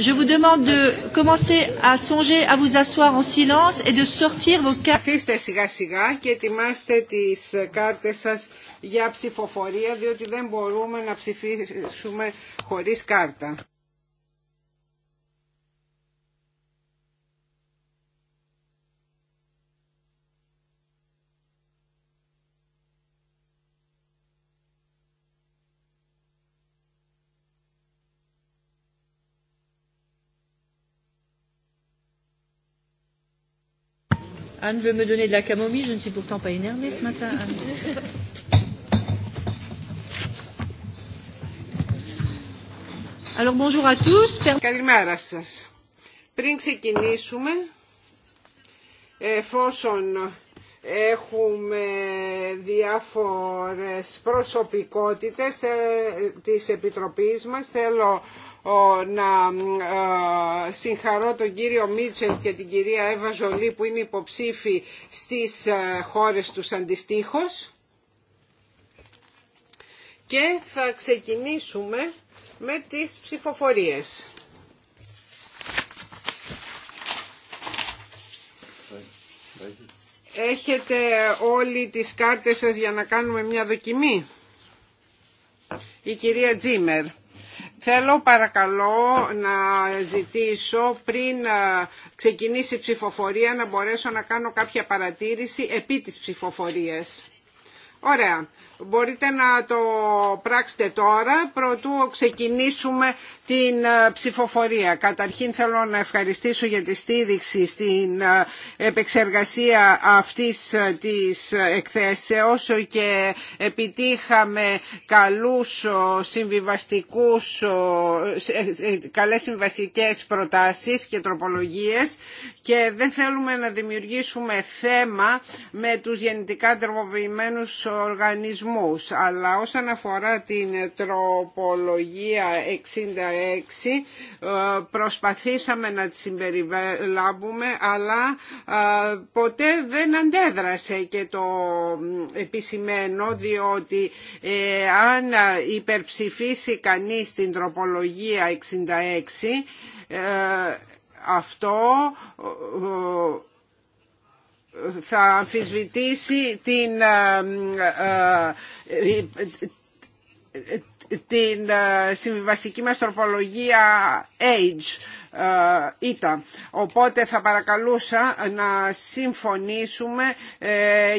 Je vous σιγά σιγά και ετοιμάστε τις κάρτες σας για ψηφοφορία διότι δεν μπορούμε να ψηφίσουμε χωρίς κάρτα. Anne veut me donner de la camomille, je ne suis pourtant pas énervée ce matin. Anne. Alors, bonjour à tous. Καλημέρα σας. Πριν ξεκινήσουμε, εφόσον έχουμε διάφορες προσωπικότητες της Επιτροπής μας. Θέλω να συγχαρώ τον κύριο Μίτσελ και την κυρία Εύα Ζολή που είναι υποψήφοι στις ε, χώρες τους αντιστοίχως. Και θα ξεκινήσουμε με τις ψηφοφορίες. Έχετε όλοι τις κάρτες σας για να κάνουμε μια δοκιμή. Η κυρία Τζίμερ. Θέλω παρακαλώ να ζητήσω πριν ξεκινήσει η ψηφοφορία να μπορέσω να κάνω κάποια παρατήρηση επί της ψηφοφορίας. Ωραία. Μπορείτε να το πράξετε τώρα, προτού ξεκινήσουμε την ε, ψηφοφορία. Καταρχήν θέλω να ευχαριστήσω για τη στήριξη στην ε, επεξεργασία αυτής ε, της εκθέσεως και επιτύχαμε καλούς συμβιβαστικούς, καλές συμβαστικές προτάσεις και τροπολογίες και δεν θέλουμε να δημιουργήσουμε θέμα με τους γεννητικά τροποποιημένους οργανισμούς αλλά όσον αφορά την τροπολογία 66 ε, προσπαθήσαμε να τη συμπεριλάβουμε, αλλά ε, ποτέ δεν αντέδρασε και το επισημένο, διότι ε, αν υπερψηφίσει κανείς την τροπολογία 66, αυτό θα αμφισβητήσει την ε, ε, ε, την συμβιβαστική μας τροπολογία age ήταν. Οπότε θα παρακαλούσα να συμφωνήσουμε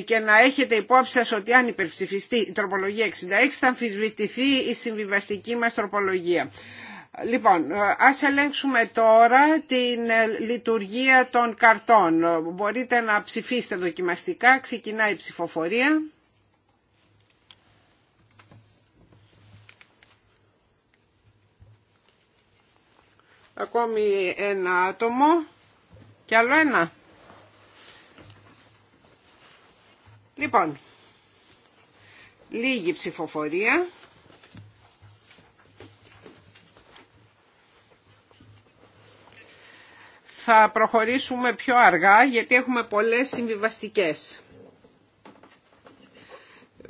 και να έχετε υπόψη σας ότι αν υπερψηφιστεί η τροπολογία 66 θα αμφισβητηθεί η συμβιβαστική μας τροπολογία. Λοιπόν, ε, ας ελέγξουμε τώρα την ε, λειτουργία των καρτών. Μπορείτε να ψηφίσετε δοκιμαστικά. Ξεκινάει η ψηφοφορία. Ακόμη ένα άτομο. Και άλλο ένα. Λοιπόν, λίγη ψηφοφορία. θα προχωρήσουμε πιο αργά γιατί έχουμε πολλές συμβιβαστικές.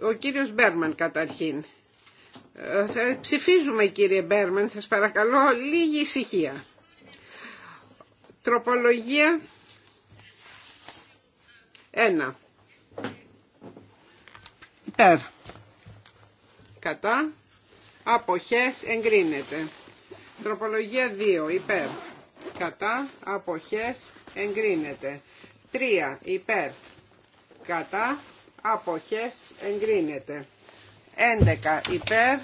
Ο κύριος Μπέρμαν καταρχήν. Θα ε, ψηφίζουμε κύριε Μπέρμαν, σας παρακαλώ λίγη ησυχία. Τροπολογία 1. Υπέρ. Κατά. Αποχές εγκρίνεται. Τροπολογία 2. Υπέρ κατά αποχές εγκρίνεται. 3 υπέρ κατά αποχές εγκρίνεται. 11 υπέρ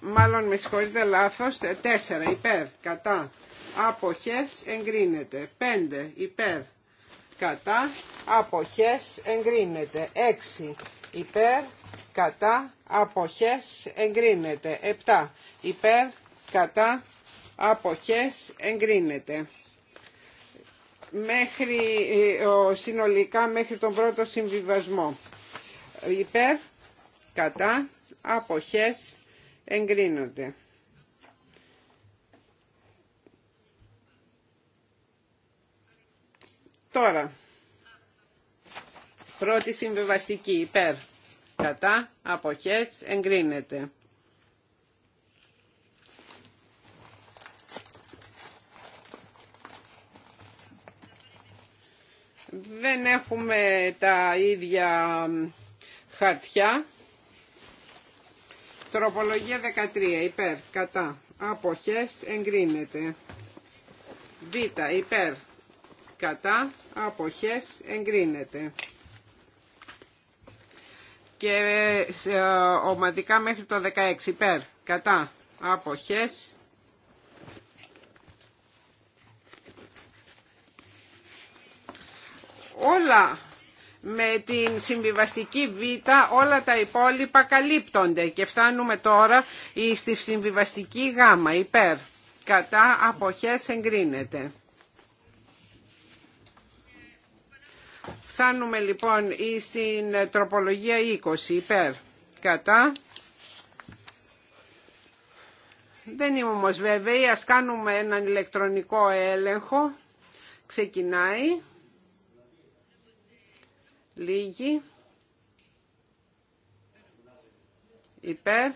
μάλλον με συγχωρείτε λάθος, 4 υπέρ κατά αποχές εγκρίνεται. 5 υπέρ κατά αποχές εγκρίνεται. 6 υπέρ κατά αποχές εγκρίνεται. 7 υπέρ κατά αποχές εγκρίνεται μέχρι, ε, συνολικά μέχρι τον πρώτο συμβιβασμό. Υπέρ, κατά, αποχές, εγκρίνονται. Τώρα, πρώτη συμβιβαστική, υπέρ, κατά, αποχές, εγκρίνεται. δεν έχουμε τα ίδια χαρτιά. Τροπολογία 13 υπέρ κατά αποχές εγκρίνεται. Β υπέρ κατά αποχές εγκρίνεται. Και ε, ομαδικά μέχρι το 16 υπέρ κατά αποχές όλα με την συμβιβαστική Β όλα τα υπόλοιπα καλύπτονται και φτάνουμε τώρα στη συμβιβαστική Γ υπέρ. Κατά αποχές εγκρίνεται. Φτάνουμε λοιπόν στην τροπολογία 20 υπέρ. Κατά. Δεν είμαι όμως βέβαιη, ας κάνουμε έναν ηλεκτρονικό έλεγχο. Ξεκινάει. Λίγοι. Υπέρ.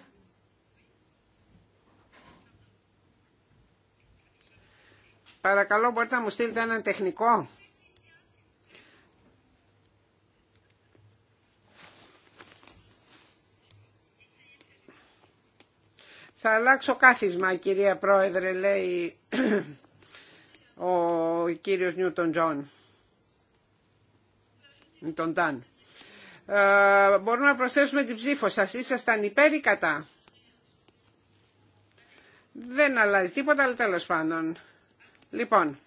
Παρακαλώ μπορείτε να μου στείλετε ένα τεχνικό. Θα αλλάξω κάθισμα κυρία Πρόεδρε λέει ο κύριος Νιούτον Τζον τον ε, μπορούμε να προσθέσουμε την ψήφο σας. Ήσασταν υπέρ ή κατά. Δεν αλλάζει τίποτα, αλλά τέλος πάντων. Λοιπόν,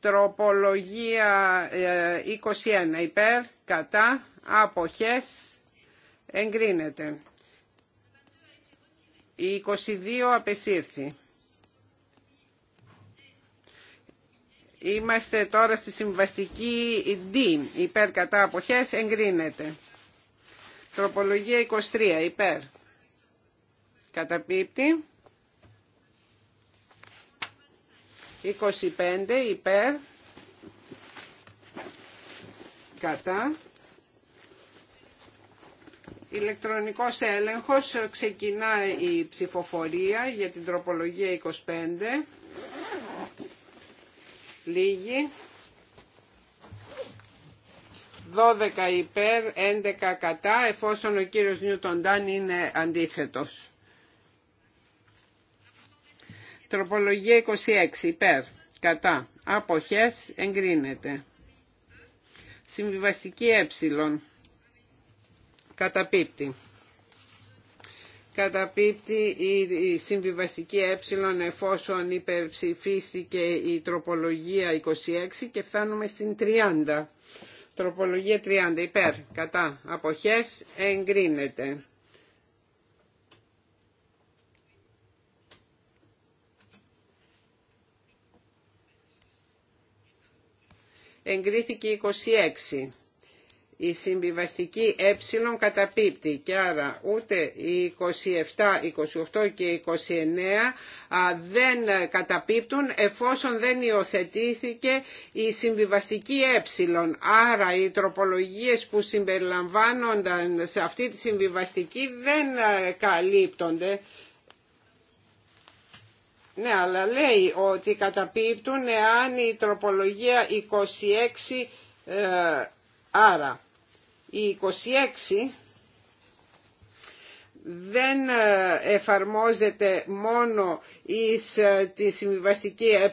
τροπολογία 21 ε, υπέρ, κατά, αποχές, εγκρίνεται. Η 22 απεσύρθη. Είμαστε τώρα στη συμβαστική D. Υπέρ κατά αποχές εγκρίνεται. Τροπολογία 23. Υπέρ. Καταπίπτει. 25. Υπέρ. Κατά. Ηλεκτρονικός έλεγχος ξεκινάει η ψηφοφορία για την τροπολογία 25. Λίγοι. 12 υπέρ, 11 κατά, εφόσον ο κύριος Νιούτον Ντάν είναι αντίθετος. Τροπολογία 26 υπέρ, κατά, αποχές, εγκρίνεται. Συμβιβαστική ε, καταπίπτει καταπίπτει η συμβιβαστική ε εφόσον υπερψηφίστηκε η τροπολογία 26 και φτάνουμε στην 30. Τροπολογία 30 υπέρ, κατά, αποχές, εγκρίνεται. Εγκρίθηκε 26 η συμβιβαστική ε καταπίπτει και άρα ούτε η 27, 28 και 29 δεν ε, καταπίπτουν εφόσον δεν υιοθετήθηκε η συμβιβαστική ε. Άρα οι τροπολογίες που συμπεριλαμβάνονταν σε αυτή τη συμβιβαστική δεν ε, καλύπτονται. Ναι, αλλά λέει ότι καταπίπτουν εάν η τροπολογία 26 ε, άρα η 26 δεν ε, εφαρμόζεται μόνο εις ε, τη συμβιβαστική ε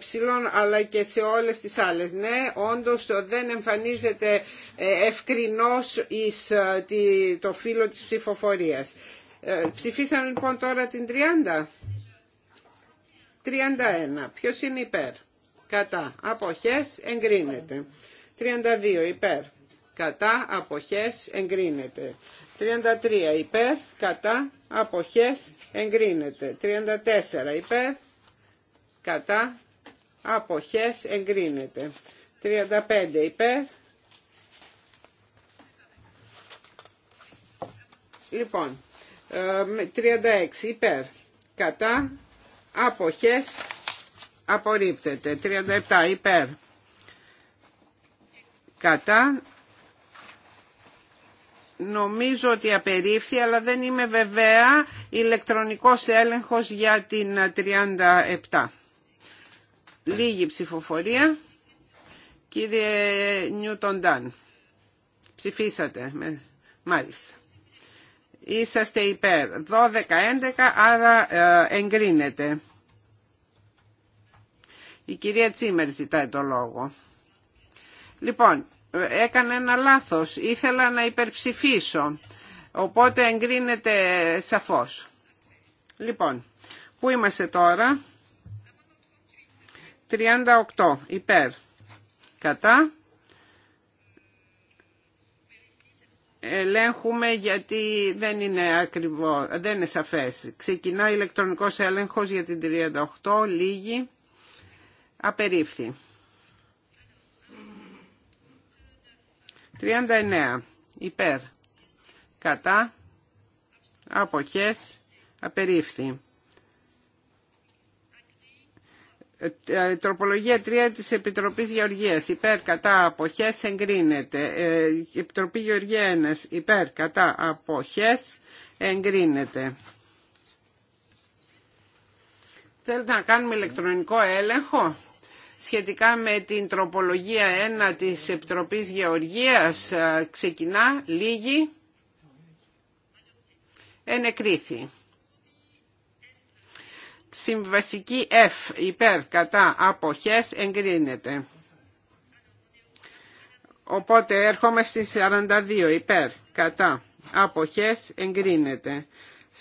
αλλά και σε όλες τις άλλες. Ναι, όντως ε, δεν εμφανίζεται ευκρινώς εις το φύλλο της ψηφοφορίας. Ψηφίσαμε λοιπόν τώρα την 30. 31. Ποιος είναι υπέρ. Κατά. Αποχές εγκρίνεται. 32 υπέρ κατά αποχές εγκρίνεται. 33 υπέρ, κατά αποχές εγκρίνεται. 34 υπέρ, κατά αποχές εγκρίνεται. 35 υπέρ. Λοιπόν, 36 ε, υπέρ, κατά αποχές απορρίπτεται. 37 υπέρ, κατά Νομίζω ότι απερίφθη, αλλά δεν είμαι βεβαία ηλεκτρονικός έλεγχος για την 37. Λίγη ψηφοφορία. Κύριε Νιούτον Ντάν, ψηφίσατε. Μάλιστα. Είσαστε υπέρ. 12-11, άρα ε, εγκρίνεται. Η κυρία Τσίμερ ζητάει το λόγο. Λοιπόν, Έκανε ένα λάθος, ήθελα να υπερψηφίσω, οπότε εγκρίνεται σαφώς. Λοιπόν, πού είμαστε τώρα, 38 υπέρ, κατά, ελέγχουμε γιατί δεν είναι ακριβό, δεν είναι σαφές. Ξεκινά ηλεκτρονικός έλεγχος για την 38, λίγη, απερίφθη. 39 υπέρ κατά αποχές απερίφθη. Ε, ε, τροπολογία 3 της Επιτροπής Γεωργίας υπέρ κατά αποχές εγκρίνεται. Ε, Επιτροπή Γεωργία 1 υπέρ κατά αποχές εγκρίνεται. Θέλετε να κάνουμε ηλεκτρονικό έλεγχο σχετικά με την τροπολογία 1 της Επιτροπής Γεωργίας ε, ξεκινά, λίγη, ενεκρίθη. Συμβασική F υπέρ κατά αποχές εγκρίνεται. Οπότε έρχομαι στη 42 υπέρ κατά αποχές εγκρίνεται.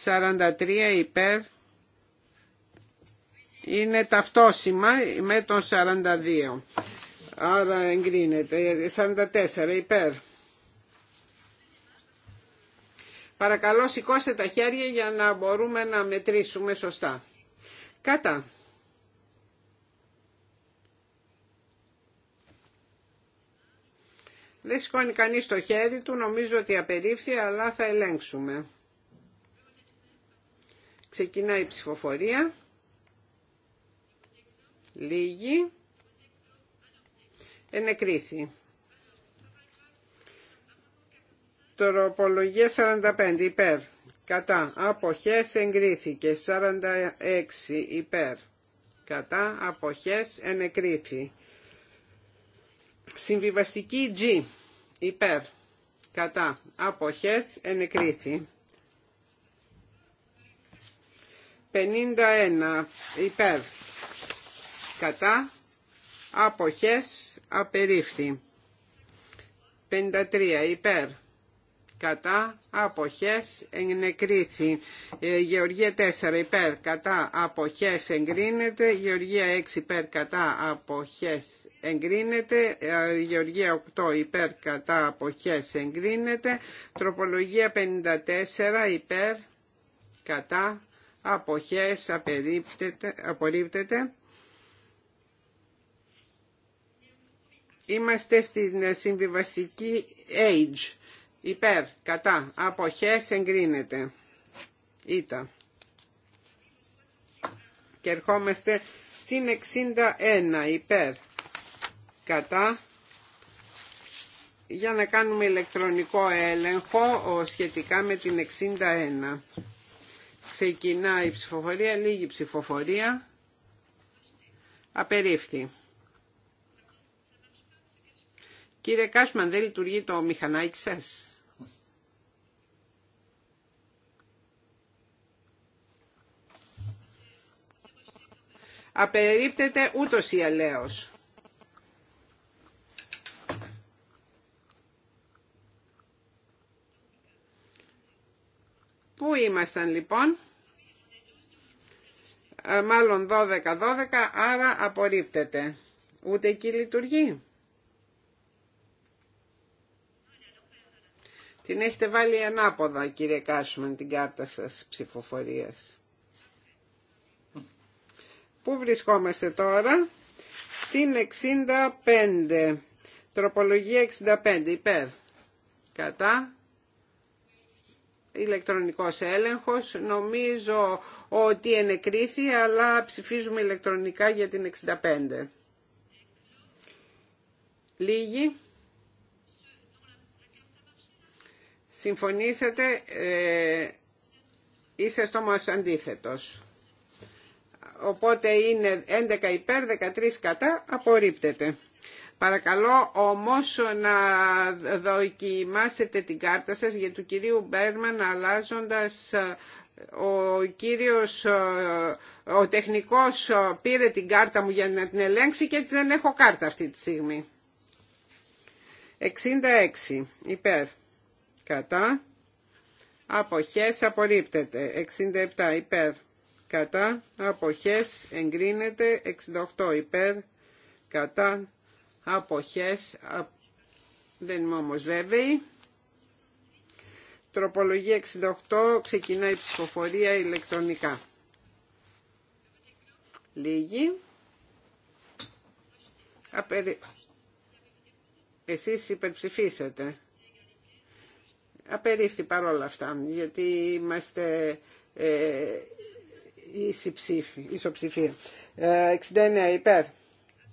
43 υπέρ είναι ταυτόσημα με τον 42. Άρα εγκρίνεται. 44 υπέρ. Παρακαλώ σηκώστε τα χέρια για να μπορούμε να μετρήσουμε σωστά. Κατά. Δεν σηκώνει κανείς το χέρι του, νομίζω ότι απερίφθη, αλλά θα ελέγξουμε. Ξεκινάει η ψηφοφορία. Λίγη. Ενεκρίθη. Τροπολογία 45 υπέρ. Κατά. Αποχές εγκρίθηκε. 46 υπέρ. Κατά. Αποχές ενεκρίθη. Συμβιβαστική G. Υπέρ. Κατά. Αποχές ενεκρίθη. 51 υπέρ κατά αποχές απερίφθη 53 ε, υπέρ κατά αποχές εγκρίνεται. Γεωργία 4 υπέρ κατά αποχές εγκρίνεται. Ε, Γεωργία 6 υπέρ κατά αποχές εγκρίνεται. Γεωργία 8 υπέρ κατά αποχές εγκρίνεται. Τροπολογία 54 υπέρ κατά αποχές απορρίπτεται. Είμαστε στην συμβιβαστική age. Υπέρ, κατά, αποχές εγκρίνεται. Ήτα. Και ερχόμαστε στην 61 υπέρ. Κατά. Για να κάνουμε ηλεκτρονικό έλεγχο σχετικά με την 61. Ξεκινάει η ψηφοφορία, λίγη ψηφοφορία. Απερίφθη. Κύριε Κάσμαν, δεν λειτουργεί το μηχανάκι σας. Απερίπτεται ούτως ή αλέως. Πού ήμασταν λοιπόν, ε, μάλλον 12-12, άρα απορρίπτεται. Ούτε εκεί λειτουργεί. Την έχετε βάλει ανάποδα κύριε Κάσουμαν την κάρτα σας ψηφοφορίας. Πού βρισκόμαστε τώρα? Στην 65. Τροπολογία 65. Υπέρ. Κατά. Ηλεκτρονικός έλεγχος. Νομίζω ότι ενεκρίθη, αλλά ψηφίζουμε ηλεκτρονικά για την 65. Λίγοι. συμφωνήσατε, ε, είσαι στόμος αντίθετος. Οπότε είναι 11 υπέρ, 13 κατά, απορρίπτεται. Παρακαλώ όμως να δοκιμάσετε την κάρτα σας για του κυρίου Μπέρμαν αλλάζοντας ε, ο κύριος, ε, ο τεχνικός ε, πήρε την κάρτα μου για να την ελέγξει και δεν έχω κάρτα αυτή τη στιγμή. 66 υπέρ κατά, αποχές απορρίπτεται, 67 υπέρ, κατά, αποχές εγκρίνεται, 68 υπέρ, κατά, αποχές, δεν είμαι όμως βέβαιη. Τροπολογία 68, ξεκινάει η ψηφοφορία ηλεκτρονικά. Λίγη. Απερι... Εσείς υπερψηφίσατε απερίφθη παρόλα αυτά, γιατί είμαστε ε, ισοψηφία. Ε, 69 υπέρ.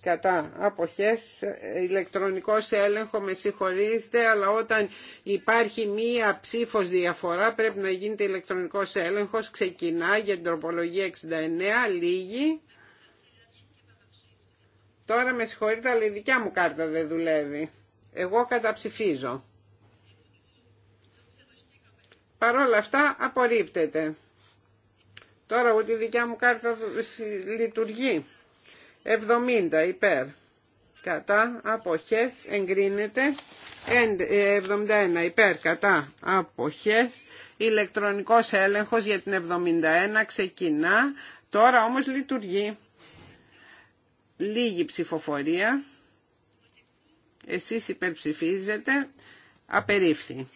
Κατά αποχές, ηλεκτρονικός έλεγχο με συγχωρείστε, αλλά όταν υπάρχει μία ψήφος διαφορά πρέπει να γίνεται ηλεκτρονικός έλεγχος. Ξεκινά για την τροπολογία 69, λίγη. Τώρα με συγχωρείτε, αλλά η δικιά μου κάρτα δεν δουλεύει. Εγώ καταψηφίζω όλα αυτά απορρίπτεται. Τώρα ότι η δικιά μου κάρτα λειτουργεί. 70 υπέρ. Κατά αποχές εγκρίνεται. 71 ε, υπέρ κατά αποχές. Ηλεκτρονικός έλεγχος για την 71 ξεκινά. Τώρα όμως λειτουργεί. Λίγη ψηφοφορία. Εσείς υπερψηφίζετε. Απερίφθη.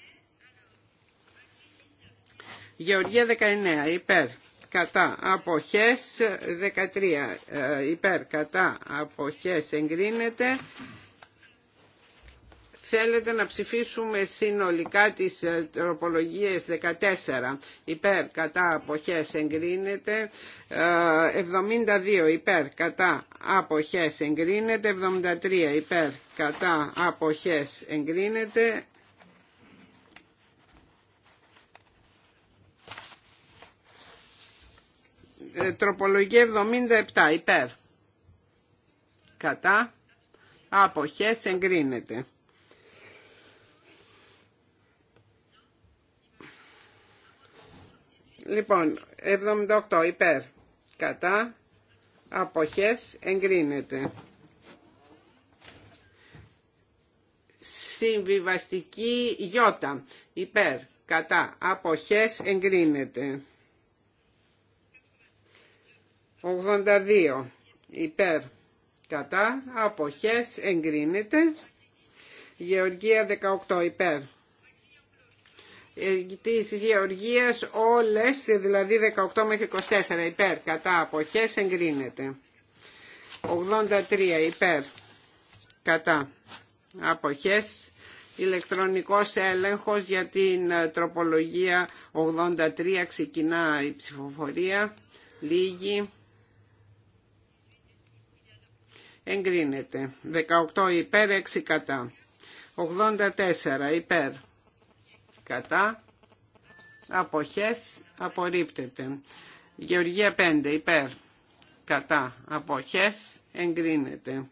Γεωργία 19 υπέρ κατά αποχές 13 ε, υπέρ κατά αποχές εγκρίνεται θέλετε να ψηφίσουμε συνολικά τις ε, τροπολογίες 14 υπέρ κατά αποχές εγκρίνεται 72 ε, υπέρ κατά αποχές εγκρίνεται 73 υπέρ κατά αποχές εγκρίνεται Ε, τροπολογία 77 υπέρ. Κατά. Αποχές εγκρίνεται. Λοιπόν, 78 υπέρ. Κατά. Αποχές εγκρίνεται. Συμβιβαστική γιώτα. Υπέρ. Κατά. Αποχές εγκρίνεται. 82 υπέρ κατά αποχές εγκρίνεται Γεωργία 18 υπέρ ε, της Γεωργίας όλες δηλαδή 18 μέχρι 24 υπέρ κατά αποχές εγκρίνεται 83 υπέρ κατά αποχές ηλεκτρονικός έλεγχος για την ε, τροπολογία 83 ξεκινά η ψηφοφορία λίγη εγκρίνεται. 18 υπέρ, 6 κατά. 84 υπέρ, κατά. Αποχές, απορρίπτεται. Γεωργία 5 υπέρ, κατά. Αποχές, εγκρίνεται.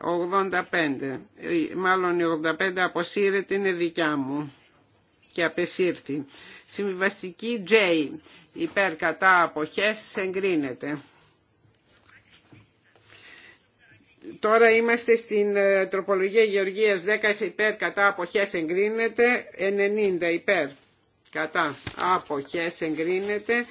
85, μάλλον η 85 αποσύρεται είναι δικιά μου και απεσύρθη. Συμβιβαστική J, υπέρ κατά αποχές, εγκρίνεται. Τώρα είμαστε στην ε, τροπολογία Γεωργίας 10 υπέρ κατά αποχές εγκρίνεται, 90 υπέρ κατά αποχές εγκρίνεται,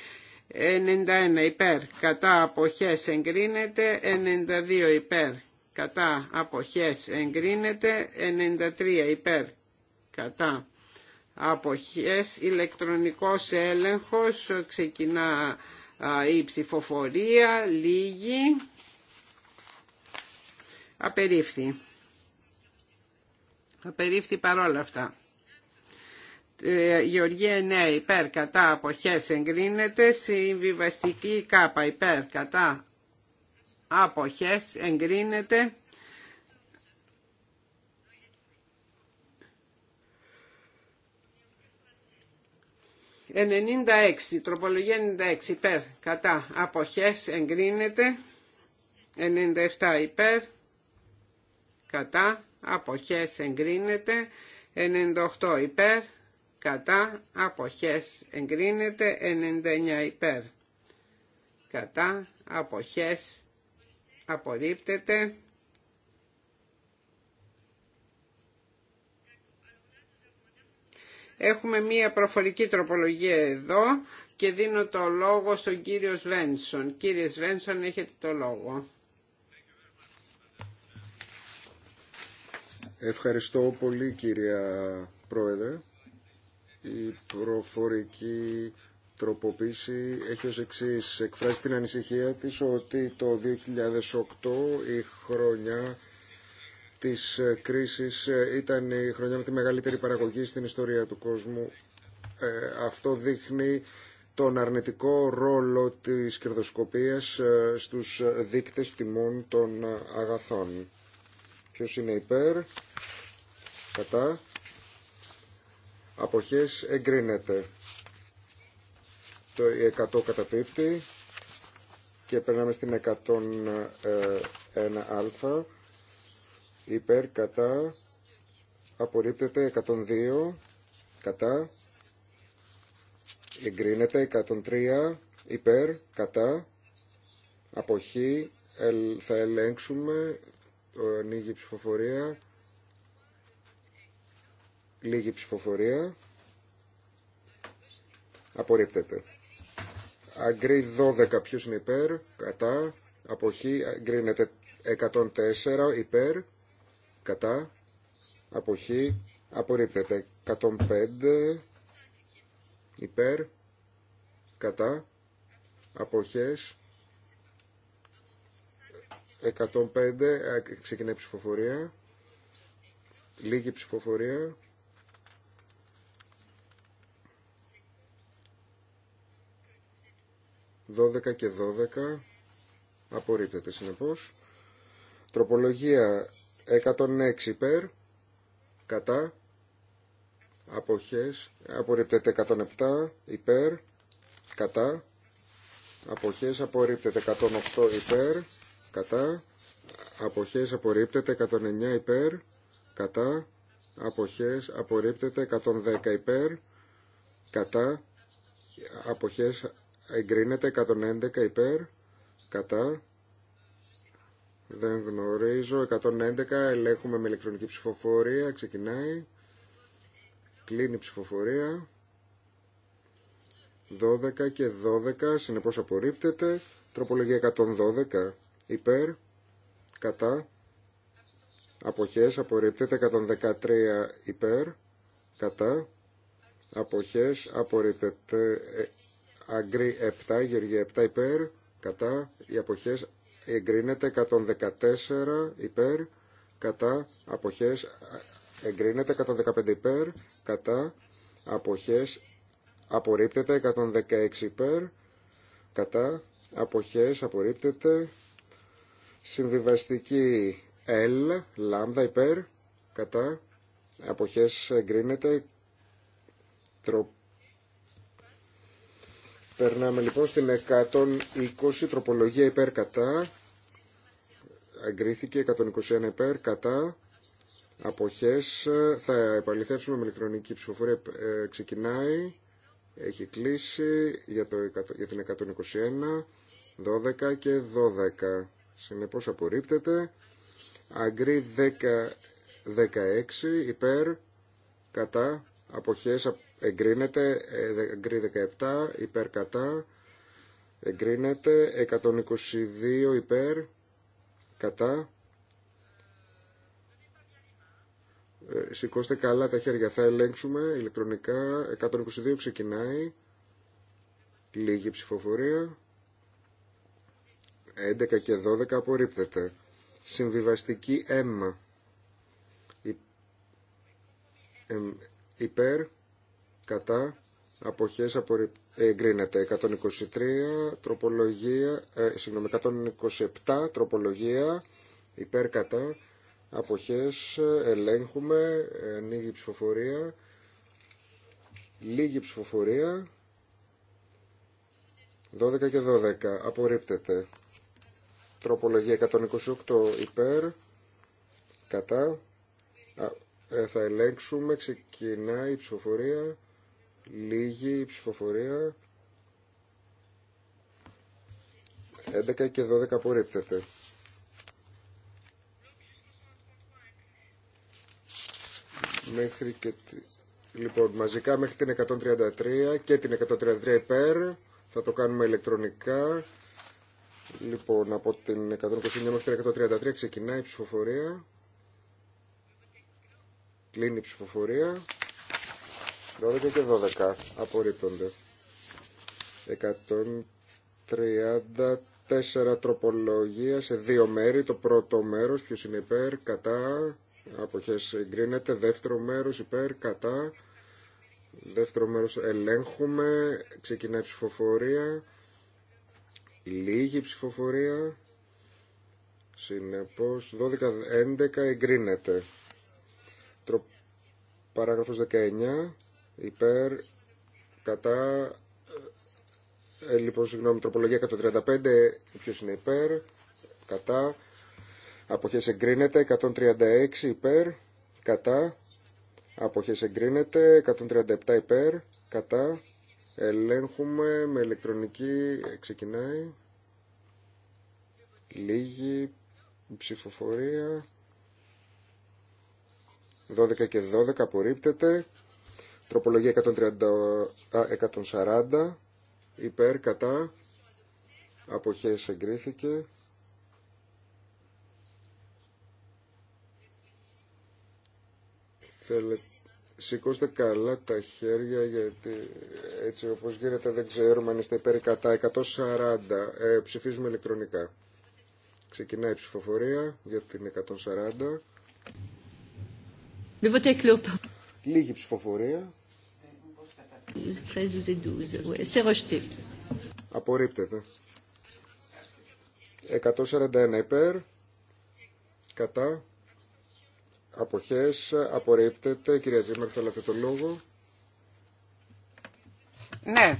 91 υπέρ κατά αποχές εγκρίνεται, 92 υπέρ κατά αποχές εγκρίνεται, 93 υπέρ κατά αποχές, ηλεκτρονικός έλεγχος, ξεκινά η ψηφοφορία, λίγη. Απερίφθη. Απερίφθη παρόλα αυτά. Ε, Γεωργία 9 ναι, υπέρ κατά αποχές εγκρίνεται. Συμβιβαστική κάπα υπέρ κατά αποχές εγκρίνεται. ...96, τροπολογία 96 υπέρ, κατά, αποχές, εγκρίνεται, 97 υπέρ, κατά αποχές εγκρίνεται 98 υπέρ κατά αποχές εγκρίνεται 99 υπέρ κατά αποχές απορρίπτεται Έχουμε μία προφορική τροπολογία εδώ και δίνω το λόγο στον κύριο Σβένσον. Κύριε Σβένσον έχετε το λόγο. Ευχαριστώ πολύ κυρία Πρόεδρε. Η προφορική τροποποίηση έχει ως εξής. εκφράσει την ανησυχία της ότι το 2008 η χρονιά της κρίσης ήταν η χρονιά με τη μεγαλύτερη παραγωγή στην ιστορία του κόσμου. Ε, αυτό δείχνει τον αρνητικό ρόλο της κερδοσκοπίας ε, στους δείκτες τιμών των αγαθών. Ποιος είναι υπέρ, κατά, αποχές εγκρίνεται. Το 100 καταπίπτει και περνάμε στην 101α, υπέρ, κατά, απορρίπτεται 102, κατά, εγκρίνεται 103, υπέρ, κατά, αποχή, θα ελέγξουμε Ανοίγει η ψηφοφορία. Λίγη ψηφοφορία. Απορρίπτεται. Αγκρί 12. Ποιος είναι υπέρ. Κατά. Αποχή. Αγκρίνεται 104. Υπέρ. Κατά. Αποχή. Απορρίπτεται. 105. Υπέρ. Κατά. Αποχές. 105 ξεκινάει η ψηφοφορία. Λίγη ψηφοφορία. 12 και 12. Απορρίπτεται συνεπώς. Τροπολογία 106 υπέρ. Κατά. Αποχές. Απορρίπτεται 107 υπέρ. Κατά. Αποχές. Απορρίπτεται 108 υπέρ κατά αποχές απορρίπτεται 109 υπέρ κατά αποχές απορρίπτεται 110 υπέρ κατά αποχές εγκρίνεται 111 υπέρ κατά δεν γνωρίζω 111 ελέγχουμε με ηλεκτρονική ψηφοφορία ξεκινάει κλείνει ψηφοφορία 12 και 12 συνεπώς απορρίπτεται τροπολογία 112 υπέρ, κατά, αποχές, απορρίπτεται 113 υπέρ, κατά, αποχές, απορρίπτεται αγκρί 7, γεργή 7 υπέρ, κατά, οι αποχές εγκρίνεται 114 υπέρ, κατά, αποχές εγκρίνεται 115 υπέρ, κατά, αποχές απορρίπτεται 116 υπέρ, κατά, αποχές απορρίπτεται Συμβιβαστική L, λάμδα υπέρ, κατά, αποχές εγκρίνεται. Περνάμε λοιπόν στην 120 τροπολογία υπέρ κατά. Εγκρίθηκε 121 υπέρ κατά. Αποχές. Θα επαληθεύσουμε με ηλεκτρονική ψηφοφορία. Ε, ξεκινάει. Έχει κλείσει για, το, για την 121. 12 και 12. Συνεπώς απορρίπτεται. Αγκρί 10, 16 υπέρ κατά αποχές εγκρίνεται. Ε, αγκρί 17 υπέρ κατά εγκρίνεται. 122 υπέρ κατά. Ε, σηκώστε καλά τα χέρια. Θα ελέγξουμε ηλεκτρονικά. 122 ξεκινάει. Λίγη ψηφοφορία. 11 και 12 απορρίπτεται. Συμβιβαστική M. Υπέρ, κατά, αποχές απορρίπτεται. Εγκρίνεται 123 τροπολογία, ε, συγγνώμη, 127 τροπολογία υπέρ κατά αποχές ε, ελέγχουμε, ε, ανοίγει ψηφοφορία, λίγη ψηφοφορία, 12 και 12, απορρίπτεται. Τροπολογία 128 υπέρ, κατά. Ε, θα ελέγξουμε, ξεκινάει η ψηφοφορία, λίγη η ψηφοφορία. 11 και 12 απορρίπτεται. Μέχρι και... Λοιπόν, μαζικά μέχρι την 133 και την 133 υπέρ. Θα το κάνουμε ηλεκτρονικά. Λοιπόν, από την 129 μέχρι την 133 ξεκινάει η ψηφοφορία. Κλείνει η ψηφοφορία. 12 και 12 απορρίπτονται. 134 τροπολογία σε δύο μέρη. Το πρώτο μέρος, ποιος είναι υπέρ, κατά, αποχές εγκρίνεται. Δεύτερο μέρος, υπέρ, κατά. Δεύτερο μέρος ελέγχουμε. Ξεκινάει η ψηφοφορία. Λίγη ψηφοφορία. Συνεπώς 12-11 εγκρίνεται. Τρο... Παράγραφος 19. Υπέρ κατά... Ε, ε, λοιπόν, συγγνώμη, τροπολογία 135. Ποιος είναι υπέρ. Κατά. Αποχές εγκρίνεται. 136 υπέρ. Κατά. Αποχές εγκρίνεται. 137 υπέρ. Κατά. Ελέγχουμε με ηλεκτρονική, ε, ξεκινάει, λίγη ψηφοφορία, 12 και 12 απορρίπτεται, τροπολογία 130, 140, υπέρ, κατά, αποχές εγκρίθηκε. Θέλετε Σηκώστε καλά τα χέρια γιατί έτσι όπως γίνεται δεν ξέρουμε αν είστε υπέρ κατά 140 ε, ψηφίζουμε ηλεκτρονικά. Ξεκινάει η ψηφοφορία για την 140. Με Λίγη ψηφοφορία. Απορρίπτεται. 141 υπέρ. Κατά. Αποχές. Απορρίπτεται. Κυρία Ζήμερ, θέλατε το λόγο. Ναι.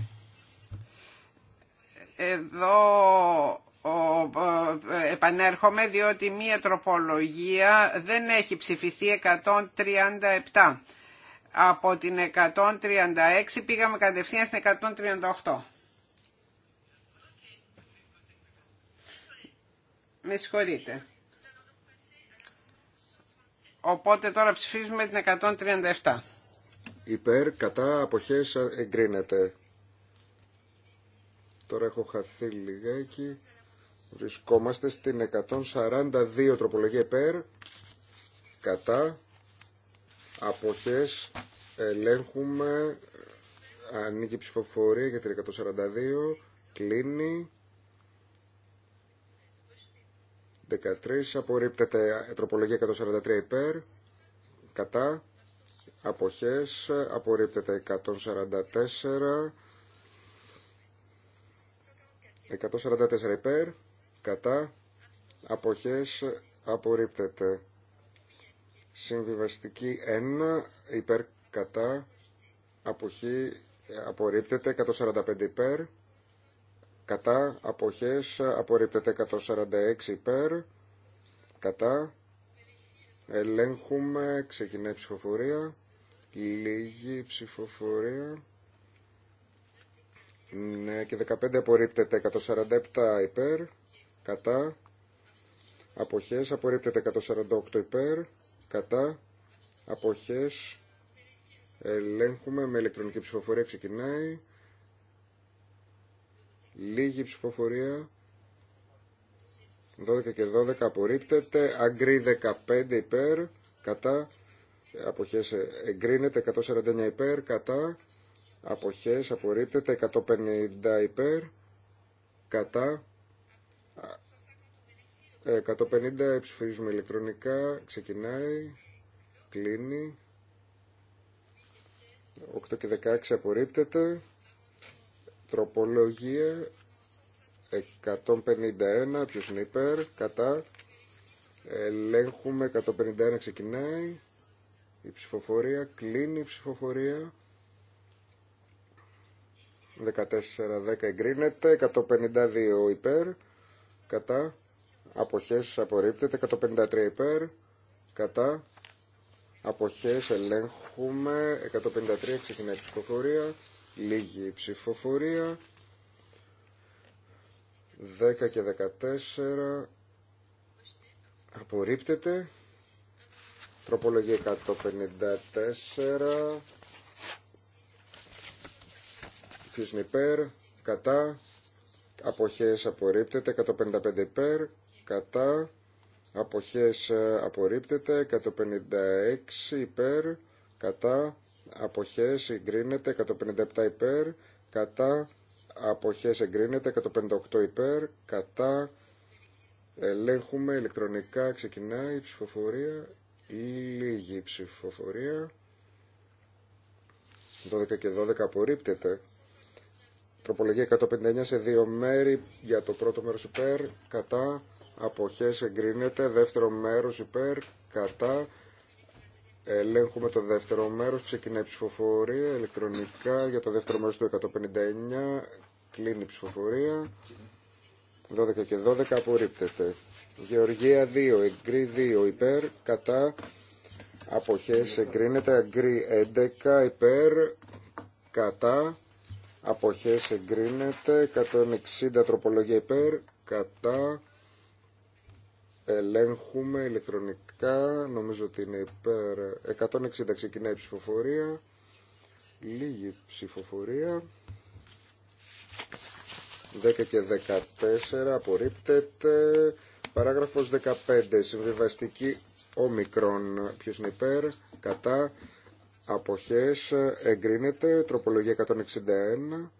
Εδώ επανέρχομαι διότι μία τροπολογία δεν έχει ψηφιστεί 137. Από την 136 πήγαμε κατευθείαν στην 138. Με συγχωρείτε. Οπότε τώρα ψηφίζουμε την 137. Υπέρ, κατά, αποχές, εγκρίνεται. Τώρα έχω χαθεί λιγάκι. Βρισκόμαστε στην 142 τροπολογία υπέρ, κατά, αποχές, ελέγχουμε, ανοίγει ψηφοφορία για την 142, κλείνει, 13 απορρίπτεται τροπολογία 143 υπέρ κατά αποχές απορρίπτεται 144 144 υπέρ κατά αποχές απορρίπτεται συμβιβαστική 1 υπέρ κατά αποχή απορρίπτεται 145 υπέρ κατά αποχές απορρίπτεται 146 υπέρ κατά ελέγχουμε ξεκινάει ψηφοφορία λίγη ψηφοφορία ναι και 15 απορρίπτεται 147 υπέρ κατά αποχές απορρίπτεται 148 υπέρ κατά αποχές ελέγχουμε με ηλεκτρονική ψηφοφορία ξεκινάει Λίγη ψηφοφορία. 12 και 12 απορρίπτεται. Αγκρί 15 υπέρ. Κατά. Αποχές εγκρίνεται. 149 υπέρ. Κατά. Αποχές απορρίπτεται. 150 υπέρ. Κατά. 150 ε, ψηφίζουμε ηλεκτρονικά. Ξεκινάει. Κλείνει. 8 και 16 απορρίπτεται. Τροπολογία 151, ποιος είναι υπέρ, κατά. Ελέγχουμε, 151 ξεκινάει. Η ψηφοφορία, κλείνει η ψηφοφορία. 14-10 εγκρίνεται, 152 υπέρ, κατά. Αποχές απορρίπτεται, 153 υπέρ, κατά. Αποχές ελέγχουμε, 153 ξεκινάει η ψηφοφορία. Λίγη ψηφοφορία. 10 και 14 απορρίπτεται. Τροπολογία 154. Ποιος είναι υπέρ, κατά, αποχές απορρίπτεται, 155 υπέρ, κατά, αποχές ε, απορρίπτεται, 156 υπέρ, κατά, αποχές εγκρίνεται 157 υπέρ κατά αποχές εγκρίνεται 158 υπέρ κατά ελέγχουμε ηλεκτρονικά ξεκινάει η ψηφοφορία λίγη ψηφοφορία 12 και 12 απορρίπτεται τροπολογία 159 σε δύο μέρη για το πρώτο μέρος υπέρ κατά αποχές εγκρίνεται δεύτερο μέρος υπέρ κατά Ελέγχουμε το δεύτερο μέρος, ξεκινάει η ψηφοφορία ηλεκτρονικά για το δεύτερο μέρος του 159, κλείνει η ψηφοφορία, 12 και 12 απορρίπτεται. Γεωργία 2, εγκρί 2 υπέρ, κατά, αποχές εγκρίνεται, εγκρί 11 υπέρ, κατά, αποχές εγκρίνεται, 160 τροπολογία υπέρ, κατά, ελέγχουμε ηλεκτρονικά Νομίζω ότι είναι υπέρ 160 ξεκινάει η ψηφοφορία. Λίγη ψηφοφορία. 10 και 14 απορρίπτεται. Παράγραφος 15. Συμβιβαστική ομικρόν. Ποιος είναι υπέρ, κατά, αποχές, εγκρίνεται. Τροπολογία 161.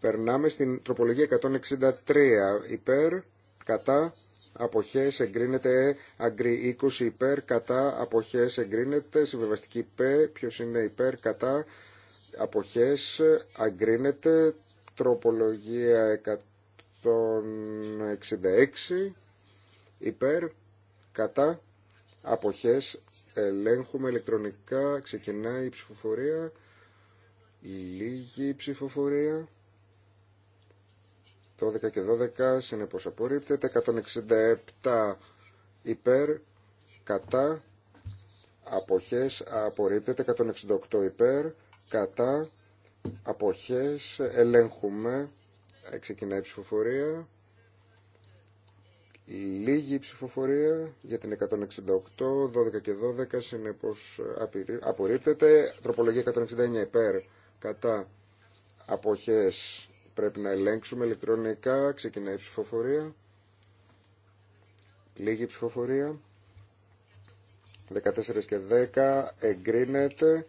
Περνάμε στην τροπολογία 163. Υπέρ, κατά, αποχές εγκρίνεται αγκρι 20 υπέρ κατά αποχές εγκρίνεται συμβεβαστική π ποιος είναι υπέρ κατά αποχές αγκρίνεται τροπολογία 166 υπέρ κατά αποχές ελέγχουμε ηλεκτρονικά ξεκινάει η ψηφοφορία λίγη ψηφοφορία 12 και 12 συνεπώς απορρίπτεται. 167 υπέρ, κατά, αποχές, απορρίπτεται. 168 υπέρ, κατά, αποχές, ελέγχουμε. Ξεκινάει η ψηφοφορία. Λίγη ψηφοφορία για την 168, 12 και 12 συνεπώς απορρίπτεται. Τροπολογία 169 υπέρ, κατά, αποχές, Πρέπει να ελέγξουμε ηλεκτρονικά. Ξεκινάει η ψηφοφορία. Λίγη ψηφοφορία. 14 και 10 εγκρίνεται.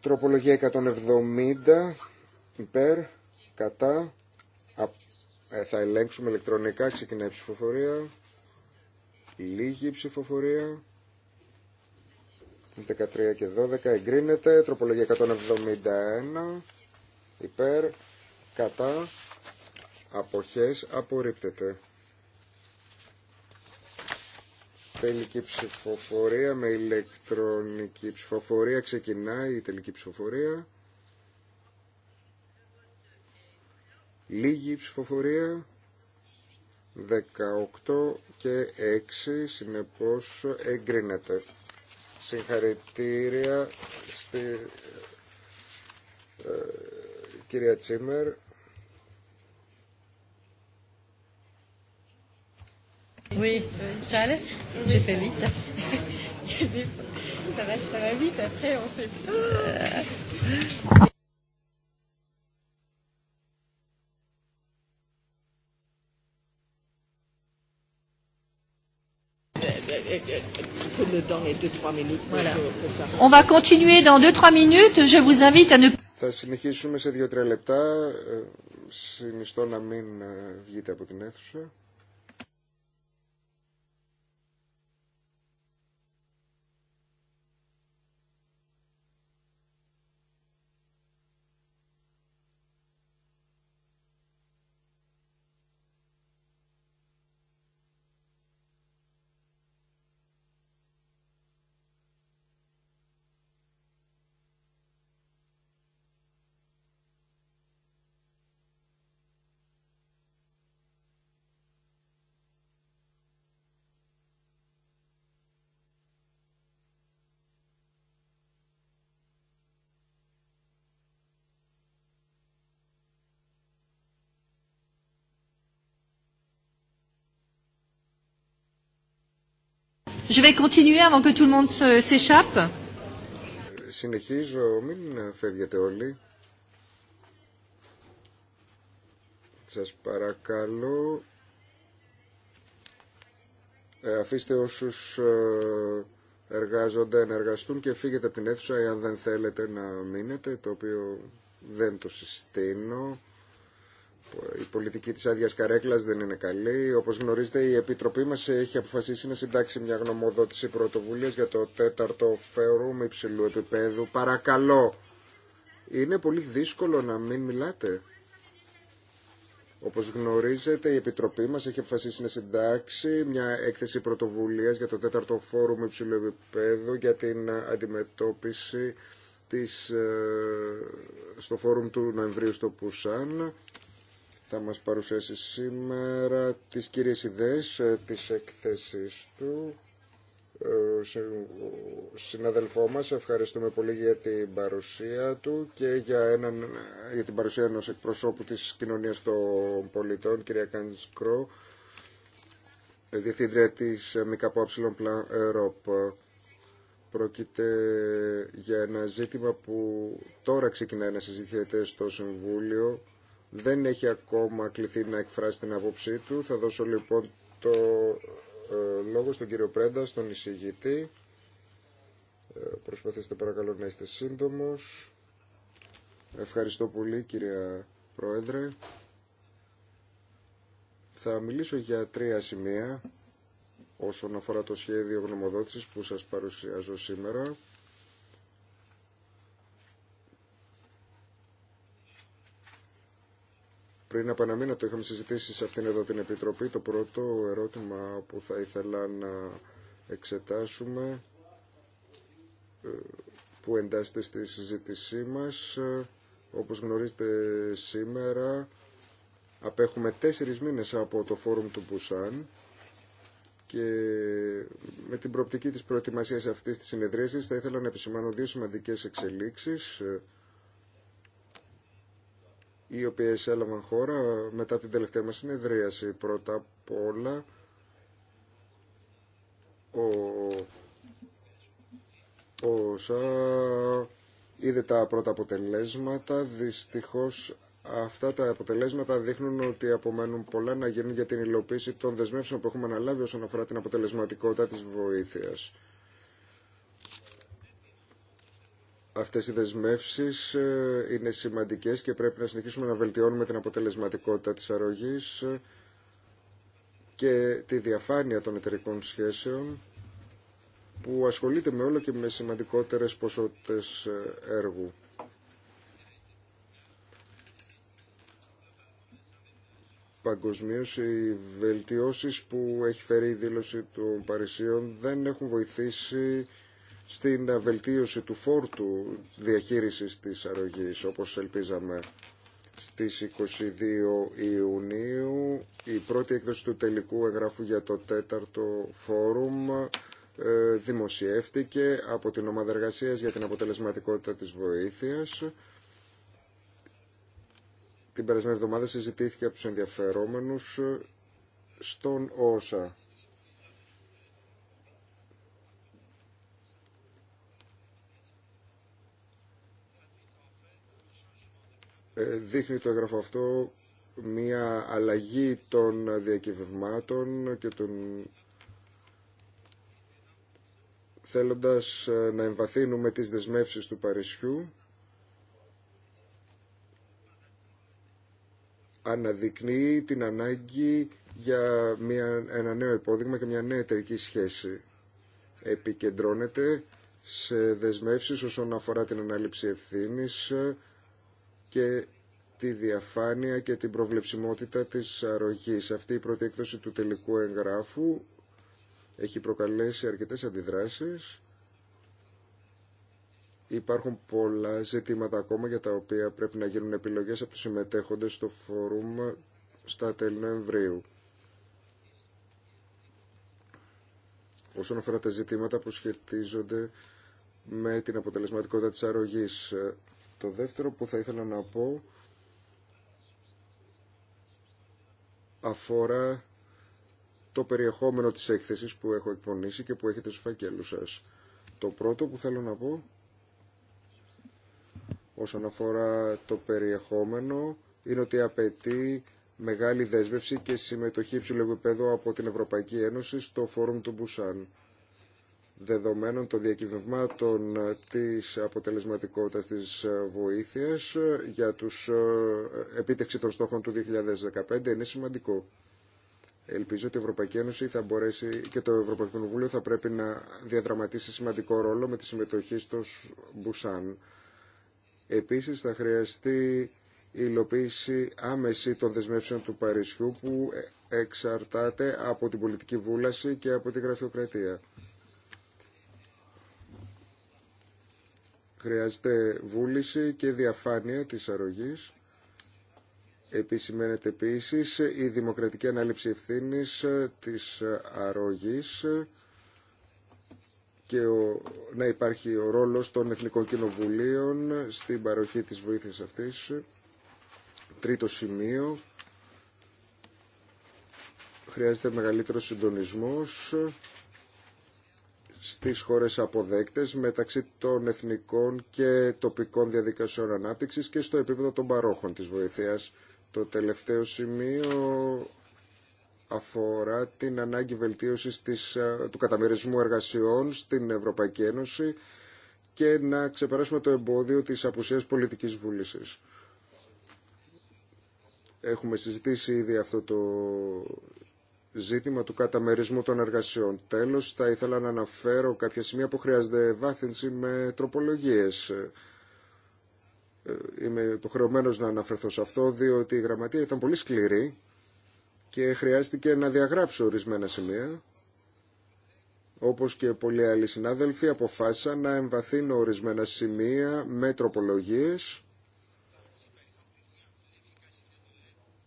Τροπολογία 170 υπέρ, κατά. Α, ε, θα ελέγξουμε ηλεκτρονικά. Ξεκινάει η ψηφοφορία. Λίγη ψηφοφορία. 13 και 12 εγκρίνεται. Τροπολογία 171 υπέρ, κατά αποχές απορρίπτεται. Τελική ψηφοφορία με ηλεκτρονική ψηφοφορία. Ξεκινάει η τελική ψηφοφορία. Λίγη ψηφοφορία. 18 και 6 συνεπώς εγκρίνεται. Συγχαρητήρια στη ε, κυρία Τσίμερ. Oui, ça allait J'ai fait vite. ça, va, ça va vite, après on sait plus. On va continuer dans 2-3 minutes. Je vous invite à ne Θα συνεχίσουμε σε 2-3 λεπτά. Συνιστώ να μην βγείτε από την αίθουσα. Je vais continuer avant que tout le monde s'échappe. Συνεχίζω, μην φεύγετε όλοι. Σας παρακαλώ, ε, αφήστε όσους ε, εργάζονται να εργαστούν και φύγετε από την αίθουσα εάν δεν θέλετε να μείνετε, το οποίο δεν το συστήνω. Η πολιτική της άδεια καρέκλας δεν είναι καλή. Όπως γνωρίζετε η Επιτροπή μας έχει αποφασίσει να συντάξει μια γνωμοδότηση πρωτοβουλίας για το τέταρτο φόρουμ υψηλού επίπεδου. Παρακαλώ. Είναι πολύ δύσκολο να μην μιλάτε. Όπως γνωρίζετε, η Επιτροπή μας έχει αποφασίσει να συντάξει μια έκθεση πρωτοβουλίας για το τέταρτο φόρουμ υψηλού επίπεδου για την αντιμετώπιση της, ε, στο φόρουμ του Νοεμβρίου στο Πουσάν θα μας παρουσιάσει σήμερα τις κύριες ιδέες ε, της εκθέσης του ε, συναδελφό μας. Ευχαριστούμε πολύ για την παρουσία του και για, έναν, για την παρουσία ενός εκπροσώπου της κοινωνίας των πολιτών, κυρία Κρό, διευθύντρια της ΜΚΑΠΟΑ Πλαν έρόπ. Πρόκειται για ένα ζήτημα που τώρα ξεκινάει να συζητιέται στο Συμβούλιο δεν έχει ακόμα κληθεί να εκφράσει την άποψή του. Θα δώσω λοιπόν το ε, λόγο στον κύριο Πρέντα, στον εισηγητή. Ε, προσπαθήστε παρακαλώ να είστε σύντομος. Ευχαριστώ πολύ κυρία Πρόεδρε. Θα μιλήσω για τρία σημεία όσον αφορά το σχέδιο γνωμοδότησης που σας παρουσιάζω σήμερα. Πριν από ένα μήνα το είχαμε συζητήσει σε αυτήν εδώ την Επιτροπή. Το πρώτο ερώτημα που θα ήθελα να εξετάσουμε ε, που εντάσσεται στη συζήτησή μας. Ε, όπως γνωρίζετε σήμερα απέχουμε τέσσερις μήνες από το φόρουμ του Πουσάν και με την προοπτική της προετοιμασίας αυτής της συνεδρίασης θα ήθελα να επισημάνω δύο σημαντικές εξελίξεις ε, οι οποίες έλαβαν χώρα μετά την τελευταία μας συνεδρίαση. Πρώτα απ' όλα, ο, ο ΣΑ είδε τα πρώτα αποτελέσματα. Δυστυχώς αυτά τα αποτελέσματα δείχνουν ότι απομένουν πολλά να γίνουν για την υλοποίηση των δεσμεύσεων που έχουμε αναλάβει όσον αφορά την αποτελεσματικότητα της βοήθειας. Αυτές οι δεσμεύσεις ε, είναι σημαντικές και πρέπει να συνεχίσουμε να βελτιώνουμε την αποτελεσματικότητα της αρρωγής και τη διαφάνεια των εταιρικών σχέσεων που ασχολείται με όλο και με σημαντικότερες ποσότητες ε, έργου. Παγκοσμίως, οι βελτιώσεις που έχει φέρει η δήλωση των Παρισίων δεν έχουν βοηθήσει στην βελτίωση του φόρτου διαχείρισης της αρρωγής, όπως ελπίζαμε στις 22 Ιουνίου η πρώτη έκδοση του τελικού εγγράφου για το τέταρτο φόρουμ ε, δημοσιεύτηκε από την Ομάδα Εργασίας για την Αποτελεσματικότητα της Βοήθειας. Την περασμένη εβδομάδα συζητήθηκε από τους ενδιαφερόμενους στον ΩΣΑ. Ε, δείχνει το έγγραφο αυτό μια αλλαγή των διακυβευμάτων και των θέλοντας ε, να εμβαθύνουμε τις δεσμεύσεις του Παρισιού αναδεικνύει την ανάγκη για μια, ένα νέο υπόδειγμα και μια νέα εταιρική σχέση. Επικεντρώνεται σε δεσμεύσεις όσον αφορά την ανάληψη ευθύνης, και τη διαφάνεια και την προβλεψιμότητα της αρρωγής. Αυτή η πρώτη έκδοση του τελικού εγγράφου έχει προκαλέσει αρκετές αντιδράσεις. Υπάρχουν πολλά ζητήματα ακόμα για τα οποία πρέπει να γίνουν επιλογές από τους συμμετέχοντες στο φόρουμ στα τέλη Νοεμβρίου. Όσον αφορά τα ζητήματα που σχετίζονται με την αποτελεσματικότητα της αρρωγής, το δεύτερο που θα ήθελα να πω αφορά το περιεχόμενο της έκθεσης που έχω εκπονήσει και που έχετε στους φακέλους σας. Το πρώτο που θέλω να πω όσον αφορά το περιεχόμενο είναι ότι απαιτεί μεγάλη δέσμευση και συμμετοχή υψηλού επίπεδου από την Ευρωπαϊκή Ένωση στο Φόρουμ του Μπουσάν δεδομένων των διακυβευμάτων ε, της αποτελεσματικότητας της ε, βοήθειας ε, για τους επίτευξη των στόχων του 2015 είναι σημαντικό. Ελπίζω ότι η Ευρωπαϊκή Ένωση θα μπορέσει και το Ευρωπαϊκό Κοινοβούλιο θα πρέπει να διαδραματίσει σημαντικό ρόλο με τη συμμετοχή στο Μπουσάν. Επίσης θα χρειαστεί η υλοποίηση άμεση των δεσμεύσεων του Παρισιού που εξαρτάται από την πολιτική βούλαση και από τη γραφειοκρατία. Χρειάζεται βούληση και διαφάνεια της αρρωγής. Επισημαίνεται επίση η δημοκρατική ανάληψη ευθύνη της αρρωγής και ο, να υπάρχει ο ρόλος των Εθνικών Κοινοβουλίων στην παροχή της βοήθειας αυτής. Τρίτο σημείο, χρειάζεται μεγαλύτερο συντονισμός στις χώρες αποδέκτες μεταξύ των εθνικών και τοπικών διαδικασιών ανάπτυξης και στο επίπεδο των παρόχων της βοηθείας. Το τελευταίο σημείο αφορά την ανάγκη βελτίωσης της, του καταμερισμού εργασιών στην Ευρωπαϊκή Ένωση και να ξεπεράσουμε το εμπόδιο της απουσίας πολιτικής βούλησης. Έχουμε συζητήσει ήδη αυτό το ζήτημα του καταμερισμού των εργασιών. Τέλος, θα ήθελα να αναφέρω κάποια σημεία που χρειάζεται βάθυνση με τροπολογίε. Ε, ε, είμαι υποχρεωμένο να αναφερθώ σε αυτό, διότι η γραμματεία ήταν πολύ σκληρή και χρειάστηκε να διαγράψω ορισμένα σημεία. Όπως και πολλοί άλλοι συνάδελφοι, αποφάσισα να εμβαθύνω ορισμένα σημεία με τροπολογίε.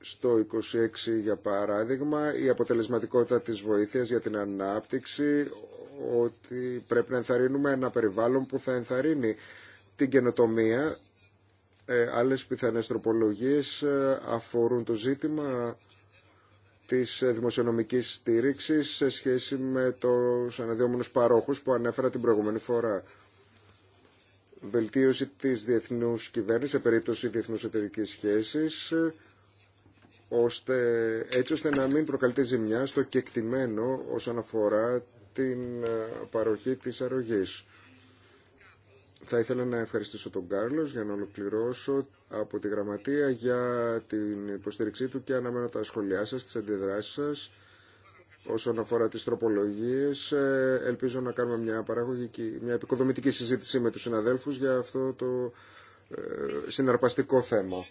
στο 26 για παράδειγμα η αποτελεσματικότητα της βοήθειας για την ανάπτυξη ότι πρέπει να ενθαρρύνουμε ένα περιβάλλον που θα ενθαρρύνει την καινοτομία ε, άλλες πιθανές τροπολογίες ε, αφορούν το ζήτημα της ε, δημοσιονομικής στήριξης σε σχέση με τους αναδιόμενους παρόχους που ανέφερα την προηγούμενη φορά. Βελτίωση της διεθνούς κυβέρνησης σε περίπτωση διεθνούς εταιρικής σχέσης ε, ώστε, έτσι ώστε να μην προκαλείται ζημιά στο κεκτημένο όσον αφορά την ε, παροχή της αρρωγής. Θα ήθελα να ευχαριστήσω τον Κάρλος για να ολοκληρώσω από τη Γραμματεία για την υποστήριξή του και αναμένω τα σχολιά σας, τις αντιδράσεις σας όσον αφορά τις τροπολογίες. Ε, ελπίζω να κάνουμε μια παραγωγική, μια επικοδομητική συζήτηση με τους συναδέλφους για αυτό το ε, συναρπαστικό θέμα.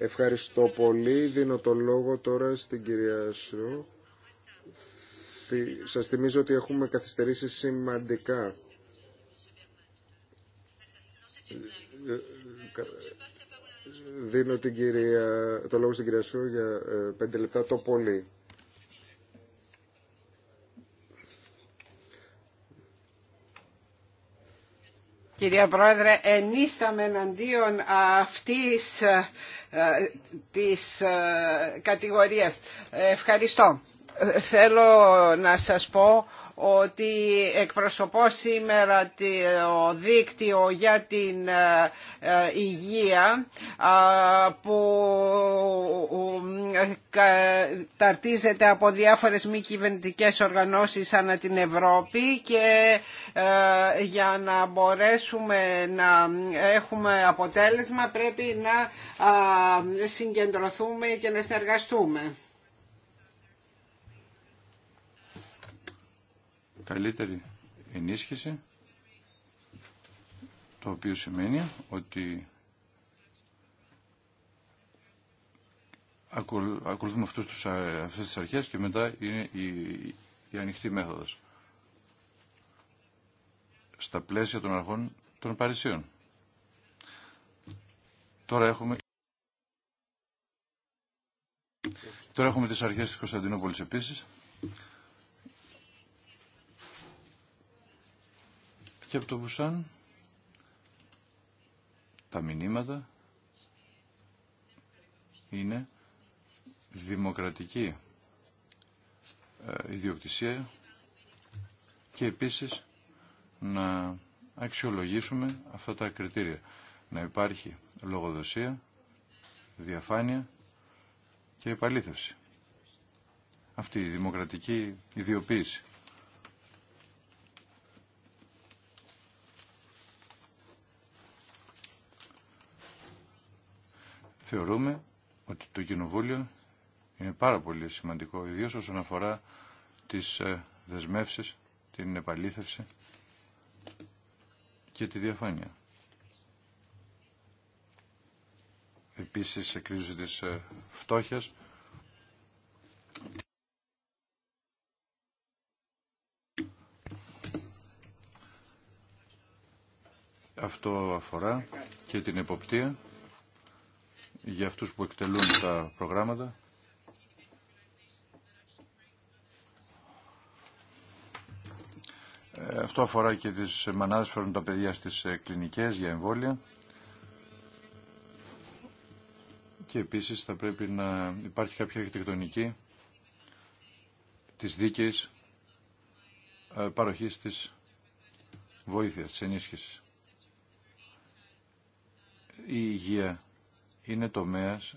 Ευχαριστώ πολύ. Δίνω το λόγο τώρα στην κυρία Σου. Σας θυμίζω ότι έχουμε καθυστερήσει σημαντικά. Δίνω την κυρία, το λόγο στην κυρία Σου για ε, πέντε λεπτά το πολύ. Κυρία Πρόεδρε, ενίσταμε εναντίον αυτής ε, της ε, κατηγορίας. Ευχαριστώ. Ε, θέλω να σας πω ότι εκπροσωπώ σήμερα το δίκτυο για την ε, ε, υγεία που ταρτίζεται από διάφορες μη κυβερνητικέ οργανώσεις ανά την Ευρώπη και ε, για να μπορέσουμε να έχουμε αποτέλεσμα πρέπει να συγκεντρωθούμε και να συνεργαστούμε. καλύτερη ενίσχυση το οποίο σημαίνει ότι ακολουθούμε αυτούς τους, αυτές τις αρχές και μετά είναι η, η ανοιχτή μέθοδος στα πλαίσια των αρχών των Παρισίων. Τώρα έχουμε Τώρα έχουμε τις αρχές της Κωνσταντινούπολης επίσης. και από το Μπουσάν τα μηνύματα είναι δημοκρατική ε, ιδιοκτησία και επίσης να αξιολογήσουμε αυτά τα κριτήρια. Να υπάρχει λογοδοσία, διαφάνεια και επαλήθευση. Αυτή η δημοκρατική ιδιοποίηση. θεωρούμε ότι το Κοινοβούλιο είναι πάρα πολύ σημαντικό, ιδίως όσον αφορά τις ε, δεσμεύσεις, την επαλήθευση και τη διαφάνεια. Επίσης, σε κρίση της ε, φτώχειας, Αυτό αφορά και την εποπτεία για αυτούς που εκτελούν τα προγράμματα. Ε, αυτό αφορά και τις μανάδες που τα παιδιά στις ε, κλινικές για εμβόλια. Και επίσης θα πρέπει να υπάρχει κάποια αρχιτεκτονική της δίκαιης ε, παροχής της βοήθειας, της ενίσχυσης. Η υγεία είναι τομέας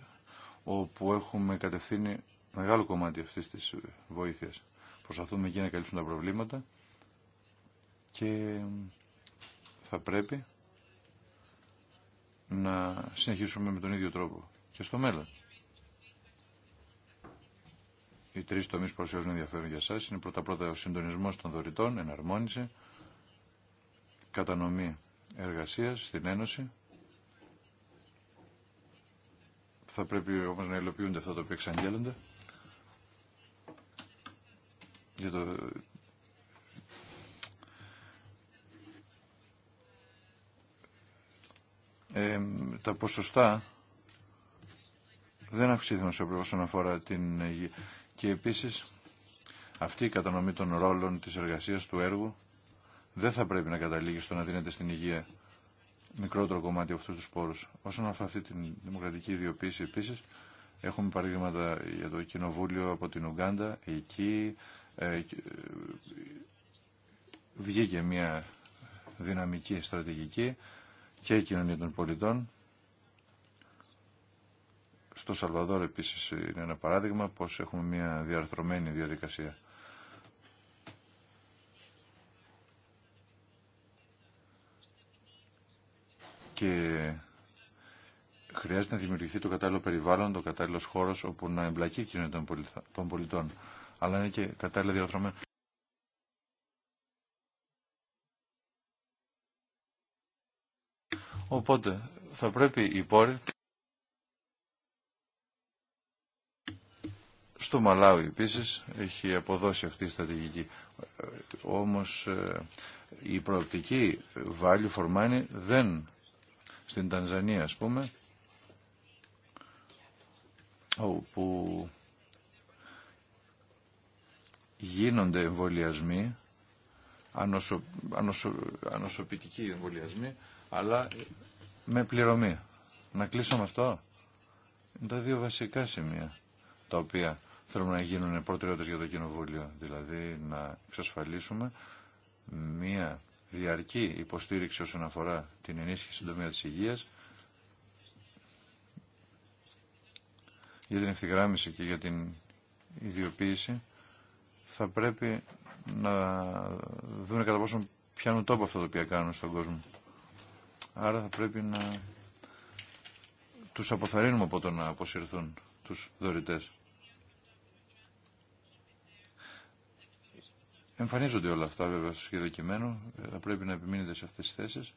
όπου έχουμε κατευθύνει μεγάλο κομμάτι αυτής της βοήθειας. Προσπαθούμε εκεί να καλύψουμε τα προβλήματα και θα πρέπει να συνεχίσουμε με τον ίδιο τρόπο και στο μέλλον. Οι τρει τομεί που παρουσιάζουν ενδιαφέρον για εσά είναι πρώτα-πρώτα ο συντονισμό των δωρητών, εναρμόνιση, κατανομή εργασία στην Ένωση Θα πρέπει όμως να υλοποιούνται αυτά τα οποία εξαγγέλλονται. Για το... Ε, τα ποσοστά δεν αυξήθηκαν σε όσον αφορά την υγεία. και επίσης αυτή η κατανομή των ρόλων της εργασίας του έργου δεν θα πρέπει να καταλήγει στο να δίνεται στην υγεία μικρότερο κομμάτι αυτού του πόρου. Όσον αφορά αυτή τη δημοκρατική ιδιοποίηση επίση, έχουμε παραδείγματα για το κοινοβούλιο από την Ουγγάντα. Εκεί ε, ε, βγήκε μια δυναμική στρατηγική και η κοινωνία των πολιτών. Στο Σαλβαδόρ επίσης είναι ένα παράδειγμα πως έχουμε μια διαρθρωμένη διαδικασία και χρειάζεται να δημιουργηθεί το κατάλληλο περιβάλλον, το κατάλληλο χώρο όπου να εμπλακεί η κοινωνία των πολιτών. Αλλά είναι και κατάλληλα διαδρομένα. Οπότε θα πρέπει οι πόροι στο Μαλάου, επίσης έχει αποδώσει αυτή η στρατηγική. Ε, όμως ε, η προοπτική value for money δεν στην Τανζανία ας πούμε όπου γίνονται εμβολιασμοί ανοσο, ανοσοποιητικοί εμβολιασμοί αλλά με πληρωμή. Να κλείσω με αυτό. Είναι τα δύο βασικά σημεία τα οποία θέλουμε να γίνουν προτεραιότητες για το κοινοβούλιο. Δηλαδή να εξασφαλίσουμε μία διαρκή υποστήριξη όσον αφορά την ενίσχυση στον τομέα της υγείας, για την ευθυγράμμιση και για την ιδιοποίηση, θα πρέπει να δούμε κατά πόσο πιάνουν τόπο αυτό το οποίο κάνουν στον κόσμο. Άρα θα πρέπει να τους αποθαρρύνουμε από το να αποσυρθούν τους δωρητές. Εμφανίζονται όλα αυτά βέβαια στο σχέδιο κειμένου, ε, θα πρέπει να επιμείνετε σε αυτές τις θέσεις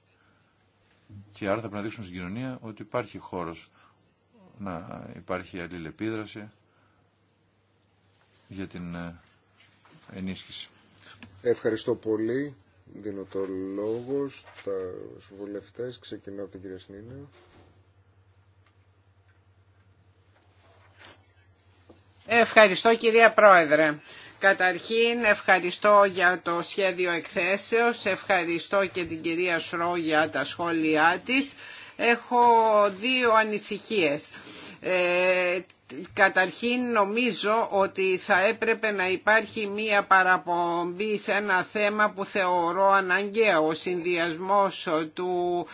και άρα θα πρέπει να δείξουμε στην κοινωνία ότι υπάρχει χώρος να υπάρχει αλληλεπίδραση για την ε, ενίσχυση. Ευχαριστώ πολύ. Δίνω το λόγο στους βουλευτές. Ξεκινάω από την κυρία Σνίνα. Ευχαριστώ κυρία Πρόεδρε. Καταρχήν ευχαριστώ για το σχέδιο εκθέσεως, ευχαριστώ και την κυρία Σρό για τα σχόλιά της. Έχω δύο ανησυχίες. Ε, Καταρχήν νομίζω ότι θα έπρεπε να υπάρχει μία παραπομπή σε ένα θέμα που θεωρώ αναγκαίο. Ο συνδυασμός του,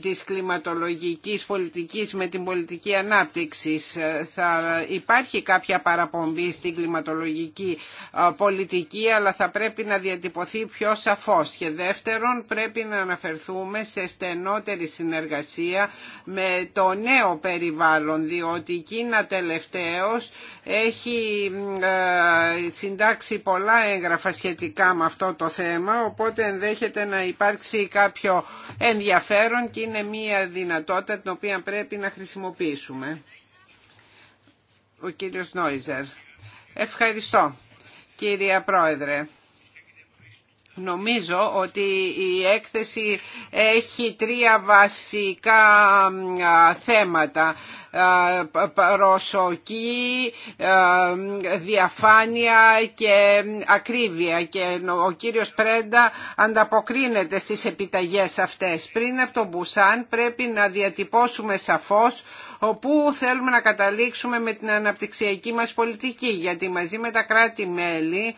της κλιματολογικής πολιτικής με την πολιτική ανάπτυξης. Θα υπάρχει κάποια παραπομπή στην κλιματολογική ε, πολιτική αλλά θα πρέπει να διατυπωθεί πιο σαφώς. Και δεύτερον πρέπει να αναφερθούμε σε στενότερη συνεργασία με το νέο περιβάλλον διότι η τελευταίος έχει ε, συντάξει πολλά έγγραφα σχετικά με αυτό το θέμα οπότε ενδέχεται να υπάρξει κάποιο ενδιαφέρον και είναι μια δυνατότητα την οποία πρέπει να χρησιμοποιήσουμε. Ο κύριος Νόιζερ. Ευχαριστώ κυρία Πρόεδρε. Νομίζω ότι η έκθεση έχει τρία βασικά θέματα προσοχή, διαφάνεια και ακρίβεια και ο κύριος Πρέντα ανταποκρίνεται στις επιταγές αυτές. Πριν από τον Μπουσάν πρέπει να διατυπώσουμε σαφώς όπου θέλουμε να καταλήξουμε με την αναπτυξιακή μας πολιτική γιατί μαζί με τα κράτη-μέλη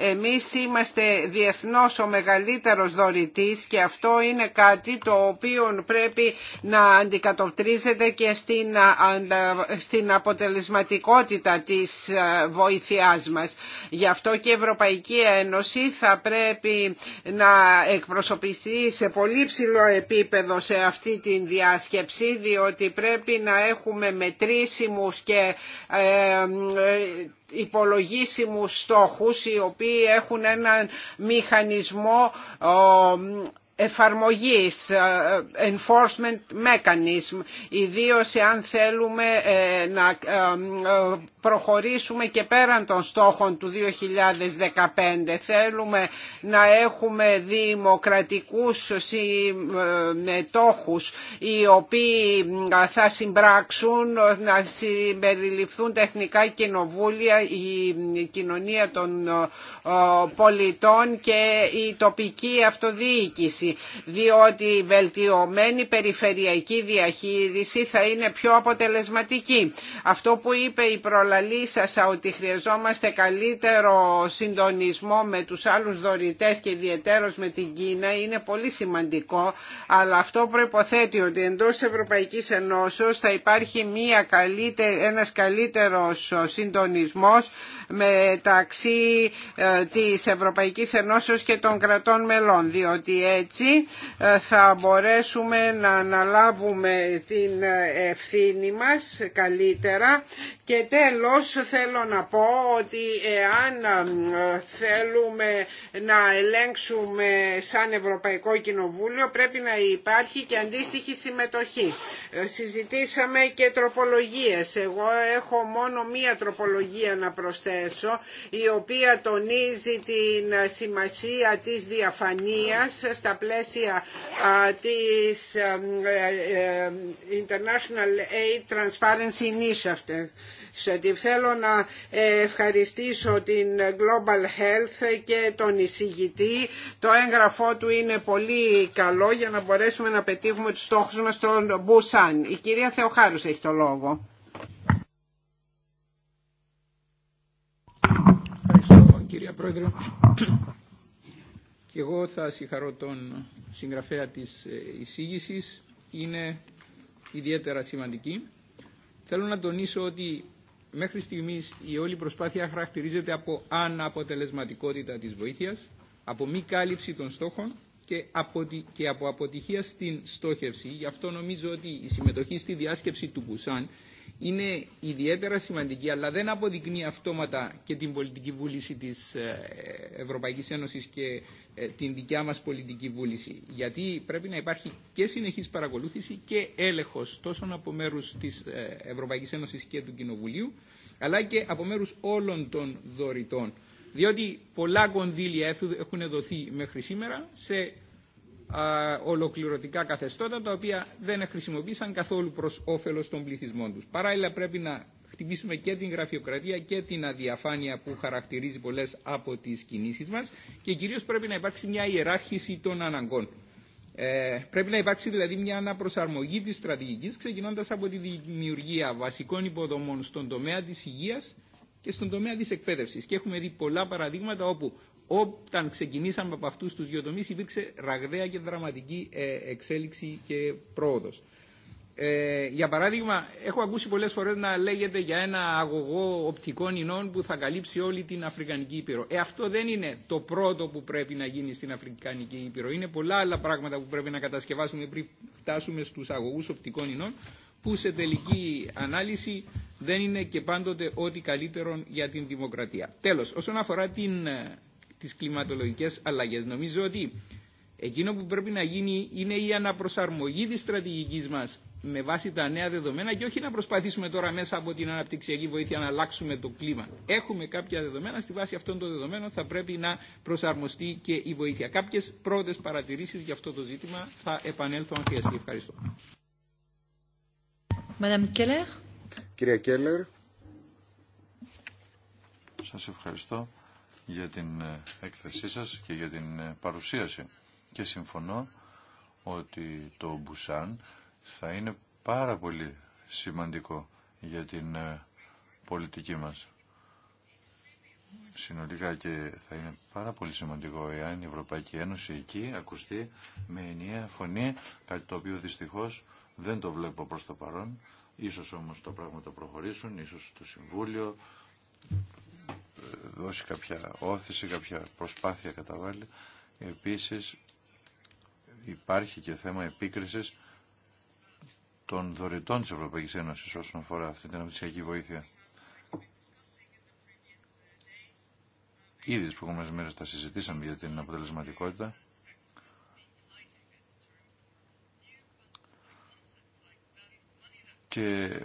εμείς είμαστε διεθνώς ο μεγαλύτερος δωρητής και αυτό είναι κάτι το οποίο πρέπει να αντικατοπτρίζεται και στην, στην αποτελεσματικότητα της βοήθειάς μας. Γι' αυτό και η Ευρωπαϊκή Ένωση θα πρέπει να εκπροσωπηθεί σε πολύ ψηλό επίπεδο σε αυτή τη διάσκεψη διότι πρέπει να έχουμε μετρήσιμους και ε, υπολογίσιμους στόχους οι οποίοι έχουν έναν μηχανισμό εφαρμογής, ε, ε, enforcement mechanism, ιδίως αν θέλουμε ε, να προχωρήσουμε και πέραν των στόχων του 2015. Θέλουμε να έχουμε δημοκρατικούς συμμετόχους οι οποίοι θα συμπράξουν, να συμπεριληφθούν τα εθνικά κοινοβούλια, η κοινωνία των πολιτών και η τοπική αυτοδιοίκηση διότι η βελτιωμένη περιφερειακή διαχείριση θα είναι πιο αποτελεσματική. Αυτό που είπε η προλαλή ότι χρειαζόμαστε καλύτερο συντονισμό με τους άλλους δωρητές και ιδιαίτερος με την Κίνα είναι πολύ σημαντικό αλλά αυτό προϋποθέτει ότι εντός Ευρωπαϊκής Ενώσεως θα υπάρχει μια καλύτερη, ένας καλύτερος συντονισμός μεταξύ ε, της Ευρωπαϊκής Ενώσεως και των κρατών μελών διότι έτσι ε, θα μπορέσουμε να αναλάβουμε την ε, ευθύνη μας καλύτερα και τέλος θέλω να πω ότι εάν ε, θέλουμε να ελέγξουμε σαν Ευρωπαϊκό Κοινοβούλιο πρέπει να υπάρχει και αντίστοιχη συμμετοχή. Ε, συζητήσαμε και τροπολογίες. Εγώ έχω μόνο μία τροπολογία να προσθέσω η οποία τονίζει την σημασία της διαφανείας στα πλαίσια της ε, International Aid Transparency Initiative Θέλω να ε, ευχαριστήσω την Global Health και τον εισηγητή. Το έγγραφό του είναι πολύ καλό για να μπορέσουμε να πετύχουμε τους στόχους μας στον Μπουσάν. Η κυρία Θεοχάρους έχει το λόγο. Ευχαριστώ κυρία Πρόεδρε. Και εγώ θα συγχαρώ τον συγγραφέα της ε, εισήγησης. Είναι ιδιαίτερα σημαντική. Θέλω να τονίσω ότι μέχρι στιγμής η όλη προσπάθεια χαρακτηρίζεται από αναποτελεσματικότητα της βοήθειας, από μη κάλυψη των στόχων και από, και από αποτυχία στην στόχευση. Γι' αυτό νομίζω ότι η συμμετοχή στη διάσκεψη του Πουσάν είναι ιδιαίτερα σημαντική, αλλά δεν αποδεικνύει αυτόματα και την πολιτική βούληση της ε, Ευρωπαϊκής Ένωσης και ε, την δικιά μας πολιτική βούληση. Γιατί πρέπει να υπάρχει και συνεχής παρακολούθηση και έλεγχος τόσο από μέρους της ε, Ευρωπαϊκής Ένωσης και του Κοινοβουλίου, αλλά και από μέρους όλων των δωρητών. Διότι πολλά κονδύλια έχουν δοθεί μέχρι σήμερα σε ολοκληρωτικά καθεστώτα τα οποία δεν χρησιμοποίησαν καθόλου προς όφελος των πληθυσμών τους. Παράλληλα πρέπει να χτυπήσουμε και την γραφειοκρατία και την αδιαφάνεια που χαρακτηρίζει πολλές από τις κινήσεις μας και κυρίως πρέπει να υπάρξει μια ιεράρχηση των αναγκών. Ε, πρέπει να υπάρξει δηλαδή μια αναπροσαρμογή της στρατηγικής ξεκινώντας από τη δημιουργία βασικών υποδομών στον τομέα της υγείας και στον τομέα της εκπαίδευσης. Και έχουμε δει πολλά παραδείγματα όπου όταν ξεκινήσαμε από αυτούς τους δύο τομείς υπήρξε ραγδαία και δραματική ε, εξέλιξη και πρόοδος. Ε, για παράδειγμα, έχω ακούσει πολλές φορές να λέγεται για ένα αγωγό οπτικών ινών που θα καλύψει όλη την Αφρικανική Ήπειρο. Ε, αυτό δεν είναι το πρώτο που πρέπει να γίνει στην Αφρικανική Ήπειρο. Είναι πολλά άλλα πράγματα που πρέπει να κατασκευάσουμε πριν φτάσουμε στους αγωγούς οπτικών ινών που σε τελική ανάλυση δεν είναι και πάντοτε ό,τι καλύτερο για την δημοκρατία. Τέλος, όσον αφορά την, ε, τις κλιματολογικές αλλαγές, νομίζω ότι εκείνο που πρέπει να γίνει είναι η αναπροσαρμογή της στρατηγικής μας με βάση τα νέα δεδομένα και όχι να προσπαθήσουμε τώρα μέσα από την αναπτυξιακή βοήθεια να αλλάξουμε το κλίμα. Έχουμε κάποια δεδομένα, στη βάση αυτών των δεδομένων θα πρέπει να προσαρμοστεί και η βοήθεια. Κάποιες πρώτες παρατηρήσεις για αυτό το ζήτημα θα επανέλθω αν χρειαστεί. Ευχαριστώ. Κυρία Κέλλερ. Σας ευχαριστώ για την ε, έκθεσή σας και για την ε, παρουσίαση και συμφωνώ ότι το Μπουσάν θα είναι πάρα πολύ σημαντικό για την ε, πολιτική μας συνολικά και θα είναι πάρα πολύ σημαντικό εάν η Ευρωπαϊκή Ένωση εκεί ακουστεί με ενιαία φωνή, κάτι το οποίο δυστυχώς δεν το βλέπω προς το παρόν. Ίσως όμως τα πράγματα προχωρήσουν, ίσως το Συμβούλιο ε, δώσει κάποια όθηση, κάποια προσπάθεια καταβάλει. Επίσης υπάρχει και θέμα επίκρισης των δωρητών της Ευρωπαϊκής Ένωσης όσον αφορά αυτή την αναπτυξιακή βοήθεια. Ήδη τις προηγούμενες μέρες τα συζητήσαμε για την αποτελεσματικότητα. Και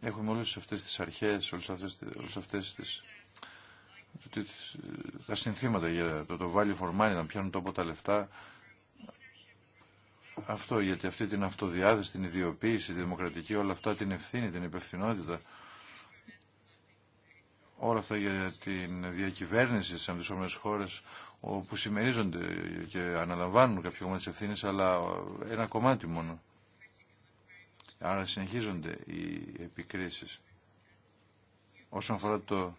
έχουμε όλες αυτές τις αρχές, όλες αυτές, όλες αυτές τις, τα συνθήματα για το, το value for money, να πιάνουν τόπο τα λεφτά, αυτό, γιατί αυτή την αυτοδιάδεση, την ιδιοποίηση, τη δημοκρατική, όλα αυτά, την ευθύνη, την υπευθυνότητα, όλα αυτά για την διακυβέρνηση σε αντισόμενες χώρες, όπου συμμερίζονται και αναλαμβάνουν κάποιο κομμάτι τη ευθύνη, αλλά ένα κομμάτι μόνο. Άρα συνεχίζονται οι επικρίσεις. Όσον αφορά το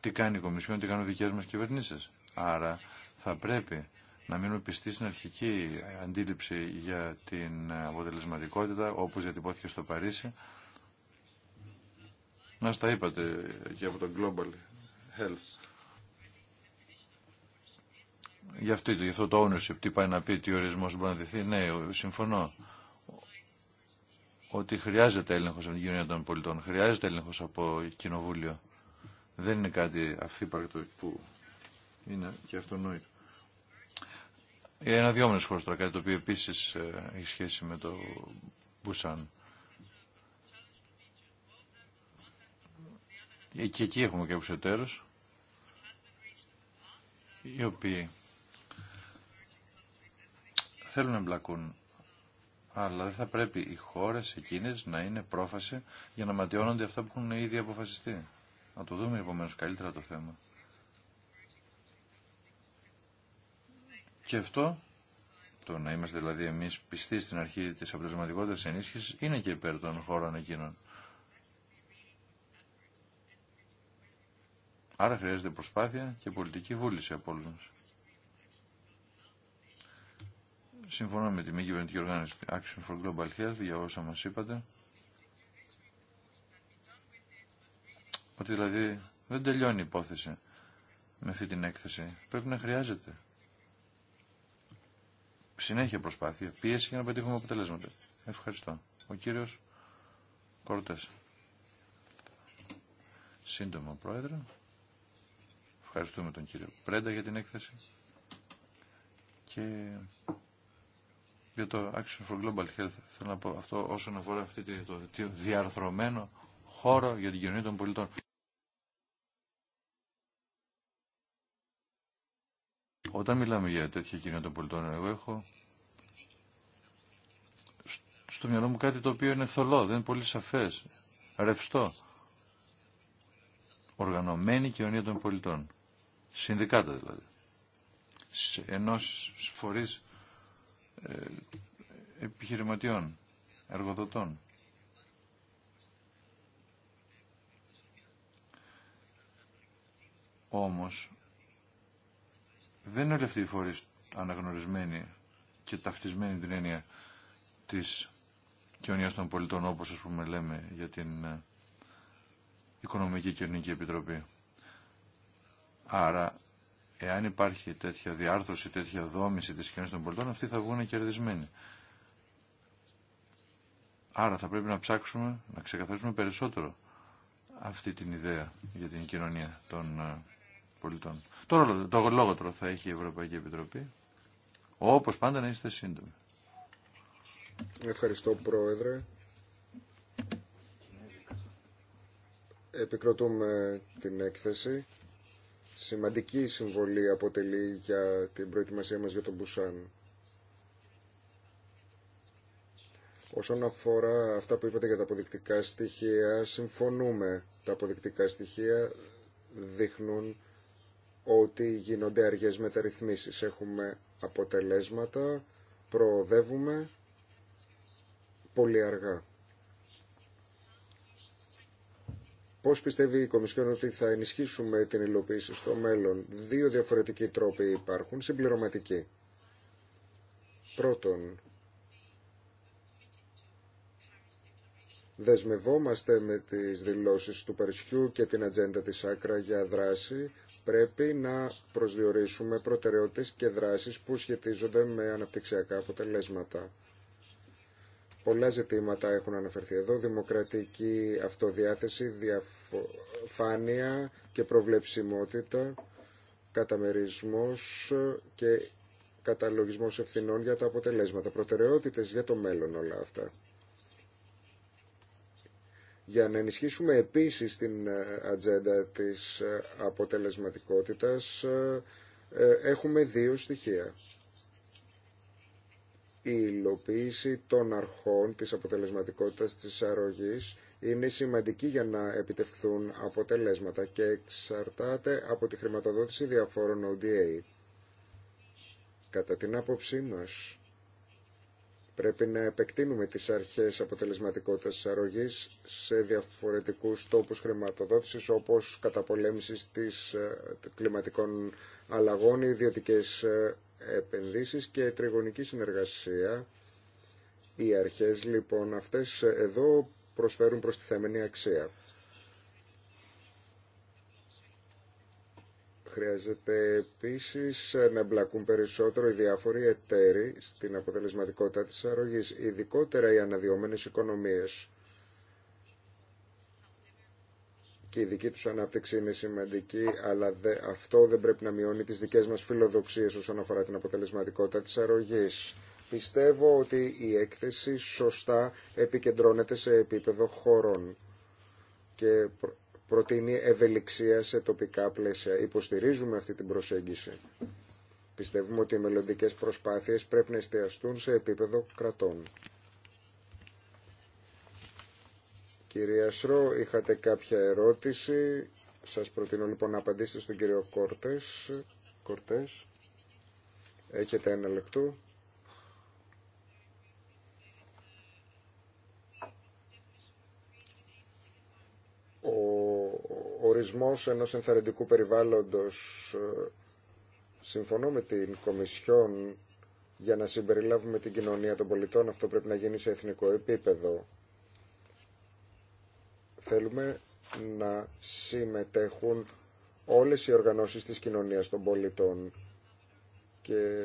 τι κάνει η Κομισιόν, τι κάνουν οι δικές μας κυβερνήσεις. Άρα θα πρέπει να μείνουμε πιστοί στην αρχική αντίληψη για την αποτελεσματικότητα όπως διατυπώθηκε στο Παρίσι. Να στα είπατε και από το Global Health. Γι' αυτό, γι αυτό το ownership, τι πάει να πει, τι ορισμός μπορεί να δηθεί. Ναι, συμφωνώ ότι χρειάζεται έλεγχο από την κοινωνία των πολιτών, χρειάζεται έλεγχο από κοινοβούλιο. Δεν είναι κάτι αφύπαρκτο που είναι και αυτονόητο ένα δυόμενε χώρε τώρα, κάτι το οποίο επίση ε, έχει σχέση με το Μπουσάν. Ε, και εκεί έχουμε κάποιου εταίρου, οι οποίοι θέλουν να εμπλακούν. Αλλά δεν θα πρέπει οι χώρε εκείνες να είναι πρόφαση για να ματιώνονται αυτά που έχουν ήδη αποφασιστεί. Να το δούμε επομένω καλύτερα το θέμα. Και αυτό, το να είμαστε δηλαδή εμείς πιστοί στην αρχή της αποτελεσματικότητας ενίσχυση είναι και υπέρ των χώρων εκείνων. Άρα χρειάζεται προσπάθεια και πολιτική βούληση από όλου. μα. Συμφωνώ με τη μη κυβερνητική οργάνωση Action for Global Health για όσα μας είπατε. Ότι δηλαδή δεν τελειώνει η υπόθεση με αυτή την έκθεση. Πρέπει να χρειάζεται συνέχεια προσπάθεια, πίεση για να πετύχουμε αποτελέσματα. Ευχαριστώ. Ο κύριος Κορτές. Σύντομο, Πρόεδρε. Ευχαριστούμε τον κύριο Πρέντα για την έκθεση και για το Action for Global Health θέλω να πω αυτό όσον αφορά αυτή το διαρθρωμένο χώρο για την κοινωνία των πολιτών. Όταν μιλάμε για τέτοια κοινότητα των πολιτών, εγώ έχω στο μυαλό μου κάτι το οποίο είναι θολό, δεν είναι πολύ σαφές, ρευστό. Οργανωμένη κοινωνία των πολιτών. Συνδικάτα δηλαδή. Ενώσει φορείς ε, επιχειρηματιών, εργοδοτών. Όμως δεν είναι όλοι αυτοί οι φορείς αναγνωρισμένοι και ταυτισμένοι την έννοια της κοινωνίας των πολιτών, όπως ας πούμε λέμε για την ε, Οικονομική Κοινωνική Επιτροπή. Άρα, εάν υπάρχει τέτοια διάρθρωση, τέτοια δόμηση της κοινωνίας των πολιτών, αυτοί θα βγουν κερδισμένοι. Άρα θα πρέπει να ψάξουμε, να ξεκαθαρίσουμε περισσότερο αυτή την ιδέα για την κοινωνία των ε, πολιτών. Το, το λόγο τώρα θα έχει η Ευρωπαϊκή Επιτροπή. Όπως πάντα να είστε σύντομοι. Ευχαριστώ Πρόεδρε. Επικροτούμε την έκθεση. Σημαντική συμβολή αποτελεί για την προετοιμασία μας για τον Μπουσάν. Όσον αφορά αυτά που είπατε για τα αποδεικτικά στοιχεία, συμφωνούμε. Τα αποδεικτικά στοιχεία δείχνουν ότι γίνονται αργές μεταρρυθμίσεις. Έχουμε αποτελέσματα, προοδεύουμε πολύ αργά. Πώς πιστεύει η Κομισιόν ότι θα ενισχύσουμε την υλοποίηση στο μέλλον. Δύο διαφορετικοί τρόποι υπάρχουν, συμπληρωματικοί. Πρώτον, δεσμευόμαστε με τις δηλώσεις του Παρισιού και την ατζέντα της Άκρα για δράση πρέπει να προσδιορίσουμε προτεραιότητες και δράσεις που σχετίζονται με αναπτυξιακά αποτελέσματα. Πολλά ζητήματα έχουν αναφερθεί εδώ. Δημοκρατική αυτοδιάθεση, διαφάνεια και προβλεψιμότητα, καταμερισμός και καταλογισμός ευθυνών για τα αποτελέσματα. Προτεραιότητες για το μέλλον όλα αυτά για να ενισχύσουμε επίσης την ε, ατζέντα της ε, αποτελεσματικότητας ε, έχουμε δύο στοιχεία. Η υλοποίηση των αρχών της αποτελεσματικότητας της αρρωγής είναι σημαντική για να επιτευχθούν αποτελέσματα και εξαρτάται από τη χρηματοδότηση διαφόρων ODA. Κατά την άποψή μας, Πρέπει να επεκτείνουμε τις αρχές αποτελεσματικότητας της αρρωγής σε διαφορετικούς τόπους χρηματοδότησης όπως καταπολέμησης της ε, κλιματικών αλλαγών, ιδιωτικές ε, επενδύσεις και τριγωνική συνεργασία. Οι αρχές λοιπόν αυτές ε, εδώ προσφέρουν προστιθέμενη αξία. Χρειάζεται επίσης να εμπλακούν περισσότερο οι διάφοροι εταίροι στην αποτελεσματικότητα της αρρωγής, ειδικότερα οι αναδυόμενες οικονομίες. Και η δική τους ανάπτυξη είναι σημαντική, αλλά αυτό δεν πρέπει να μειώνει τις δικές μας φιλοδοξίες όσον αφορά την αποτελεσματικότητα της αρρωγής. Πιστεύω ότι η έκθεση σωστά επικεντρώνεται σε επίπεδο χωρών και προτείνει ευελιξία σε τοπικά πλαίσια. Υποστηρίζουμε αυτή την προσέγγιση. Πιστεύουμε ότι οι μελλοντικέ προσπάθειες πρέπει να εστιαστούν σε επίπεδο κρατών. Κυρία Σρό, είχατε κάποια ερώτηση. Σας προτείνω λοιπόν να απαντήσετε στον κύριο Κόρτες. Κορτές. Έχετε ένα λεπτό. Ο ορισμός ενός ενθαρρυντικού περιβάλλοντος ε, συμφωνώ με την Κομισιόν για να συμπεριλάβουμε την κοινωνία των πολιτών αυτό πρέπει να γίνει σε εθνικό επίπεδο θέλουμε να συμμετέχουν όλες οι οργανώσεις της κοινωνίας των πολιτών και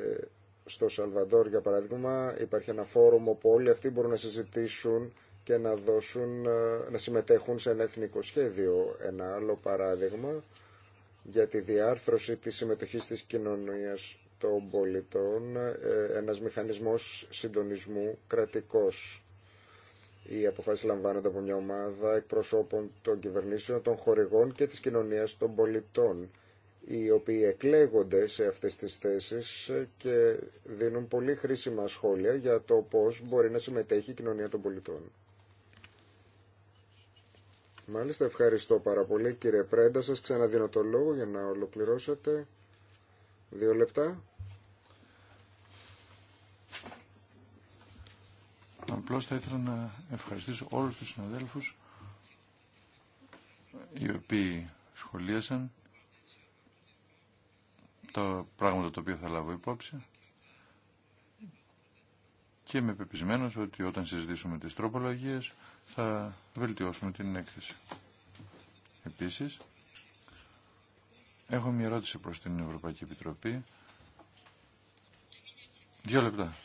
στο Σαλβαντόρ για παράδειγμα υπάρχει ένα φόρουμ όπου όλοι αυτοί μπορούν να συζητήσουν και να, δώσουν, ε, να συμμετέχουν σε ένα εθνικό σχέδιο. Ένα άλλο παράδειγμα για τη διάρθρωση της συμμετοχής της κοινωνίας των πολιτών, ε, ένας μηχανισμός συντονισμού κρατικός. Οι αποφάσεις λαμβάνονται από μια ομάδα εκπροσώπων των κυβερνήσεων, των χορηγών και της κοινωνίας των πολιτών, οι οποίοι εκλέγονται σε αυτές τις θέσεις και δίνουν πολύ χρήσιμα σχόλια για το πώς μπορεί να συμμετέχει η κοινωνία των πολιτών. Μάλιστα, ευχαριστώ πάρα πολύ κύριε Πρέντα. Σας ξαναδίνω το λόγο για να ολοκληρώσετε. Δύο λεπτά. Απλώς θα ήθελα να ευχαριστήσω όλους τους συναδέλφους οι οποίοι σχολίασαν τα πράγματα τα οποία θα λάβω υπόψη και είμαι πεπισμένος ότι όταν συζητήσουμε τις τροπολογίες θα βελτιώσουμε την έκθεση. Επίσης, έχω μια ερώτηση προς την Ευρωπαϊκή Επιτροπή. Δύο λεπτά.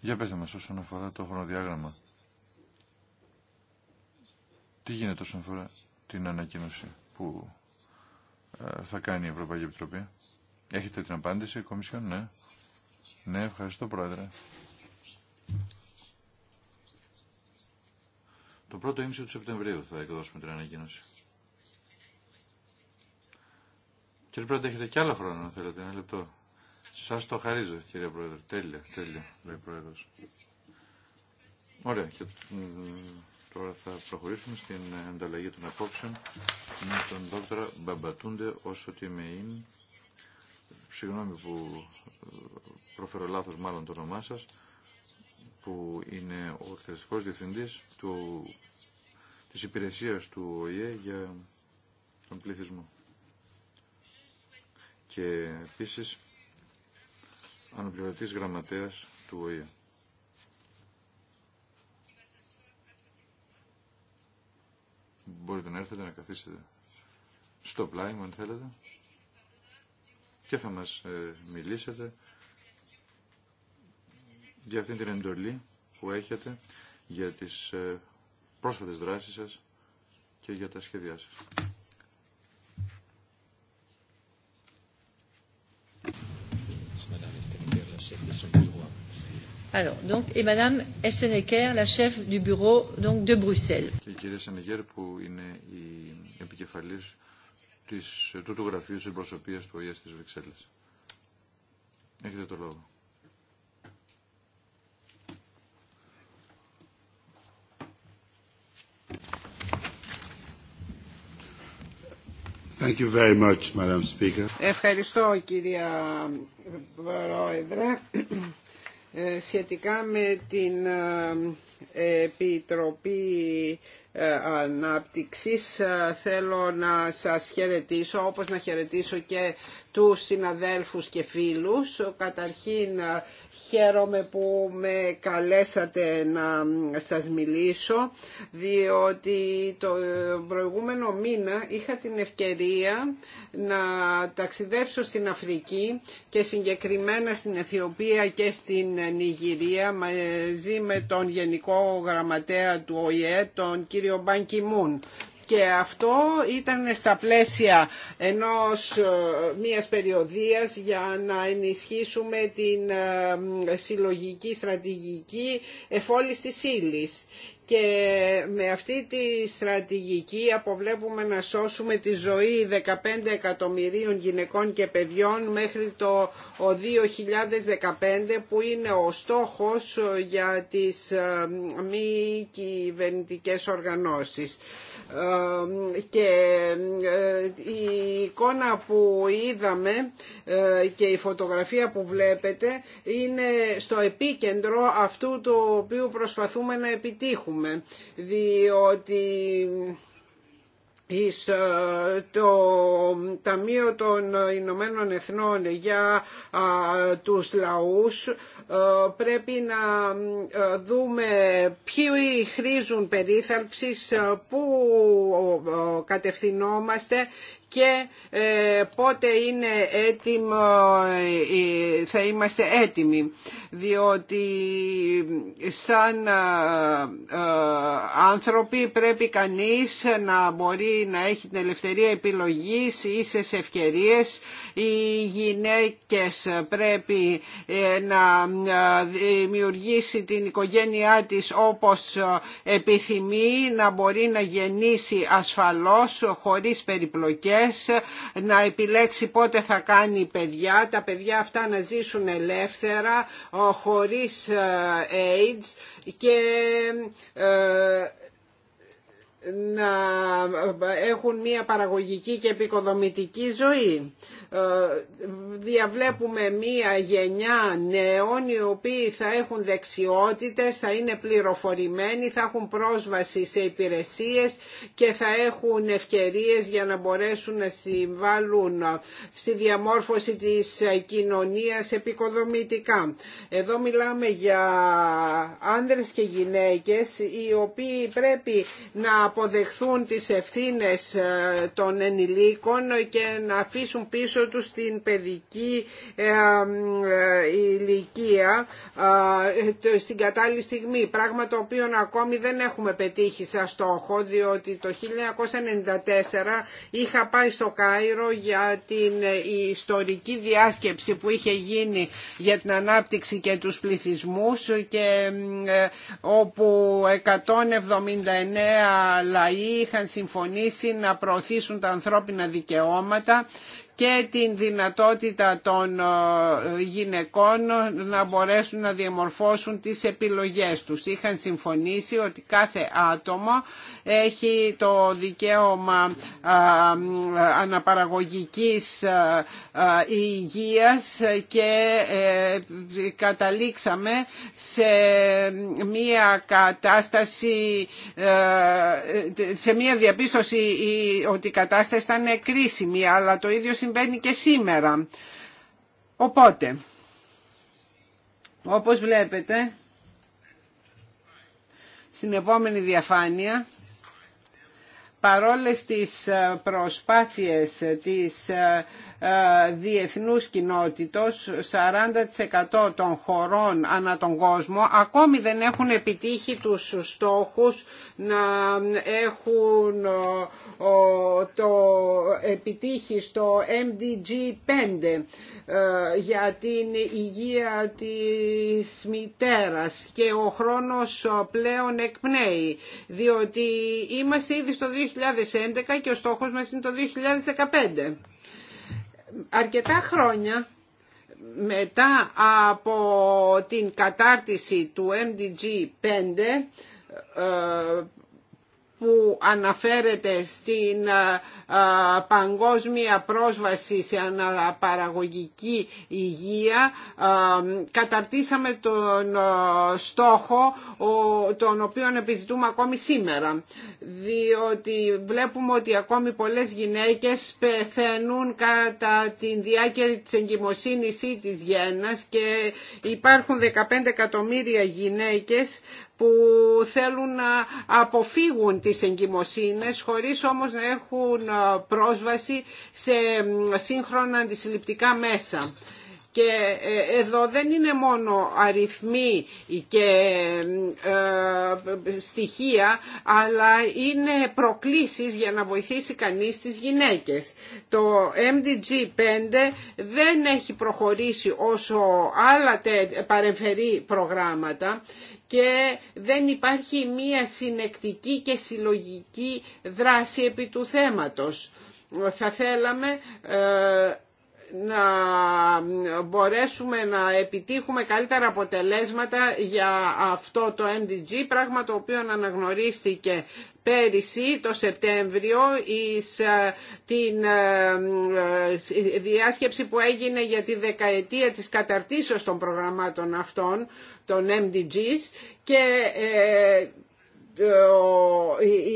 Για πέστε μας όσον αφορά το χρονοδιάγραμμα. Τι γίνεται όσον αφορά την ανακοίνωση που ε, θα κάνει η Ευρωπαϊκή Επιτροπή. Έχετε την απάντηση, Κομισιόν, ναι. Ναι, ευχαριστώ, Πρόεδρε. Το πρώτο ίμιση του Σεπτεμβρίου θα εκδώσουμε την ανακοίνωση. Κύριε Πρόεδρε, έχετε κι άλλο χρόνο, αν θέλετε, ένα λεπτό. Σας το χαρίζω, κύριε Πρόεδρε. Τέλεια, τέλεια, λέει Πρόεδρος. Ωραία. Και Τώρα θα προχωρήσουμε στην ανταλλαγή των απόψεων με τον δόκτωρα Μπαμπατούντε όσο τι με είναι. Συγγνώμη που ε, προφέρω λάθος μάλλον το όνομά σας που είναι ο εκτελεστικός διευθυντής του, της υπηρεσίας του ΟΗΕ για τον πληθυσμό. Και επίσης αναπληρωτής γραμματέας του ΟΗΕ. Μπορείτε να έρθετε να καθίσετε στο πλάι μου αν θέλετε και θα μας ε, μιλήσετε για αυτή την εντολή που έχετε για τις ε, πρόσφατες δράσεις σας και για τα σχέδιά σας. Alors, donc, et Madame Essenecker, la chef du bureau donc, de Bruxelles. του, του γραφείου της του της το Thank you very much, Madam Speaker. Ευχαριστώ κυρία Πρόεδρε. Ε, σχετικά με την ε, Επιτροπή ε, Ανάπτυξης θέλω να σας χαιρετήσω όπως να χαιρετήσω και τους συναδέλφους και φίλους. Καταρχήν Χαίρομαι που με καλέσατε να σας μιλήσω διότι το προηγούμενο μήνα είχα την ευκαιρία να ταξιδέψω στην Αφρική και συγκεκριμένα στην Αιθιοπία και στην Νιγηρία μαζί με τον Γενικό Γραμματέα του ΟΗΕ, τον κύριο Μπάνκι Μουν και αυτό ήταν στα πλαίσια ενός ε, μιας περιοδίας για να ενισχύσουμε την ε, συλλογική στρατηγική εφόλης της ύλη και με αυτή τη στρατηγική αποβλέπουμε να σώσουμε τη ζωή 15 εκατομμυρίων γυναικών και παιδιών μέχρι το 2015 που είναι ο στόχος για τις ε, μη κυβερνητικέ οργανώσεις. Ε, και ε, η εικόνα που είδαμε και η φωτογραφία που βλέπετε είναι στο επίκεντρο αυτού του οποίο προσπαθούμε να επιτύχουμε διότι εις ε, το Ταμείο των Ηνωμένων Εθνών για τους λαούς ε, πρέπει να ε, δούμε ποιοι χρήζουν περίθαλψης, πού κατευθυνόμαστε και ε, πότε είναι έτοιμο, ε, θα είμαστε έτοιμοι. Διότι σαν ε, άνθρωποι πρέπει κανείς να μπορεί να έχει την ελευθερία επιλογής, σε ευκαιρίες. Οι γυναίκες πρέπει να δημιουργήσει την οικογένειά της όπως επιθυμεί, να μπορεί να γεννήσει ασφαλώς, χωρίς περιπλοκές να επιλέξει πότε θα κάνει παιδιά, τα παιδιά αυτά να ζήσουν ελεύθερα, χωρίς ε, AIDS και ε, να έχουν μια παραγωγική και επικοδομητική ζωή. Ε, διαβλέπουμε μια γενιά νέων οι οποίοι θα έχουν δεξιότητες, θα είναι πληροφορημένοι, θα έχουν πρόσβαση σε υπηρεσίες και θα έχουν ευκαιρίες για να μπορέσουν να συμβάλλουν στη διαμόρφωση της κοινωνίας επικοδομητικά. Εδώ μιλάμε για άνδρες και γυναίκες οι οποίοι πρέπει να αποδεχθούν τις ευθύνες ε, των ενηλίκων και να αφήσουν πίσω τους την παιδική ε, ε, στην κατάλληλη στιγμή, πράγμα το οποίο ακόμη δεν έχουμε πετύχει σαν στόχο, διότι το 1994 είχα πάει στο Κάιρο για την ε, ιστορική διάσκεψη που είχε γίνει για την ανάπτυξη και τους πληθυσμούς και ε, όπου 179 λαοί είχαν συμφωνήσει να προωθήσουν τα ανθρώπινα δικαιώματα και την δυνατότητα των ε, γυναικών να μπορέσουν να διαμορφώσουν τις επιλογές τους. Είχαν συμφωνήσει ότι κάθε άτομο έχει το δικαίωμα ε, ε, αναπαραγωγικής υγείας και καταλήξαμε σε μία κατάσταση, σε μία διαπίστωση ότι η κατάσταση ήταν κρίσιμη, αλλά το ίδιο συμβαίνει και σήμερα. Οπότε, όπως βλέπετε, στην επόμενη διαφάνεια παρόλες τις ε, προσπάθειες της ε, ε, διεθνούς κοινότητος 40% των χωρών ανά τον κόσμο ακόμη δεν έχουν επιτύχει τους στόχους να έχουν το επιτύχει στο MDG 5 για την υγεία της μητέρας και ο χρόνος πλέον εκπνέει διότι είμαστε ήδη στο 2000 2011 και ο στόχος μας είναι το 2015. Αρκετά χρόνια μετά από την κατάρτιση του MDG 5 που αναφέρεται στην ε, ε, παγκόσμια πρόσβαση σε αναπαραγωγική υγεία ε, καταρτήσαμε τον στόχο τον οποίο επιζητούμε ακόμη σήμερα διότι βλέπουμε ότι ακόμη πολλές γυναίκες πεθαίνουν κατά την διάκαιρη της εγκυμοσύνης ή της γέννας και υπάρχουν 15 εκατομμύρια γυναίκες που θέλουν να αποφύγουν τις εγκυμοσύνες χωρίς όμως να έχουν ε, πρόσβαση σε σύγχρονα αντισυλληπτικά μέσα. Και ε, εδώ δεν είναι μόνο αριθμοί και ε, στοιχεία, αλλά είναι προκλήσεις για να βοηθήσει κανείς τις γυναίκες. Το MDG 5 δεν έχει προχωρήσει όσο άλλα παρεμφερή προγράμματα και δεν υπάρχει μία συνεκτική και συλλογική δράση επί του θέματος. Θα θέλαμε ε, να μπορέσουμε να επιτύχουμε καλύτερα αποτελέσματα για αυτό το MDG, πράγμα το οποίο αναγνωρίστηκε πέρυσι το Σεπτέμβριο εις ε, την ε, ε, διάσκεψη που έγινε για τη δεκαετία της καταρτήσεως των προγραμμάτων αυτών, των MDGs και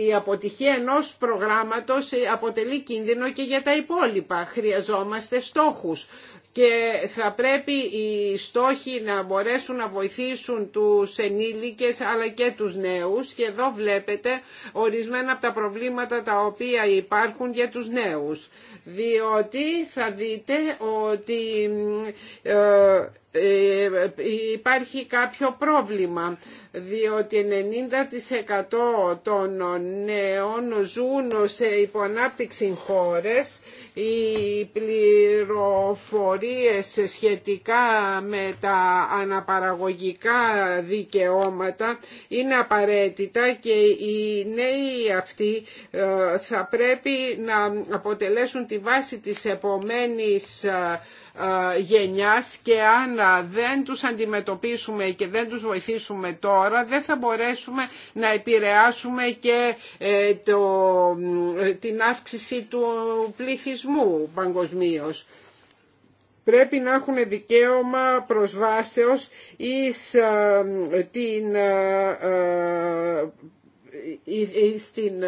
η αποτυχία ενός προγράμματος αποτελεί κίνδυνο και για τα υπόλοιπα. Χρειαζόμαστε στόχους και θα πρέπει οι στόχοι να μπορέσουν να βοηθήσουν τους ενήλικες αλλά και τους νέους και εδώ βλέπετε ορισμένα από τα προβλήματα τα οποία υπάρχουν για τους νέους διότι θα δείτε ότι ε, ε, υπάρχει κάποιο πρόβλημα διότι 90% των νέων ζουν σε υποανάπτυξη χώρες οι πληροφορίες σχετικά με τα αναπαραγωγικά δικαιώματα είναι απαραίτητα και οι νέοι αυτοί ε, θα πρέπει να αποτελέσουν τη βάση της επομένης ε, γενιάς και αν δεν τους αντιμετωπίσουμε και δεν τους βοηθήσουμε τώρα δεν θα μπορέσουμε να επηρεάσουμε και ε, το, ε, την αύξηση του πληθυσμού παγκοσμίω πρέπει να έχουν δικαίωμα προσβάσεως εις ε, την,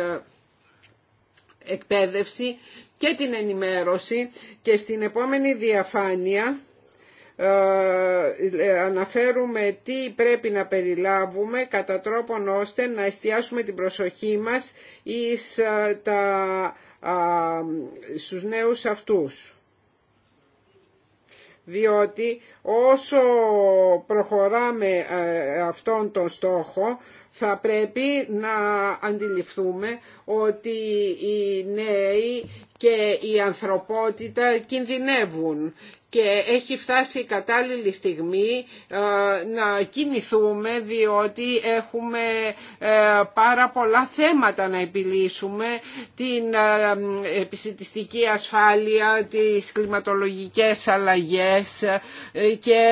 εκπαίδευση και την ενημέρωση και στην επόμενη διαφάνεια ε, ε, αναφέρουμε τι πρέπει να περιλάβουμε κατά τρόπον ώστε να εστιάσουμε την προσοχή μας εις, ε, τα, στους νέους αυτούς διότι όσο προχωράμε αυτόν τον στόχο θα πρέπει να αντιληφθούμε ότι οι νέοι και η ανθρωπότητα κινδυνεύουν και έχει φτάσει η κατάλληλη στιγμή ε, να κινηθούμε διότι έχουμε ε, πάρα πολλά θέματα να επιλύσουμε την ε, επιστημιστική ασφάλεια, τις κλιματολογικές αλλαγές και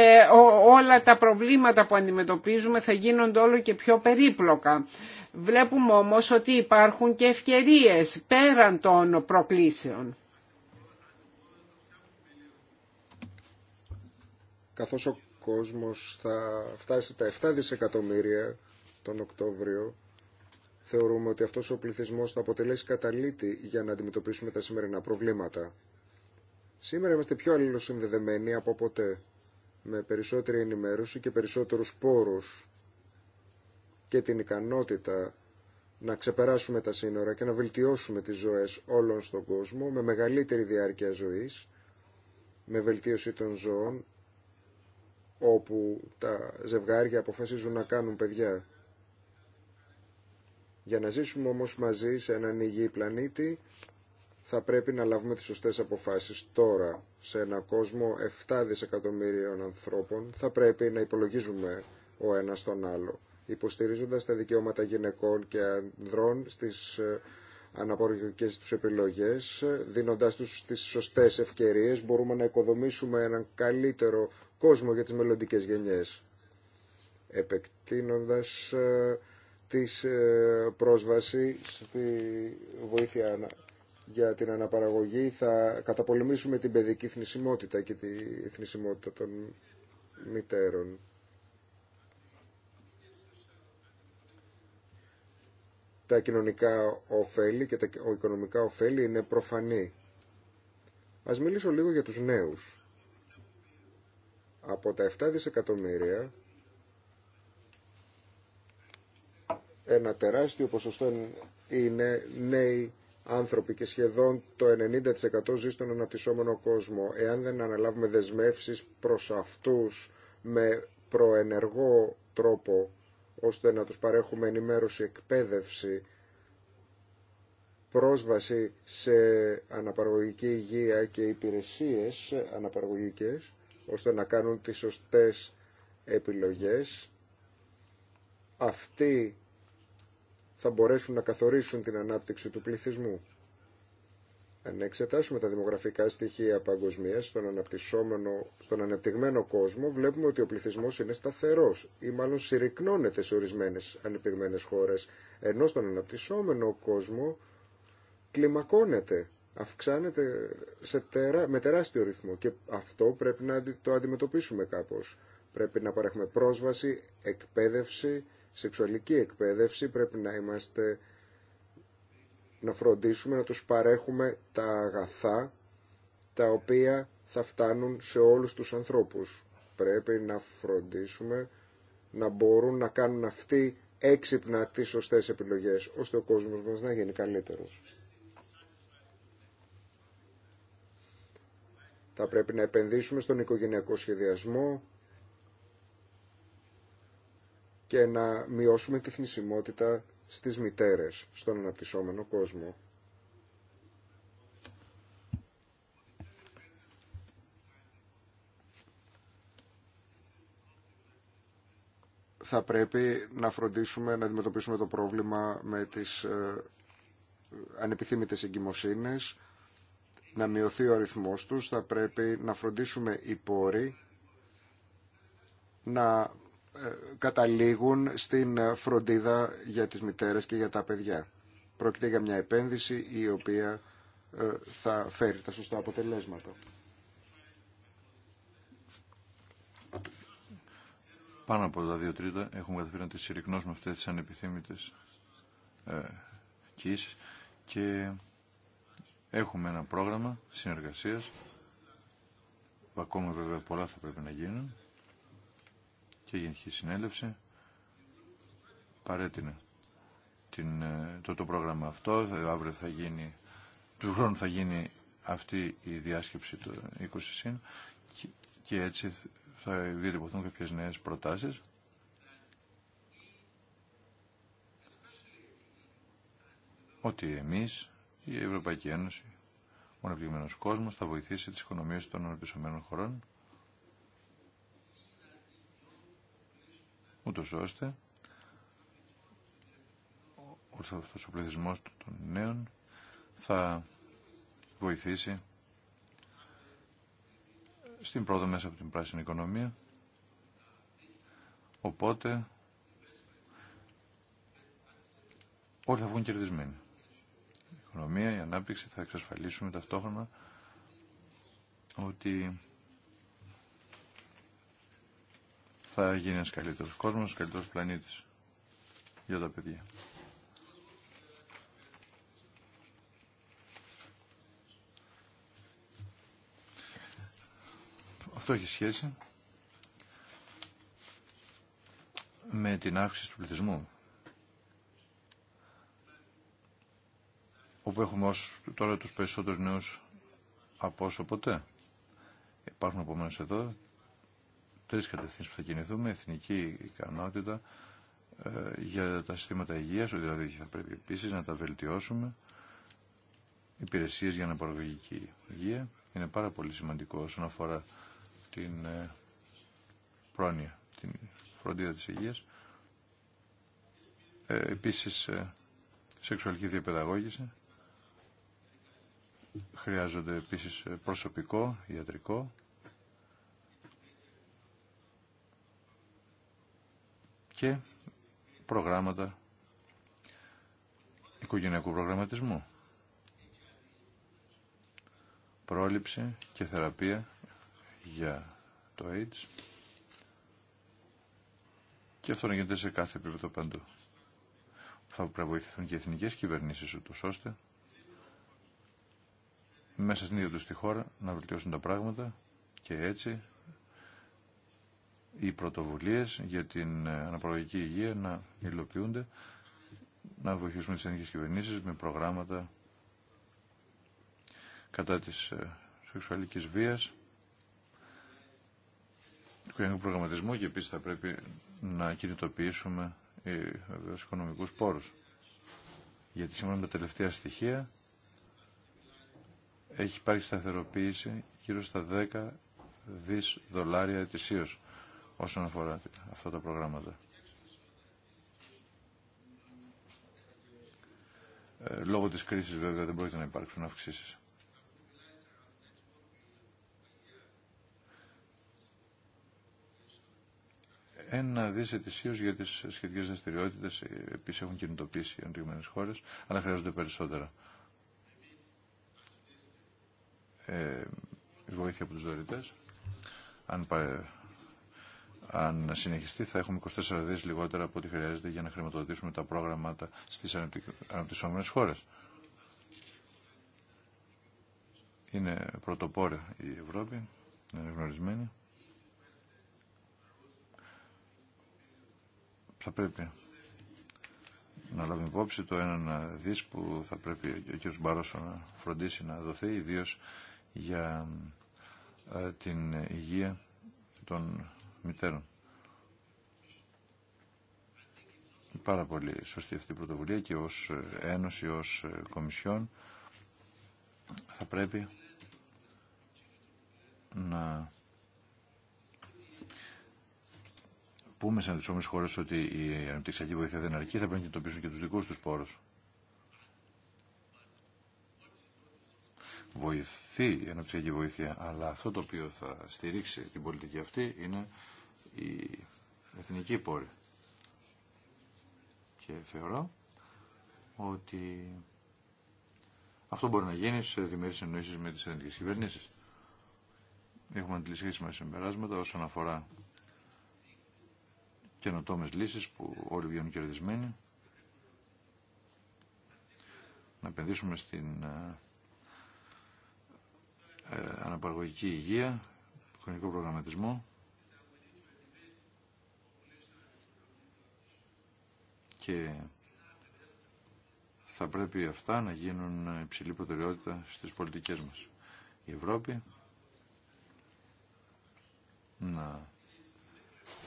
όλα τα προβλήματα που αντιμετωπίζουμε θα γίνονται όλο και πιο περίπλοκα. Βλέπουμε όμως ότι υπάρχουν και ευκαιρίες πέραν των προκλήσεων. καθώς ο κόσμος θα φτάσει τα 7 δισεκατομμύρια τον Οκτώβριο, θεωρούμε ότι αυτός ο πληθυσμός θα αποτελέσει καταλήτη για να αντιμετωπίσουμε τα σημερινά προβλήματα. Σήμερα είμαστε πιο αλληλοσυνδεδεμένοι από ποτέ, με περισσότερη ενημέρωση και περισσότερους πόρους και την ικανότητα να ξεπεράσουμε τα σύνορα και να βελτιώσουμε τις ζωές όλων στον κόσμο με μεγαλύτερη διάρκεια ζωής, με βελτίωση των ζώων όπου τα ζευγάρια αποφασίζουν να κάνουν παιδιά. Για να ζήσουμε όμως μαζί σε έναν υγιή πλανήτη θα πρέπει να λάβουμε τις σωστές αποφάσεις τώρα σε ένα κόσμο 7 δισεκατομμύριων ανθρώπων θα πρέπει να υπολογίζουμε ο ένας τον άλλο υποστηρίζοντας τα δικαιώματα γυναικών και ανδρών στις ε, αναπορικές τους επιλογές ε, δίνοντάς τους τις σωστές ευκαιρίες μπορούμε να οικοδομήσουμε έναν καλύτερο κόσμο για τις μελλοντικές γενιές επεκτείνοντας ε, της ε, πρόσβαση στη βοήθεια για την αναπαραγωγή θα καταπολεμήσουμε την παιδική θνησιμότητα και τη θνησιμότητα των μητέρων. Τα κοινωνικά ωφέλη και τα οικονομικά ωφέλη είναι προφανή. Ας μιλήσω λίγο για τους νέους. Από τα 7 δισεκατομμύρια, ένα τεράστιο ποσοστό είναι νέοι άνθρωποι και σχεδόν το 90% ζει στον αναπτυσσόμενο κόσμο. Εάν δεν αναλάβουμε δεσμεύσεις προς αυτούς με προενεργό τρόπο, ώστε να τους παρέχουμε ενημέρωση, εκπαίδευση, πρόσβαση σε αναπαραγωγική υγεία και υπηρεσίες αναπαραγωγικές, ώστε να κάνουν τις σωστές επιλογές. Αυτοί θα μπορέσουν να καθορίσουν την ανάπτυξη του πληθυσμού. Αν εξετάσουμε τα δημογραφικά στοιχεία παγκοσμία στον, στον αναπτυγμένο κόσμο, βλέπουμε ότι ο πληθυσμός είναι σταθερός ή μάλλον συρρυκνώνεται σε ορισμένες ανεπτυγμένε χώρες, ενώ στον αναπτυσσόμενο κόσμο κλιμακώνεται αυξάνεται σε τερα... με τεράστιο ρυθμό και αυτό πρέπει να το αντιμετωπίσουμε κάπως. Πρέπει να παρέχουμε πρόσβαση, εκπαίδευση, σεξουαλική εκπαίδευση, πρέπει να είμαστε να φροντίσουμε να τους παρέχουμε τα αγαθά τα οποία θα φτάνουν σε όλους τους ανθρώπους. Πρέπει να φροντίσουμε να μπορούν να κάνουν αυτοί έξυπνα τις σωστές επιλογές, ώστε ο κόσμος μας να γίνει καλύτερος. Θα πρέπει να επενδύσουμε στον οικογενειακό σχεδιασμό και να μειώσουμε τη θνησιμότητα στις μητέρες στον αναπτυσσόμενο κόσμο. θα πρέπει να φροντίσουμε να αντιμετωπίσουμε το πρόβλημα με τις ε, ανεπιθύμητες εγκυμοσύνες να μειωθεί ο αριθμός τους, θα πρέπει να φροντίσουμε οι πόροι να ε, καταλήγουν στην φροντίδα για τις μητέρες και για τα παιδιά. Πρόκειται για μια επένδυση η οποία ε, θα φέρει τα σωστά αποτελέσματα. Πάνω από τα δύο τρίτα έχουμε καταφέρει να τις συρρυκνώσουμε αυτές τις ανεπιθύμητες ε, και Έχουμε ένα πρόγραμμα συνεργασίας που ακόμα βέβαια πολλά θα πρέπει να γίνουν και η Γενική Συνέλευση παρέτεινε την, ε, το, το πρόγραμμα αυτό. Αύριο θα γίνει, του χρόνου θα γίνει αυτή η διάσκεψη του 20 συν και, έτσι θα διατυπωθούν κάποιες νέες προτάσεις. Ότι εμείς η Ευρωπαϊκή Ένωση, ο αναπτυγμένος κόσμος θα βοηθήσει τις οικονομίες των αναπτυσσομένων χωρών, ούτως ώστε αυτός ο πληθυσμός των νέων θα βοηθήσει στην πρόοδο μέσα από την πράσινη οικονομία. Οπότε όλοι θα βγουν κερδισμένοι οικονομία, η ανάπτυξη, θα εξασφαλίσουμε ταυτόχρονα ότι θα γίνει ένας καλύτερος κόσμος, καλύτερος πλανήτης για τα παιδιά. Αυτό έχει σχέση με την αύξηση του πληθυσμού όπου έχουμε ως τώρα τους περισσότερους νέους από όσο ποτέ. Υπάρχουν επομένω εδώ τρεις κατευθύνσεις που θα κινηθούμε, εθνική ικανότητα ε, για τα συστήματα υγείας, δηλαδή θα πρέπει επίσης να τα βελτιώσουμε, υπηρεσίες για αναπαραγωγική υγεία, είναι πάρα πολύ σημαντικό όσον αφορά την ε, πρόνοια, την φροντίδα της υγείας, ε, επίσης ε, σεξουαλική διαπαιδαγώγηση, Χρειάζονται επίσης ε, προσωπικό, ιατρικό. και προγράμματα οικογενειακού προγραμματισμού. Πρόληψη και θεραπεία για το AIDS και αυτό να γίνεται σε κάθε επίπεδο παντού. Θα πρέπει να βοηθηθούν και οι εθνικές κυβερνήσεις ούτως ώστε μέσα στην ίδια του τη χώρα να βελτιώσουν τα πράγματα και έτσι οι πρωτοβουλίες για την ε, αναπαραγωγική υγεία να υλοποιούνται, να βοηθήσουμε τις ελληνικές κυβερνήσεις με προγράμματα κατά τη ε, σεξουαλική βίας, του κοινωνικού προγραμματισμού και επίσης θα πρέπει να κινητοποιήσουμε οι ε, οικονομικούς πόρους. Γιατί σήμερα με τα τελευταία στοιχεία έχει υπάρξει σταθεροποίηση γύρω στα 10 δις δολάρια ετησίω όσον αφορά αυτά τα προγράμματα. Ε, λόγω της κρίσης βέβαια δεν πρόκειται να υπάρξουν αυξήσεις. ένα δις ετησίω για τις σχετικέ δραστηριότητε. επίσης έχουν κινητοποιήσει οι χώρες χώρε, αλλά χρειάζονται περισσότερα ε, βοήθεια από τους δωρητές. Αν, αν συνεχιστεί θα έχουμε 24 δις λιγότερα από ό,τι χρειάζεται για να χρηματοδοτήσουμε τα πρόγραμματα στις αναπτυσσόμενες χώρες. Είναι πρωτοπόρα η Ευρώπη, είναι γνωρισμένη. Θα πρέπει να λάβουμε υπόψη το έναν δις που θα πρέπει ο κ. Μπαρόσο να φροντίσει να δοθεί, ιδίως για ε, την υγεία των μητέρων. Πάρα πολύ σωστή αυτή η πρωτοβουλία και ως Ένωση, ως Κομισιόν θα πρέπει να πούμε σε όμως χώρες ότι η αναπτυξιακή βοήθεια δεν αρκεί, θα πρέπει να κοιτοποιήσουν και τους δικούς τους πόρους. βοηθεί η αναπτυξιακή βοήθεια, αλλά αυτό το οποίο θα στηρίξει την πολιτική αυτή είναι η εθνική πόρη. Και θεωρώ ότι αυτό μπορεί να γίνει σε διμερείς εννοήσεις με τις εθνικές κυβερνήσεις. Έχουμε αντιλησχίσει με συμπεράσματα όσον αφορά καινοτόμε λύσεις που όλοι βγαίνουν κερδισμένοι. Να επενδύσουμε στην ε, ε, αναπαραγωγική υγεία, χρονικό προγραμματισμό και θα πρέπει αυτά να γίνουν υψηλή προτεραιότητα στις πολιτικές μας. Η Ευρώπη να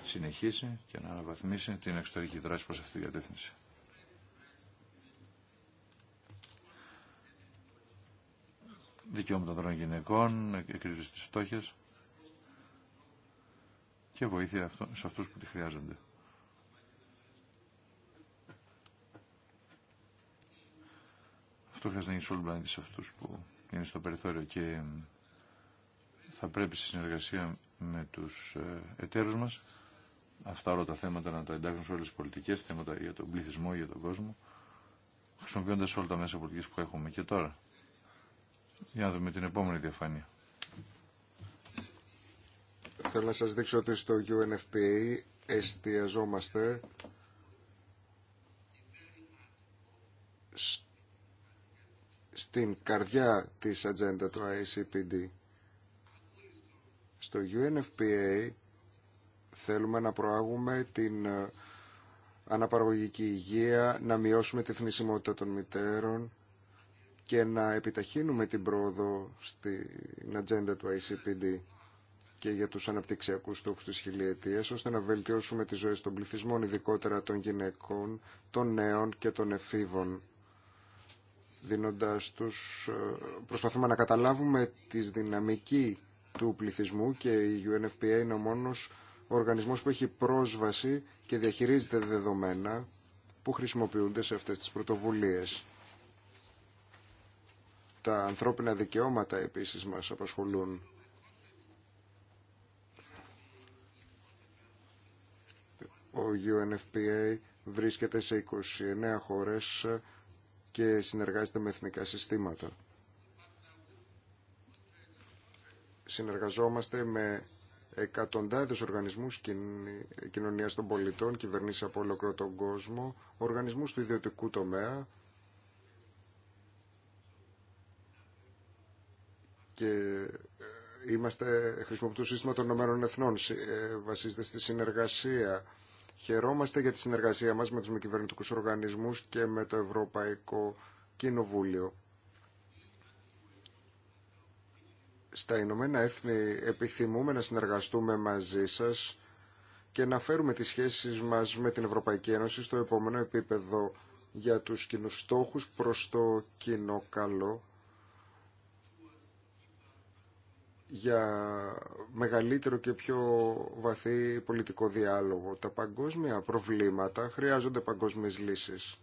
συνεχίσει και να αναβαθμίσει την εξωτερική δράση προς αυτή την κατεύθυνση. δικαιώματα των γυναικών, εκρίζωση τη φτώχειας και βοήθεια σε αυτούς που τη χρειάζονται. Αυτό χρειάζεται να γίνει σε όλους σε αυτούς που είναι στο περιθώριο και θα πρέπει στη συνεργασία με τους ε, εταίρους μας αυτά όλα τα θέματα να τα εντάξουν σε όλες τις πολιτικές, θέματα για τον πληθυσμό, για τον κόσμο, χρησιμοποιώντας όλα τα μέσα πολιτικής που έχουμε και τώρα. Για να δούμε την επόμενη διαφάνεια. Θέλω να σας δείξω ότι στο UNFPA εστιαζόμαστε στην καρδιά της ατζέντα του ICPD. Στο UNFPA θέλουμε να προάγουμε την ε, αναπαραγωγική υγεία, να μειώσουμε τη θνησιμότητα των μητέρων, και να επιταχύνουμε την πρόοδο στην ατζέντα του ICPD και για τους αναπτυξιακούς στόχους της χιλιετίας, ώστε να βελτιώσουμε τις ζωές των πληθυσμών, ειδικότερα των γυναικών, των νέων και των εφήβων. Δίνοντας τους, ε, προσπαθούμε να καταλάβουμε τη δυναμική του πληθυσμού και η UNFPA είναι ο μόνος οργανισμός που έχει πρόσβαση και διαχειρίζεται δεδομένα που χρησιμοποιούνται σε αυτές τις πρωτοβουλίες. Τα ανθρώπινα δικαιώματα επίσης μας απασχολούν. Ο UNFPA βρίσκεται σε 29 χώρες και συνεργάζεται με εθνικά συστήματα. Συνεργαζόμαστε με εκατοντάδες οργανισμούς κοινωνίας των πολιτών, κυβερνήσεις από ολόκληρο τον κόσμο, οργανισμούς του ιδιωτικού τομέα, και ε, είμαστε, χρησιμοποιούμε το σύστημα των Ηνωμένων Εθνών, ε, βασίζεται στη συνεργασία. Χαιρόμαστε για τη συνεργασία μας με τους μη οργανισμούς και με το Ευρωπαϊκό Κοινοβούλιο. Στα Ηνωμένα Έθνη επιθυμούμε να συνεργαστούμε μαζί σας και να φέρουμε τις σχέσεις μας με την Ευρωπαϊκή Ένωση στο επόμενο επίπεδο για τους κοινούς στόχους προς το κοινό καλό για μεγαλύτερο και πιο βαθύ πολιτικό διάλογο. Τα παγκόσμια προβλήματα χρειάζονται παγκόσμιες λύσεις.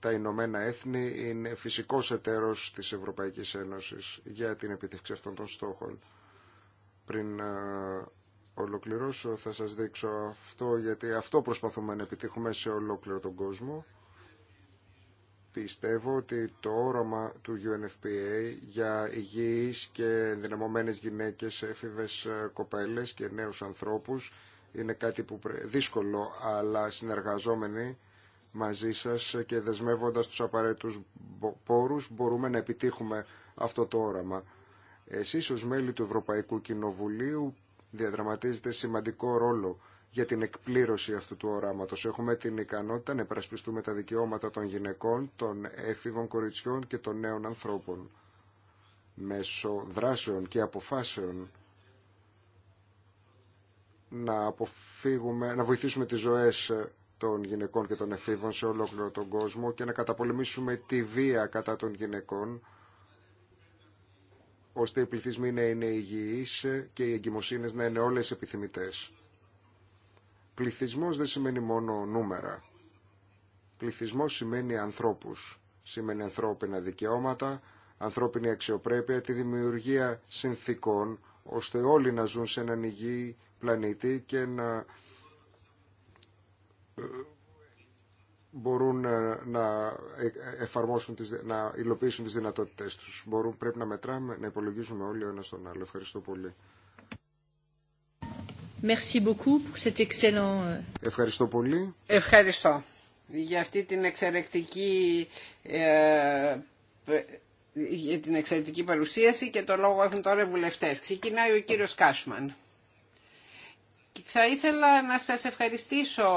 Τα Ηνωμένα Έθνη είναι φυσικός εταίρος της Ευρωπαϊκής Ένωσης για την επιτευξή αυτών των στόχων. Πριν ε, ολοκληρώσω θα σας δείξω αυτό, γιατί αυτό προσπαθούμε να επιτύχουμε σε ολόκληρο τον κόσμο. Πιστεύω ότι το όραμα του UNFPA για υγιείς και ενδυναμωμένες γυναίκες, έφηβες ε, κοπέλες και νέους ανθρώπους είναι κάτι που δύσκολο, αλλά συνεργαζόμενοι μαζί σας και δεσμεύοντας τους απαραίτητους πόρους μπορούμε να επιτύχουμε αυτό το όραμα. Εσείς ως μέλη του Ευρωπαϊκού Κοινοβουλίου διαδραματίζετε σημαντικό ρόλο για την εκπλήρωση αυτού του οράματος. Έχουμε την ικανότητα να επρασπιστούμε τα δικαιώματα των γυναικών, των έφηβων κοριτσιών και των νέων ανθρώπων μέσω δράσεων και αποφάσεων να, αποφύγουμε, να βοηθήσουμε τις ζωές των γυναικών και των εφήβων σε ολόκληρο τον κόσμο και να καταπολεμήσουμε τη βία κατά των γυναικών ώστε οι πληθυσμοί να είναι υγιείς και οι εγκυμοσύνες να είναι όλες επιθυμητές. Πληθυσμός δεν σημαίνει μόνο νούμερα. Πληθυσμός σημαίνει ανθρώπους. Σημαίνει ανθρώπινα δικαιώματα, ανθρώπινη αξιοπρέπεια, τη δημιουργία συνθήκων, ώστε όλοι να ζουν σε έναν υγιή πλανήτη και να ε, μπορούν ε, να ε, εφαρμόσουν, τις, να υλοποιήσουν τις δυνατότητές τους. Μπορούν, πρέπει να μετράμε, να υπολογίζουμε όλοι ο ένας τον άλλο. Ευχαριστώ πολύ. Euh, Ευχαριστώ πολύ. Ευχαριστώ για αυτή την εξαιρετική, ε, για την εξαιρετική παρουσίαση και το λόγο έχουν τώρα οι βουλευτές. Ξεκινάει ο κύριος Κάσμαν. Θα ήθελα να σας ευχαριστήσω,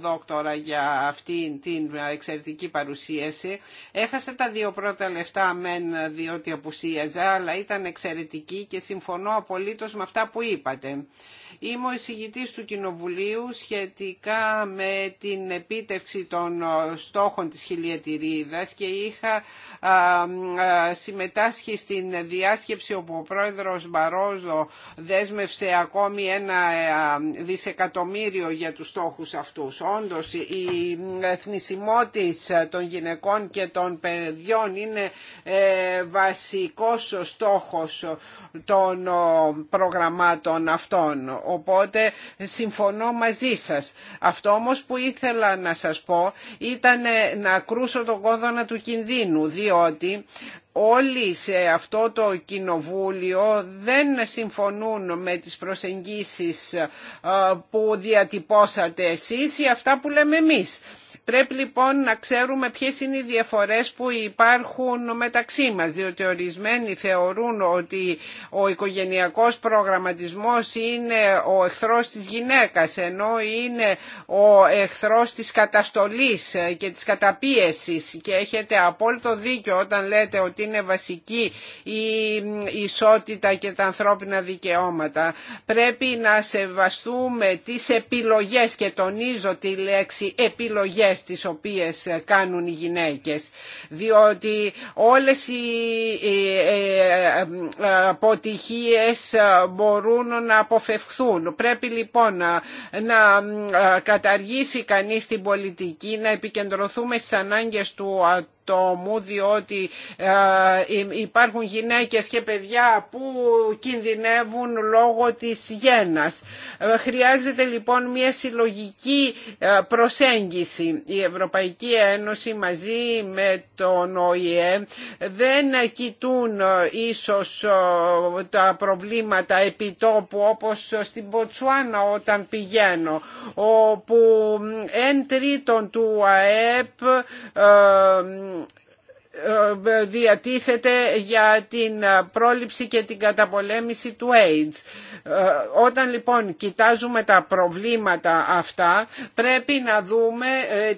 δόκτωρα, για αυτή την εξαιρετική παρουσίαση. Έχασα τα δύο πρώτα λεφτά μεν διότι απουσίαζα, αλλά ήταν εξαιρετική και συμφωνώ απολύτως με αυτά που είπατε. Είμαι ο εισηγητής του Κοινοβουλίου σχετικά με την επίτευξη των ε, στόχων της χιλιατηρίδας και είχα συμμετάσχει στην διάσκεψη όπου ο πρόεδρος Μπαρόζο δέσμευσε ακόμη ένα δισεκατομμύριο για τους στόχους αυτούς. Όντως η θνησιμότης των γυναικών και των παιδιών είναι ε, βασικός στόχος των προγραμμάτων αυτών. Οπότε συμφωνώ μαζί σας. Αυτό όμως που ήθελα να σας πω ήταν ε, να κρούσω τον κόδωνα του κινδύνου διότι όλοι σε αυτό το κοινοβούλιο δεν συμφωνούν με τις προσεγγίσεις ε, που διατυπώσατε εσείς ή αυτά που λέμε εμείς. Πρέπει λοιπόν να ξέρουμε ποιες είναι οι διαφορές που υπάρχουν μεταξύ μας, διότι ορισμένοι θεωρούν ότι ο οικογενειακός προγραμματισμός είναι ο εχθρός της γυναίκας, ενώ είναι ο εχθρός της καταστολής και της καταπίεσης και έχετε απόλυτο δίκιο όταν λέτε ότι είναι βασική η ισότητα και τα ανθρώπινα δικαιώματα. Πρέπει να σεβαστούμε τις επιλογές και τονίζω τη λέξη επιλογές δουλειές τις οποίες ε, κάνουν οι γυναίκες διότι όλες οι ε, ε, αποτυχίες μπορούν να αποφευχθούν. Πρέπει λοιπόν να καταργήσει κανείς την πολιτική, να επικεντρωθούμε στις ανάγκες του διότι ε, υπάρχουν γυναίκες και παιδιά που κινδυνεύουν λόγω της γένας. Ε, χρειάζεται λοιπόν μια συλλογική ε, προσέγγιση. Η Ευρωπαϊκή Ένωση μαζί με τον ΟΗΕ δεν κοιτούν ίσως τα προβλήματα επιτόπου όπως στην Ποτσουάνα όταν πηγαίνω όπου εν τρίτον του ΑΕΠ ε, διατίθεται για την ε, πρόληψη και την καταπολέμηση του AIDS. Ε, όταν λοιπόν κοιτάζουμε τα προβλήματα αυτά πρέπει να δούμε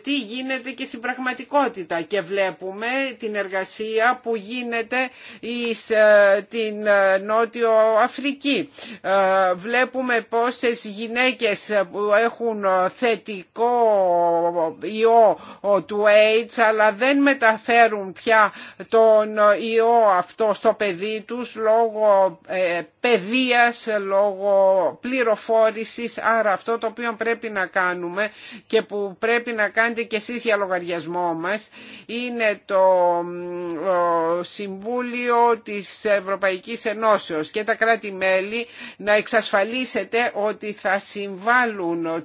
τι γίνεται και στην πραγματικότητα και βλέπουμε την εργασία που γίνεται στην την Νότιο Αφρική. Βλέπουμε πόσες γυναίκες που έχουν θετικό ιό του AIDS αλλά δεν μεταφέρουν πια τον ιό αυτό στο παιδί τους λόγω ε, παιδείας, λόγω πληροφόρησης. Άρα αυτό το οποίο πρέπει να κάνουμε και που πρέπει να κάνετε και εσείς για λογαριασμό μας είναι το Συμβούλιο της Ευρωπαϊκής Ενώσεως και τα κράτη-μέλη να εξασφαλίσετε ότι θα συμβάλλουν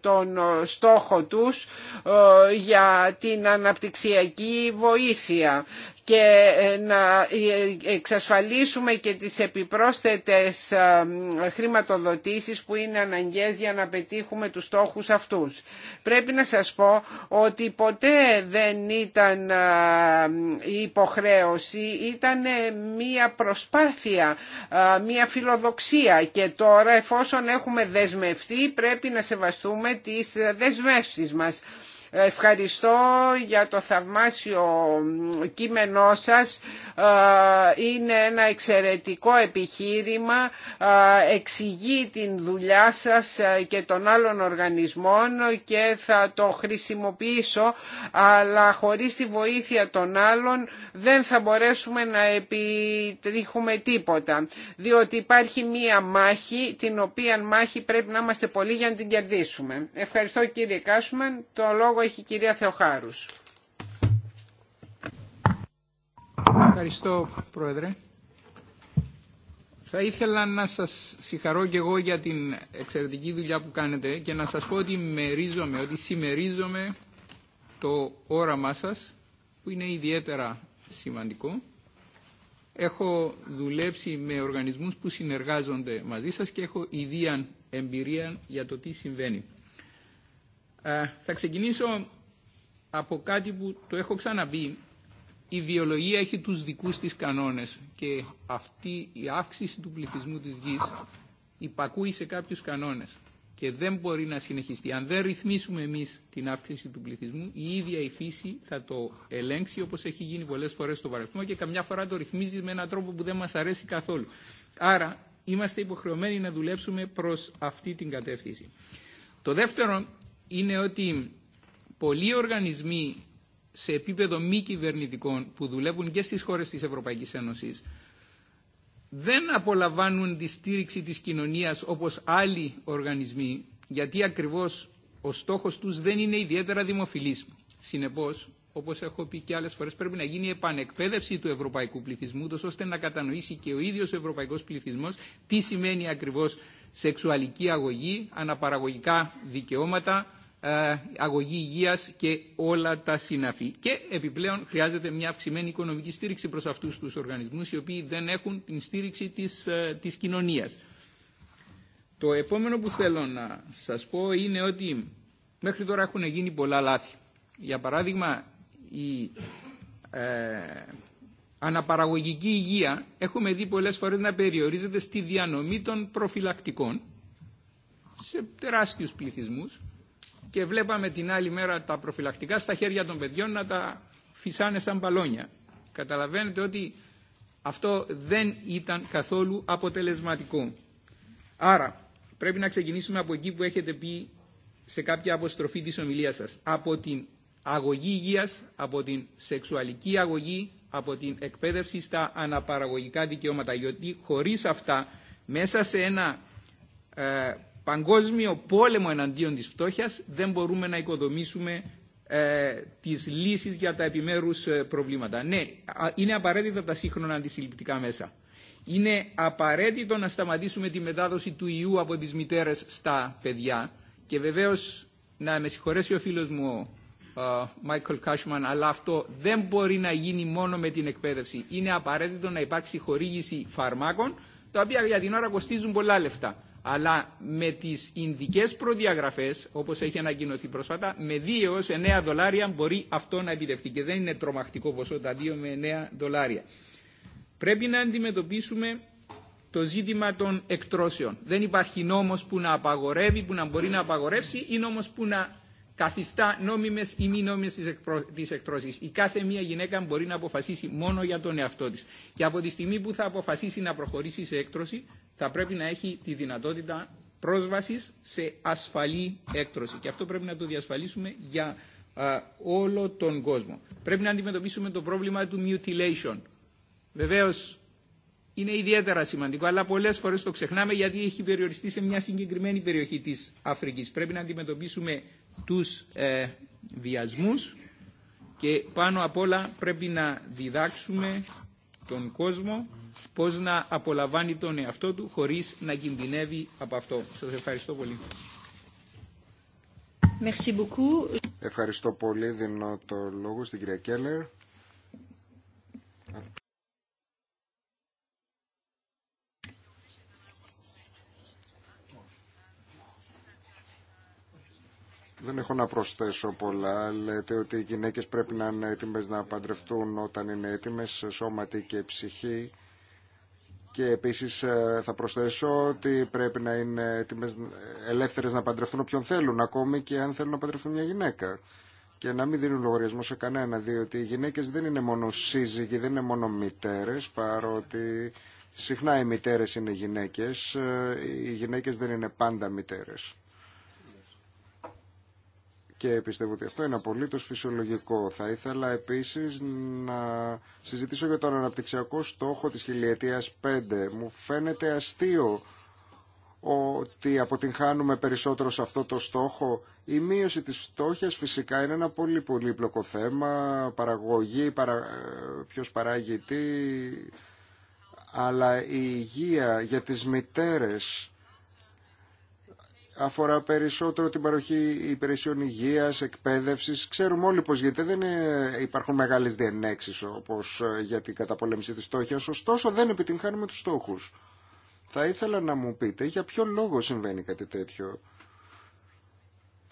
τον στόχο τους για την αναπτυξιακή βοήθεια βοήθεια και ε, να ε, εξασφαλίσουμε και τις επιπρόσθετες ε, χρηματοδοτήσεις που είναι αναγκαίες για να πετύχουμε τους στόχους αυτούς. Πρέπει να σας πω ότι ποτέ δεν ήταν υποχρέωση, ήταν μία προσπάθεια, μία φιλοδοξία και τώρα εφόσον έχουμε δεσμευτεί πρέπει να σεβαστούμε τις δεσμεύσεις μας. Ευχαριστώ για το θαυμάσιο κείμενό σας. Ε, είναι ένα εξαιρετικό επιχείρημα. Ε, εξηγεί την δουλειά σας ε, και των άλλων οργανισμών και θα το χρησιμοποιήσω αλλά χωρίς τη βοήθεια των άλλων δεν θα μπορέσουμε να επιτρίχουμε τίποτα διότι υπάρχει μία μάχη την οποία μάχη πρέπει να είμαστε πολλοί για να την κερδίσουμε. Ευχαριστώ κύριε Το λόγο λόγο έχει η κυρία Θεοχάρους. Ευχαριστώ, Πρόεδρε. Θα ήθελα να σας συγχαρώ και εγώ για την εξαιρετική δουλειά που κάνετε και να σας πω ότι μερίζομαι, ότι συμμερίζομαι το όραμά σας που είναι ιδιαίτερα σημαντικό. Έχω δουλέψει με οργανισμούς που συνεργάζονται μαζί σας και έχω ιδίαν εμπειρία για το τι συμβαίνει. Θα ξεκινήσω από κάτι που το έχω ξαναπεί. Η βιολογία έχει τους δικούς της κανόνες και αυτή η αύξηση του πληθυσμού της γης υπακούει σε κάποιους κανόνες και δεν μπορεί να συνεχιστεί. Αν δεν ρυθμίσουμε εμείς την αύξηση του πληθυσμού, η ίδια η φύση θα το ελέγξει όπως έχει γίνει πολλές φορές στο παρελθόν και καμιά φορά το ρυθμίζει με έναν τρόπο που δεν μας αρέσει καθόλου. Άρα είμαστε υποχρεωμένοι να δουλέψουμε προς αυτή την κατεύθυνση. Το δεύτερο είναι ότι πολλοί οργανισμοί σε επίπεδο μη κυβερνητικών που δουλεύουν και στις χώρες της Ευρωπαϊκής Ένωσης δεν απολαμβάνουν τη στήριξη της κοινωνίας όπως άλλοι οργανισμοί γιατί ακριβώς ο στόχος τους δεν είναι ιδιαίτερα δημοφιλής. Συνεπώς, όπως έχω πει και άλλες φορές, πρέπει να γίνει η επανεκπαίδευση του ευρωπαϊκού πληθυσμού, τόσο ώστε να κατανοήσει και ο ίδιος ο ευρωπαϊκός πληθυσμός τι σημαίνει ακριβώς σεξουαλική αγωγή, αναπαραγωγικά δικαιώματα, ε, αγωγή υγείας και όλα τα συναφή. Και επιπλέον χρειάζεται μια αυξημένη οικονομική στήριξη προς αυτούς τους οργανισμούς οι οποίοι δεν έχουν την στήριξη της, ε, της κοινωνίας. Το επόμενο που θέλω να σας πω είναι ότι μέχρι τώρα έχουν γίνει πολλά λάθη. Για παράδειγμα, η ε, αναπαραγωγική υγεία έχουμε δει πολλές φορές να περιορίζεται στη διανομή των προφυλακτικών σε τεράστιους πληθυσμούς και βλέπαμε την άλλη μέρα τα προφυλακτικά στα χέρια των παιδιών να τα φυσάνε σαν παλόνια. Καταλαβαίνετε ότι αυτό δεν ήταν καθόλου αποτελεσματικό. Άρα πρέπει να ξεκινήσουμε από εκεί που έχετε πει σε κάποια αποστροφή της ομιλίας σας. Από την αγωγή υγείας, από την σεξουαλική αγωγή, από την εκπαίδευση στα αναπαραγωγικά δικαιώματα. Γιατί χωρίς αυτά μέσα σε ένα ε, παγκόσμιο πόλεμο εναντίον της φτώχειας δεν μπορούμε να οικοδομήσουμε ε, τις λύσεις για τα επιμέρους ε, προβλήματα. Ναι, είναι απαραίτητα τα σύγχρονα αντισυλληπτικά μέσα. Είναι απαραίτητο να σταματήσουμε τη μετάδοση του ιού από τις μητέρες στα παιδιά και βεβαίως να με συγχωρέσει ο φίλος μου Μάικλ uh, Κάσμαν, αλλά αυτό δεν μπορεί να γίνει μόνο με την εκπαίδευση. Είναι απαραίτητο να υπάρξει χορήγηση φαρμάκων, τα οποία για την ώρα κοστίζουν πολλά λεφτά αλλά με τις ινδικές προδιαγραφές, όπως έχει ανακοινωθεί πρόσφατα, με 2 έως 9 δολάρια μπορεί αυτό να επιτευχθεί και δεν είναι τρομακτικό ποσό τα 2 με 9 δολάρια. Πρέπει να αντιμετωπίσουμε το ζήτημα των εκτρώσεων. Δεν υπάρχει νόμος που να απαγορεύει, που να μπορεί να απαγορεύσει ή νόμος που να καθιστά νόμιμες ή μη νόμιμες τις εκτρώσεις. Η κάθε μία γυναίκα μπορεί να αποφασίσει μόνο για τον εαυτό της. Και από τη στιγμή που θα αποφασίσει να προχωρήσει σε έκτρωση θα πρέπει να έχει τη δυνατότητα πρόσβασης σε ασφαλή έκτρωση. Και αυτό πρέπει να το διασφαλίσουμε για όλο τον κόσμο. Πρέπει να αντιμετωπίσουμε το πρόβλημα του mutilation. Βεβαίως είναι ιδιαίτερα σημαντικό, αλλά πολλές φορές το ξεχνάμε γιατί έχει περιοριστεί σε μια συγκεκριμένη περιοχή της Αφρικής. Πρέπει να αντιμετωπίσουμε τους ε, βιασμούς και πάνω απ' όλα πρέπει να διδάξουμε τον κόσμο πώς να απολαμβάνει τον εαυτό του χωρίς να κινδυνεύει από αυτό. Σας ευχαριστώ πολύ. Ευχαριστώ πολύ. Δίνω το λόγο στην κυρία Κέλλερ. Δεν έχω να προσθέσω πολλά. Λέτε ότι οι γυναίκες πρέπει να είναι έτοιμες να παντρευτούν όταν είναι έτοιμες σώματι και ψυχή. Και επίσης ε, θα προσθέσω ότι πρέπει να είναι ελεύθερες να παντρευτούν όποιον θέλουν, ακόμη και αν θέλουν να παντρευτούν μια γυναίκα. Και να μην δίνουν λογαριασμό σε κανένα, διότι οι γυναίκες δεν είναι μόνο σύζυγοι, δεν είναι μόνο μητέρες, παρότι συχνά οι μητέρες είναι γυναίκες, ε, οι γυναίκες δεν είναι πάντα μητέρες και πιστεύω ότι αυτό είναι απολύτω φυσιολογικό. Θα ήθελα επίση να συζητήσω για τον αναπτυξιακό στόχο τη χιλιετία 5. Μου φαίνεται αστείο ότι αποτυγχάνουμε περισσότερο σε αυτό το στόχο. Η μείωση της φτώχειας φυσικά είναι ένα πολύ πολύπλοκο θέμα, παραγωγή, παρα... ποιος παράγει τι, αλλά η υγεία για τις μητέρες αφορά περισσότερο την παροχή υπηρεσιών υγεία, εκπαίδευση. Ξέρουμε όλοι πως γίνεται, δεν υπάρχουν μεγάλε διενέξει όπω ε, για την καταπολέμηση τη στόχια. ωστόσο δεν επιτυγχάνουμε του στόχου. Θα ήθελα να μου πείτε για ποιο λόγο συμβαίνει κάτι τέτοιο.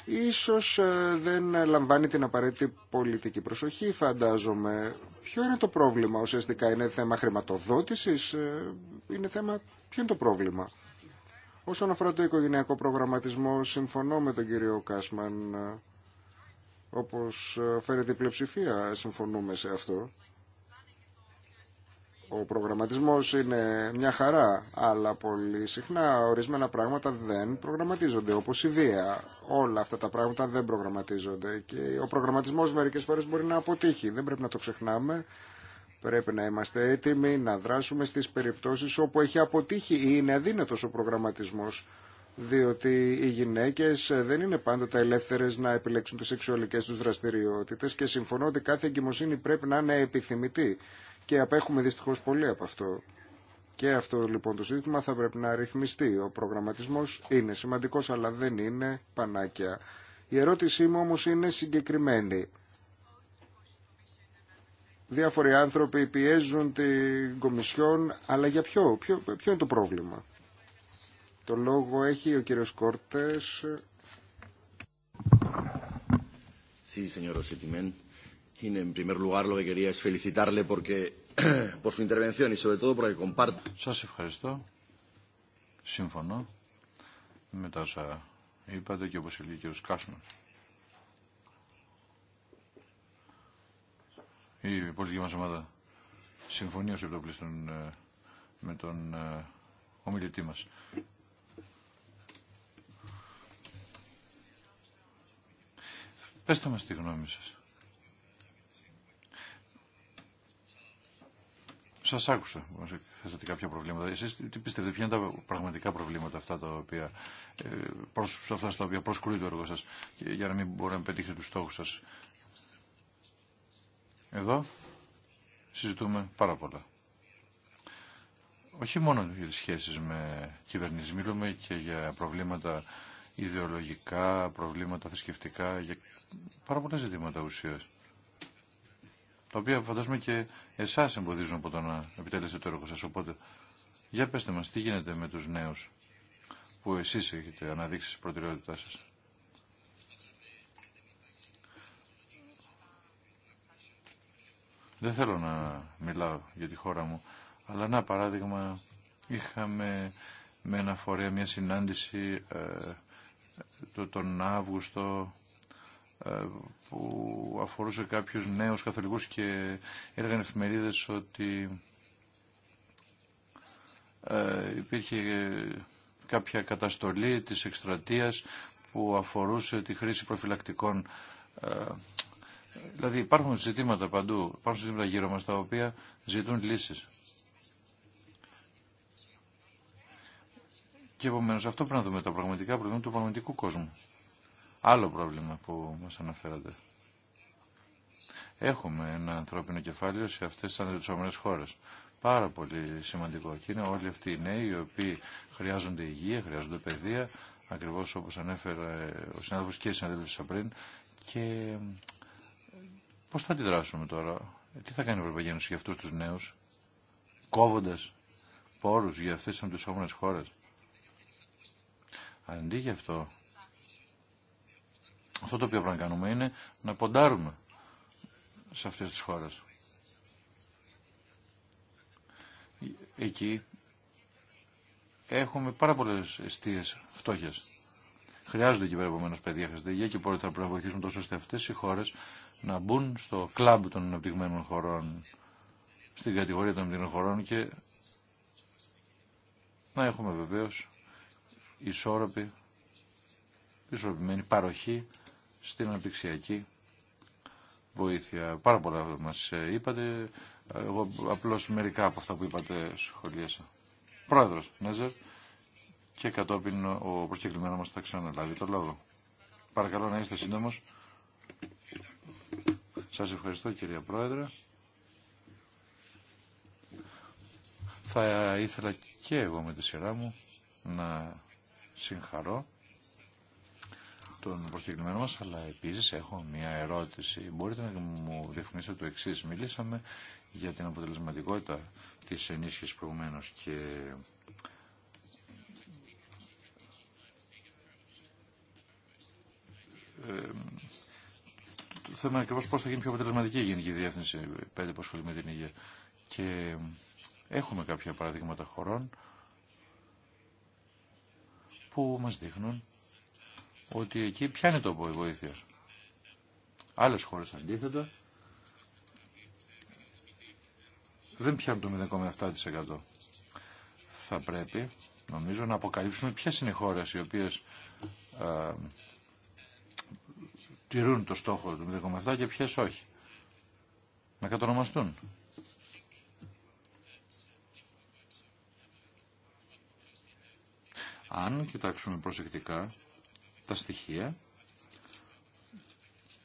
Ίσως ε, δεν λαμβάνει την απαραίτητη πολιτική προσοχή, φαντάζομαι. Ποιο είναι το πρόβλημα ουσιαστικά, είναι θέμα χρηματοδότησης, ε, είναι θέμα... Ποιο είναι το πρόβλημα. Όσον αφορά το οικογενειακό προγραμματισμό, συμφωνώ με τον κύριο Κάσμαν. Όπως φέρεται η πλειοψηφία, συμφωνούμε σε αυτό. Ο προγραμματισμός είναι μια χαρά, αλλά πολύ συχνά ορισμένα πράγματα δεν προγραμματίζονται, όπως η βία. Όλα αυτά τα πράγματα δεν προγραμματίζονται και ο προγραμματισμός μερικές φορές μπορεί να αποτύχει. Δεν πρέπει να το ξεχνάμε. Πρέπει να είμαστε έτοιμοι να δράσουμε στις περιπτώσεις όπου έχει αποτύχει ή είναι αδύνατος ο προγραμματισμός διότι οι γυναίκες δεν είναι πάντοτε ελεύθερες να επιλέξουν τις σεξουαλικές τους δραστηριότητες και συμφωνώ ότι κάθε εγκυμοσύνη πρέπει να είναι επιθυμητή και απέχουμε δυστυχώς πολύ από αυτό. Και αυτό λοιπόν το σύστημα θα πρέπει να ρυθμιστεί. Ο προγραμματισμός είναι σημαντικός αλλά δεν είναι πανάκια. Η ερώτησή μου όμως είναι συγκεκριμένη διάφοροι άνθρωποι πιέζουν την Κομισιόν, αλλά για ποιο, ποιο, ποιο είναι το πρόβλημα. Το λόγο έχει ο κύριος Κόρτες. Sí, señor Rosetimen. en primer lugar lo que quería es felicitarle porque, por su intervención y sobre todo porque comparte. Σας ευχαριστώ. Συμφωνώ με τα όσα είπατε και όπως είπε ο κύριος Κάσμας. η πολιτική μας ομάδα συμφωνεί ως επιτοπλίστων με τον ε, ομιλητή μας. Πέστε μας τη γνώμη σας. Σας άκουσα, θέσατε κάποια προβλήματα. Εσείς τι πιστεύετε, ποια είναι τα πραγματικά προβλήματα αυτά τα οποία, ε, προς, αυτά στα οποία προσκρούει το έργο σας για να μην μπορεί να πετύχετε τους στόχους σας. Εδώ συζητούμε πάρα πολλά. Όχι μόνο για τις σχέσεις με κυβερνήσεις, μιλούμε και για προβλήματα ιδεολογικά, προβλήματα θρησκευτικά, για πάρα πολλά ζητήματα ουσίας. Τα οποία φαντάζομαι και εσάς εμποδίζουν από το να επιτέλεσετε το έργο σας. Οπότε, για πέστε μας, τι γίνεται με τους νέους που εσείς έχετε αναδείξει στις προτεραιότητά σας. Δεν θέλω να μιλάω για τη χώρα μου, αλλά ένα παράδειγμα είχαμε με ένα μια συνάντηση ε, το, τον Αύγουστο ε, που αφορούσε κάποιους νέους καθολικούς και έλεγαν εφημερίδες ότι ε, υπήρχε κάποια καταστολή της εκστρατείας που αφορούσε τη χρήση προφυλακτικών ε, Δηλαδή υπάρχουν ζητήματα παντού, υπάρχουν ζητήματα γύρω μας τα οποία ζητούν λύσεις. Και επομένως αυτό πρέπει να δούμε τα πραγματικά προβλήματα του πραγματικού κόσμου. Άλλο πρόβλημα που μας αναφέρατε. Έχουμε ένα ανθρώπινο κεφάλαιο σε αυτές τις αντιληψόμενες χώρες. Πάρα πολύ σημαντικό. Και είναι όλοι αυτοί οι νέοι οι οποίοι χρειάζονται υγεία, χρειάζονται παιδεία, ακριβώς όπως ανέφερε ο συνάδελφος και η συνάδελφη πριν. Και Πώς θα αντιδράσουμε τώρα, ε, τι θα κάνει η Ευρωπαϊκή Ένωση για αυτούς τους νέους, κόβοντας πόρους για αυτές τις αντισόμενες χώρες. Αντί γι' αυτό, αυτό το οποίο πρέπει να κάνουμε είναι να ποντάρουμε σε αυτές τις χώρες. Εκεί έχουμε πάρα πολλέ αιστείε φτώχεια. Χρειάζονται εκεί πέρα παιδιά, χρειάζεται υγεία και να βοηθήσουν τόσο ώστε αυτέ οι χώρε να μπουν στο κλαμπ των αναπτυγμένων χωρών, στην κατηγορία των αναπτυγμένων χωρών και να έχουμε βεβαίως ισόρροπη, ισορροπημένη παροχή στην αναπτυξιακή βοήθεια. Πάρα πολλά μας είπατε, εγώ απλώς μερικά από αυτά που είπατε σχολίασα. Πρόεδρος Νέζερ και κατόπιν ο προσκεκλημένος μας θα ξαναλάβει το λόγο. Παρακαλώ να είστε σύντομος. Σας ευχαριστώ κύριε Πρόεδρε. Θα ήθελα και εγώ με τη σειρά μου να συγχαρώ τον προσκεκλημένο μας, αλλά επίσης έχω μια ερώτηση. Μπορείτε να μου διευκρινίσετε το εξή, Μιλήσαμε για την αποτελεσματικότητα της ενίσχυσης προηγουμένως και το θέμα είναι ακριβώ πώ θα γίνει πιο αποτελεσματική η Γενική Διεύθυνση πέντε που ασχολεί με την υγεία. Και έχουμε κάποια παραδείγματα χωρών που μα δείχνουν ότι εκεί πιάνει το η βοήθεια. Άλλε χώρε αντίθετα δεν πιάνουν το 0,7%. Θα πρέπει νομίζω να αποκαλύψουμε ποιε είναι οι χώρες οι οποίε. Ε, τηρούν το στόχο του 0,7 και ποιες όχι. Να κατονομαστούν. Αν κοιτάξουμε προσεκτικά τα στοιχεία,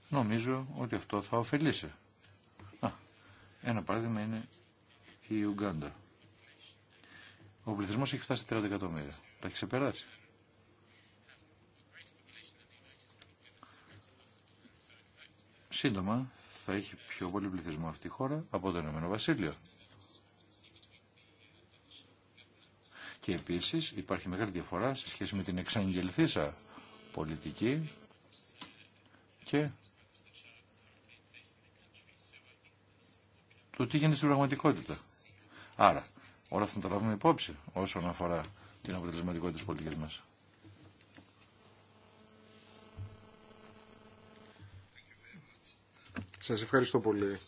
νομίζω ότι αυτό θα ωφελήσει. Α, ένα παράδειγμα είναι η Ουγγάντα. Ο πληθυσμός έχει φτάσει 30 εκατομμύρια. Τα έχει ξεπεράσει. σύντομα θα έχει πιο πολύ πληθυσμό αυτή η χώρα από το Ηνωμένο Βασίλειο. Και επίσης υπάρχει μεγάλη διαφορά σε σχέση με την εξαγγελθήσα πολιτική και το τι γίνεται στην πραγματικότητα. Άρα, όλα αυτά τα λάβουμε υπόψη όσον αφορά την αποτελεσματικότητα της πολιτικής μας. Σας ευχαριστώ πολύ.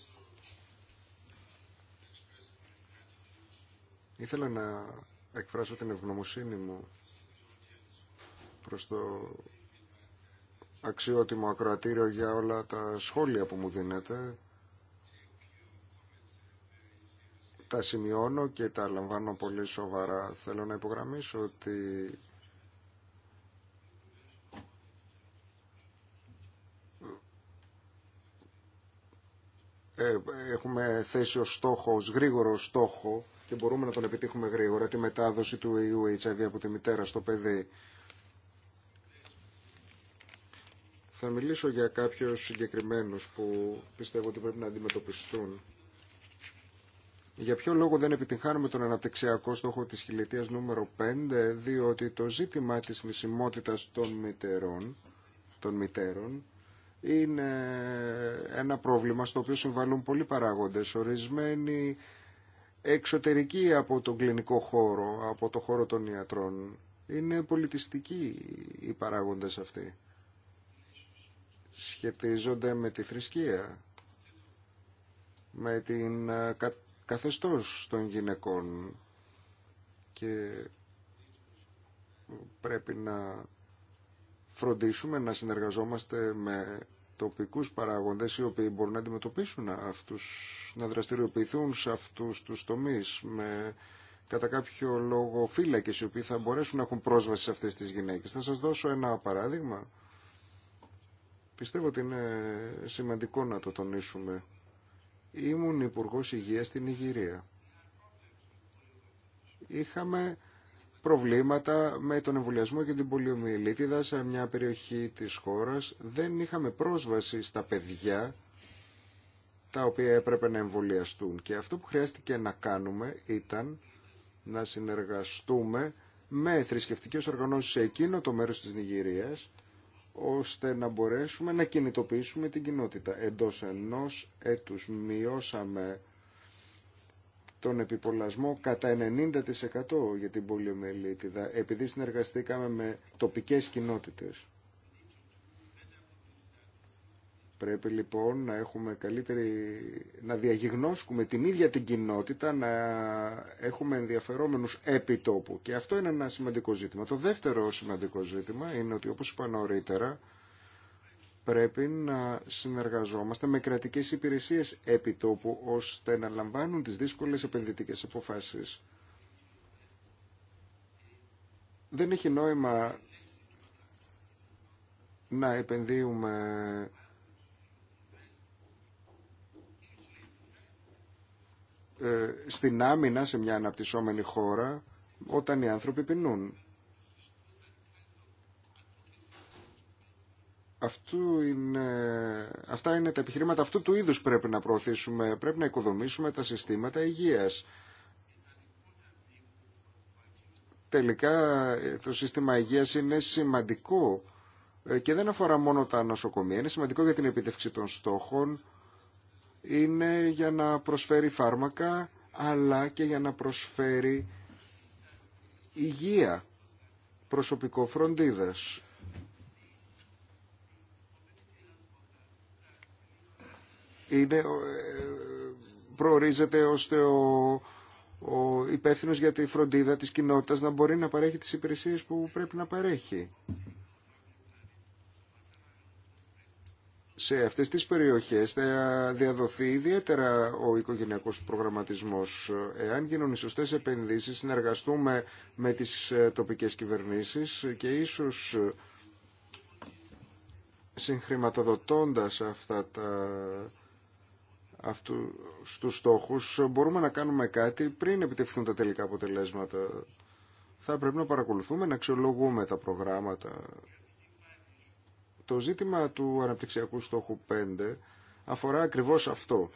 Ήθελα να εκφράσω την ευγνωμοσύνη μου προς το αξιότιμο ακροατήριο για όλα τα σχόλια που μου δίνετε. Τα σημειώνω και τα λαμβάνω πολύ σοβαρά. Θέλω να υπογραμμίσω ότι Ε, έχουμε θέσει ως στόχο, ως γρήγορο στόχο και μπορούμε να τον επιτύχουμε γρήγορα τη μετάδοση του ιού από τη μητέρα στο παιδί. Θα μιλήσω για κάποιους συγκεκριμένους που πιστεύω ότι πρέπει να αντιμετωπιστούν. Για ποιο λόγο δεν επιτυγχάνουμε τον αναπτυξιακό στόχο της χιλιετίας νούμερο 5, διότι το ζήτημα της νησιμότητας των μητέρων, των μητέρων είναι ένα πρόβλημα στο οποίο συμβαλούν πολλοί παράγοντες. Ορισμένοι εξωτερικοί από τον κλινικό χώρο, από το χώρο των ιατρών. Είναι πολιτιστικοί οι παράγοντες αυτοί. Σχετίζονται με τη θρησκεία, με την ε, καθεστώς των γυναικών και πρέπει να φροντίσουμε να συνεργαζόμαστε με τοπικούς παράγοντες οι οποίοι μπορούν να αντιμετωπίσουν αυτούς, να δραστηριοποιηθούν σε αυτούς τους τομείς με κατά κάποιο λόγο φύλακες οι οποίοι θα μπορέσουν να έχουν πρόσβαση σε αυτές τις γυναίκες. Θα σας δώσω ένα παράδειγμα. Πιστεύω ότι είναι σημαντικό να το τονίσουμε. Ήμουν υπουργό Υγείας στην Ιγυρία. Είχαμε προβλήματα με τον εμβολιασμό και την πολιομιελίτιδα σε μια περιοχή της χώρας. Δεν είχαμε πρόσβαση στα παιδιά τα οποία έπρεπε να εμβολιαστούν. Και αυτό που χρειάστηκε να κάνουμε ήταν να συνεργαστούμε με θρησκευτικέ οργανώσεις σε εκείνο το μέρος της Νιγηρίας, ώστε να μπορέσουμε να κινητοποιήσουμε την κοινότητα. Εντός ενός έτους μειώσαμε τον επιπολασμό κατά 90% για την πολιομελίτιδα επειδή συνεργαστήκαμε με τοπικές κοινότητες. Πρέπει λοιπόν να έχουμε καλύτερη, να διαγιγνώσκουμε την ίδια την κοινότητα, να έχουμε ενδιαφερόμενους επί τόπου. Και αυτό είναι ένα σημαντικό ζήτημα. Το δεύτερο σημαντικό ζήτημα είναι ότι όπως είπα νωρίτερα, πρέπει να συνεργαζόμαστε με κρατικές υπηρεσίες τόπου ώστε να λαμβάνουν τις δύσκολες επενδυτικές αποφάσεις. Δεν έχει νόημα να επενδύουμε ε, στην άμυνα σε μια αναπτυσσόμενη χώρα όταν οι άνθρωποι πεινούν. αυτού είναι, αυτά είναι τα επιχειρήματα αυτού του είδους πρέπει να προωθήσουμε, πρέπει να οικοδομήσουμε τα συστήματα υγείας. Τελικά το σύστημα υγείας είναι σημαντικό ε, και δεν αφορά μόνο τα νοσοκομεία, είναι σημαντικό για την επίτευξη των στόχων, είναι για να προσφέρει φάρμακα αλλά και για να προσφέρει υγεία προσωπικό φροντίδας είναι, ε, προορίζεται ώστε ο, ο υπεύθυνο για τη φροντίδα της κοινότητας να μπορεί να παρέχει τις υπηρεσίες που πρέπει να παρέχει. Σε αυτές τις περιοχές θα διαδοθεί ιδιαίτερα ο οικογενειακός προγραμματισμός. Εάν γίνουν οι σωστές επενδύσεις, συνεργαστούμε με τις ε, τοπικές κυβερνήσεις και ίσως συγχρηματοδοτώντας αυτά τα αυτού στους στόχους μπορούμε να κάνουμε κάτι πριν επιτευχθούν τα τελικά αποτελέσματα. Θα πρέπει να παρακολουθούμε, να αξιολογούμε τα προγράμματα. Το ζήτημα του αναπτυξιακού στόχου 5 αφορά ακριβώς αυτό.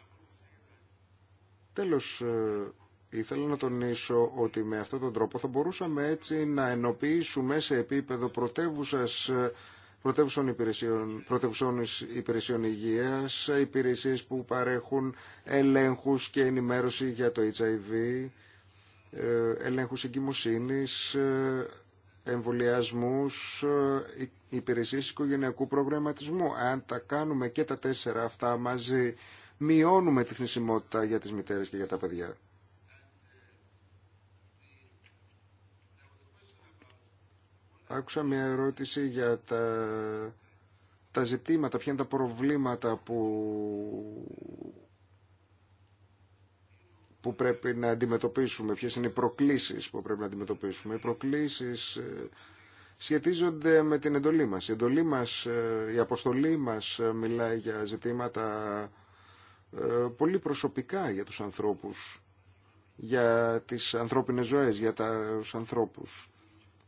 Τέλος, ε, ήθελα να τονίσω ότι με αυτόν τον τρόπο θα μπορούσαμε έτσι να ενοποιήσουμε σε επίπεδο πρωτεύουσας ε, πρωτεύουσων υπηρεσιών, πρωτεύουσων υπηρεσιών υγείας, υπηρεσίες που παρέχουν ελέγχους και ενημέρωση για το HIV, ε, ελέγχους εγκυμοσύνης, ε, εμβολιασμούς, ε, υπηρεσίες οικογενειακού προγραμματισμού. Αν τα κάνουμε και τα τέσσερα αυτά μαζί, μειώνουμε τη θνησιμότητα για τις μητέρες και για τα παιδιά. Άκουσα μια ερώτηση για τα, τα ζητήματα, ποια είναι τα προβλήματα που, που πρέπει να αντιμετωπίσουμε, ποιες είναι οι προκλήσεις που πρέπει να αντιμετωπίσουμε. Οι προκλήσεις ε, σχετίζονται με την εντολή μας. Η εντολή μας, ε, η αποστολή μας ε, μιλάει για ζητήματα πολύ προσωπικά για τους ανθρώπους, για τις ανθρώπινες ζωές, για τους ανθρώπους.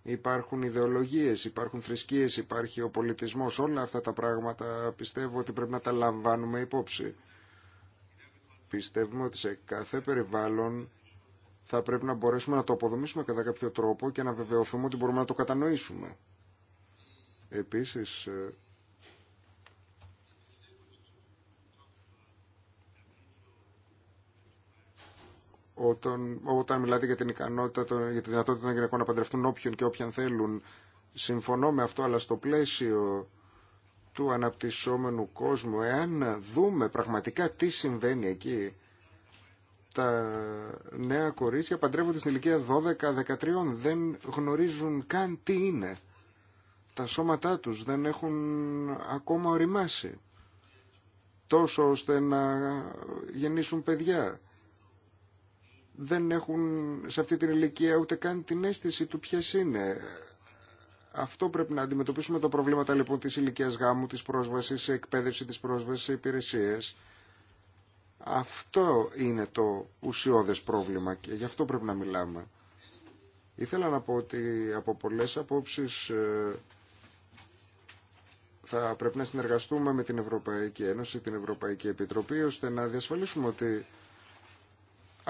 Υπάρχουν ιδεολογίες, υπάρχουν θρησκείες, υπάρχει ο πολιτισμός. Όλα αυτά τα πράγματα πιστεύω ότι πρέπει να τα λαμβάνουμε υπόψη. Πιστεύουμε ότι σε κάθε περιβάλλον θα πρέπει να μπορέσουμε να το αποδομήσουμε κατά κάποιο τρόπο και να βεβαιωθούμε ότι μπορούμε να το κατανοήσουμε. Επίσης, ε, όταν, όταν μιλάτε για την ικανότητα, για τη δυνατότητα των γυναικών να παντρευτούν όποιον και όποιαν θέλουν. Συμφωνώ με αυτό, αλλά στο πλαίσιο του αναπτυσσόμενου κόσμου, εάν δούμε πραγματικά τι συμβαίνει εκεί, τα νέα κορίτσια παντρεύονται στην ηλικία 12-13, δεν γνωρίζουν καν τι είναι. Τα σώματά τους δεν έχουν ακόμα οριμάσει, τόσο ώστε να γεννήσουν παιδιά δεν έχουν σε αυτή την ηλικία ούτε καν την αίσθηση του ποιε είναι. Αυτό πρέπει να αντιμετωπίσουμε τα προβλήματα λοιπόν της ηλικία γάμου, της πρόσβασης σε εκπαίδευση, της πρόσβασης σε υπηρεσίες. Αυτό είναι το ουσιώδες πρόβλημα και γι' αυτό πρέπει να μιλάμε. Ήθελα να πω ότι από πολλές απόψεις ε, θα πρέπει να συνεργαστούμε με την Ευρωπαϊκή Ένωση, την Ευρωπαϊκή Επιτροπή, ώστε να διασφαλίσουμε ότι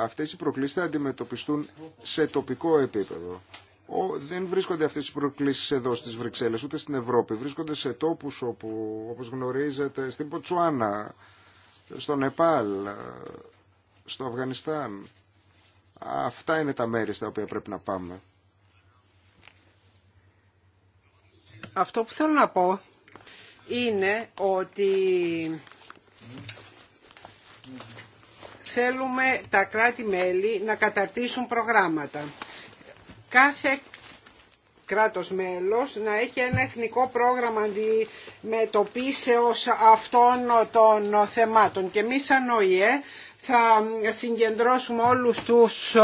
Αυτές οι προκλήσεις θα αντιμετωπιστούν σε τοπικό επίπεδο. Ο, δεν βρίσκονται αυτές οι προκλήσεις εδώ στις Βρυξέλλες, ούτε στην Ευρώπη. Βρίσκονται σε τόπους όπου, όπως γνωρίζετε, στην Ποτσουάνα, στο Νεπάλ, στο Αφγανιστάν. Αυτά είναι τα μέρη στα οποία πρέπει να πάμε. Αυτό που θέλω να πω είναι ότι θέλουμε τα κράτη-μέλη να καταρτήσουν προγράμματα. Κάθε κράτος μέλος να έχει ένα εθνικό πρόγραμμα αντιμετωπίσεως αυτών των θεμάτων. Και εμείς σαν ΟΗΕ θα συγκεντρώσουμε όλους τους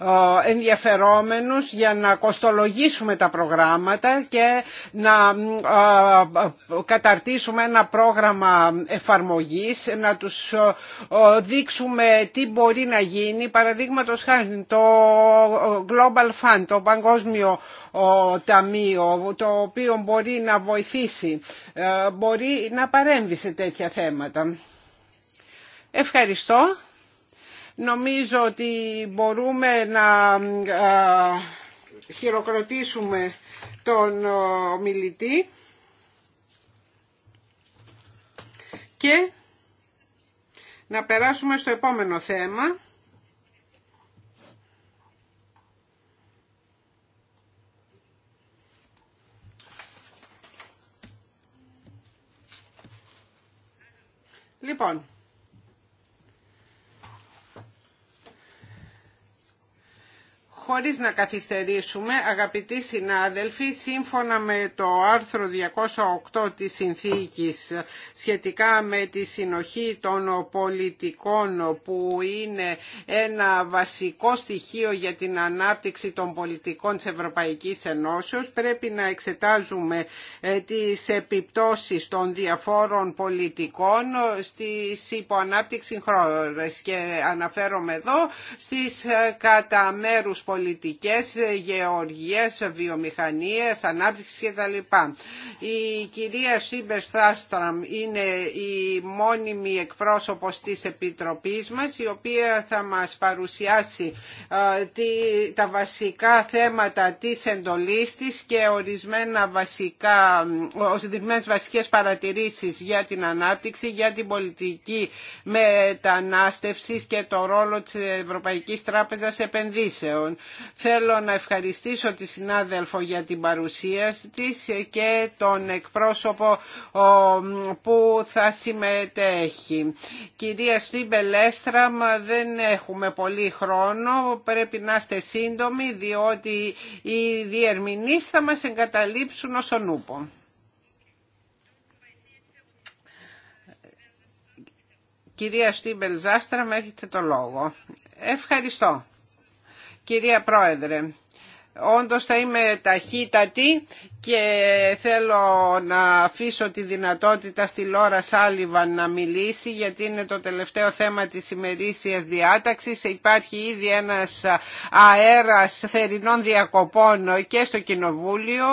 ε, ενδιαφερόμενους για να κοστολογήσουμε τα προγράμματα και να ε, καταρτήσουμε ένα πρόγραμμα εφαρμογής, να τους ε, δείξουμε τι μπορεί να γίνει. Παραδείγματος χάρη το Global Fund, το Παγκόσμιο Ταμείο, το οποίο μπορεί να βοηθήσει, μπορεί να παρέμβει σε τέτοια θέματα. Ευχαριστώ. Νομίζω ότι μπορούμε να χειροκροτήσουμε τον μιλητή και να περάσουμε στο επόμενο θέμα. Λοιπόν, χωρίς να καθυστερήσουμε, αγαπητοί συνάδελφοι, σύμφωνα με το άρθρο 208 της Συνθήκης σχετικά με τη συνοχή των πολιτικών που είναι ένα βασικό στοιχείο για την ανάπτυξη των πολιτικών της Ευρωπαϊκής Ενώσεως, πρέπει να εξετάζουμε ε, τις επιπτώσεις των διαφόρων πολιτικών στις υποανάπτυξη χώρες και αναφέρομαι εδώ στις ε, κατά μέρους πολιτικές γεωργίες, βιομηχανίες, ανάπτυξη λοιπά. Η κυρία Σίμπερ Στάστραμ είναι η μόνιμη εκπρόσωπος της Επιτροπής μας η οποία θα μας παρουσιάσει ε, τα βασικά θέματα της εντολής της και ορισμένα βασικά, ορισμένες βασικές παρατηρήσεις για την ανάπτυξη, για την πολιτική μετανάστευση και το ρόλο της Ευρωπαϊκής Τράπεζας Επενδύσεων. Θέλω να ευχαριστήσω τη συνάδελφο για την παρουσία της και τον εκπρόσωπο που θα συμμετέχει. Κυρία Έστραμ, δεν έχουμε πολύ χρόνο, πρέπει να είστε σύντομοι διότι οι διερμηνείς θα μας εγκαταλείψουν όσον ούπο. Κυρία Στίμπελ Ζάστρα, με έχετε το λόγο. Ευχαριστώ. Κυρία Πρόεδρε, όντως θα είμαι ταχύτατη και θέλω να αφήσω τη δυνατότητα στη Λόρα Σάλιβαν να μιλήσει γιατί είναι το τελευταίο θέμα της ημερήσιας διάταξης. Υπάρχει ήδη ένας αέρας θερινών διακοπών και στο Κοινοβούλιο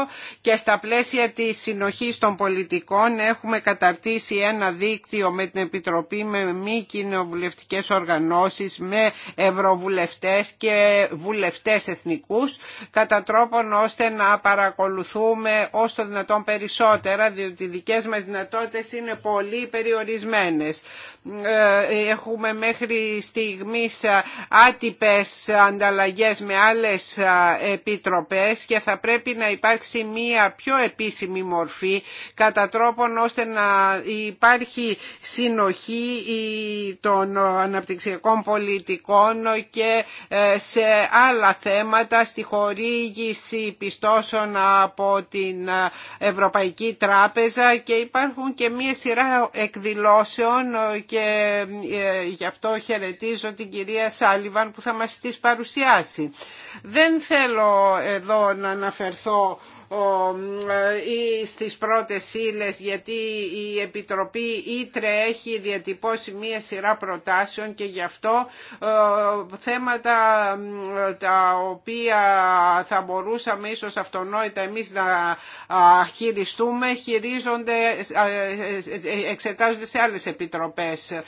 και στα πλαίσια της συνοχής των πολιτικών έχουμε καταρτήσει ένα δίκτυο με την Επιτροπή με μη κοινοβουλευτικέ οργανώσεις, με ευρωβουλευτές και βουλευτές εθνικούς κατά τρόπον ώστε να παρακολουθούμε κάνουμε όσο το δυνατόν περισσότερα, διότι οι δικές μας δυνατότητες είναι πολύ περιορισμένες. Ε, έχουμε μέχρι στιγμής άτυπες ανταλλαγές με άλλες επιτροπές και θα πρέπει να υπάρξει μία πιο επίσημη μορφή κατά τρόπον ώστε να υπάρχει συνοχή των αναπτυξιακών πολιτικών και ε, σε άλλα θέματα στη χορήγηση πιστώσεων από την ε, Ευρωπαϊκή Τράπεζα και υπάρχουν και μία σειρά εκδηλώσεων ε, και ε, γι' αυτό χαιρετίζω την κυρία Σάλιβαν που θα μας τις παρουσιάσει. Δεν θέλω εδώ να αναφερθώ ε, ή στις πρώτες ύλες γιατί η Επιτροπή υλε γιατι έχει διατυπώσει μία σειρά προτάσεων και γι' αυτό ε, θέματα τα οποία θα μπορούσαμε ίσως αυτονόητα εμείς να χειριστούμε χειρίζονται, ε, εξετάζονται σε άλλες επιτροπές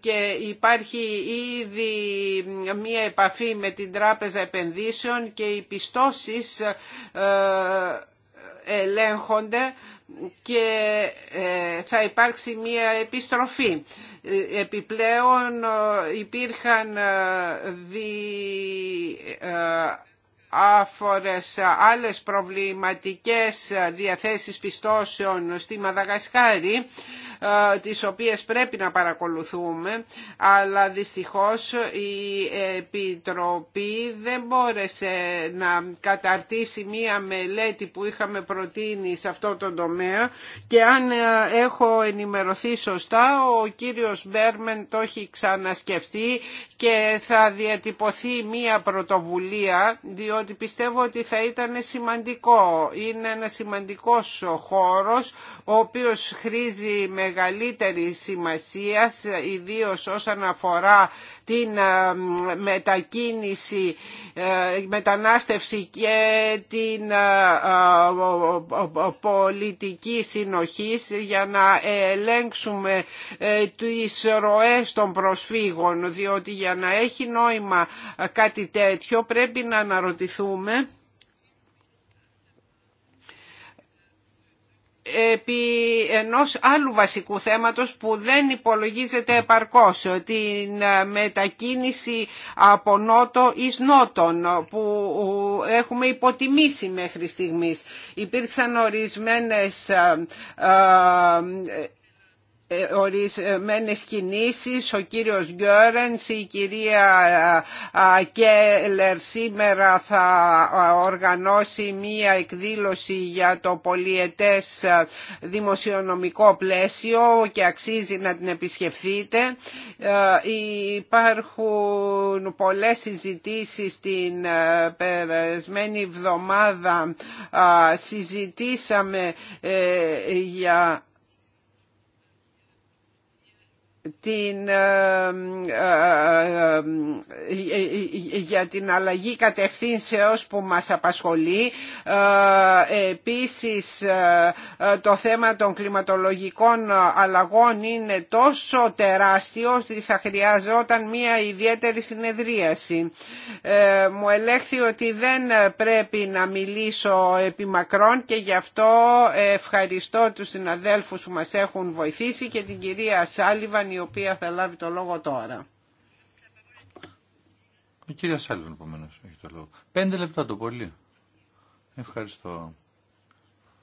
και υπάρχει ήδη μία επαφή με την Τράπεζα Επενδύσεων και οι πιστώσεις ε, ελέγχονται και ε, θα υπάρξει μία επιστροφή. Ε, επιπλέον υπήρχαν δι άφορες άλλες προβληματικές διαθέσεις πιστώσεων στη Μαδαγασκάρη ε, τις οποίες πρέπει να παρακολουθούμε αλλά δυστυχώς η Επιτροπή δεν μπόρεσε να καταρτήσει μία μελέτη που είχαμε προτείνει σε αυτό το τομέα και αν ε, έχω ενημερωθεί σωστά ο κύριος Μπέρμεν το έχει ξανασκεφτεί και θα διατυπωθεί μία πρωτοβουλία διότι πιστεύω ότι θα ήταν σημαντικό. Είναι ένα σημαντικός χώρος ο οποίος χρήζει μεγαλύτερη σημασία ιδίω όσον αφορά την ε, μετακίνηση, ε, μετανάστευση και την ε, πολιτική συνοχή για να ελέγξουμε τις ροές των προσφύγων διότι για να έχει νόημα κάτι τέτοιο πρέπει να αναρωτηθούμε επί ενός άλλου βασικού θέματος που δεν υπολογίζεται επαρκώς την ε, μετακίνηση από νότο εις νότον που έχουμε υποτιμήσει μέχρι στιγμής. Υπήρξαν ορισμένες ε, ε, ε, ορισμένες κινήσεις. Ο κύριος Γκιόρενς, η κυρία Κέλλερ σήμερα θα οργανώσει μία εκδήλωση για το πολιετές δημοσιονομικό πλαίσιο και αξίζει να την επισκεφθείτε. Υπάρχουν πολλές συζητήσεις την περασμένη εβδομάδα συζητήσαμε ε, για την, ε, ε, ε, για την αλλαγή κατευθύνσεως που μας απασχολεί επίσης το θέμα των κλιματολογικών αλλαγών είναι τόσο τεράστιο ότι θα χρειαζόταν μια ιδιαίτερη συνεδρίαση μου ελέγχθη ότι δεν πρέπει να μιλήσω επιμακρών και γι' αυτό ευχαριστώ τους συναδέλφους που μας έχουν βοηθήσει και την κυρία Σάλιβαν η οποία θα λάβει το λόγο τώρα. Η κυρία Σάλιβαν, επομένω, έχει το λόγο. Πέντε λεπτά το πολύ. Ευχαριστώ.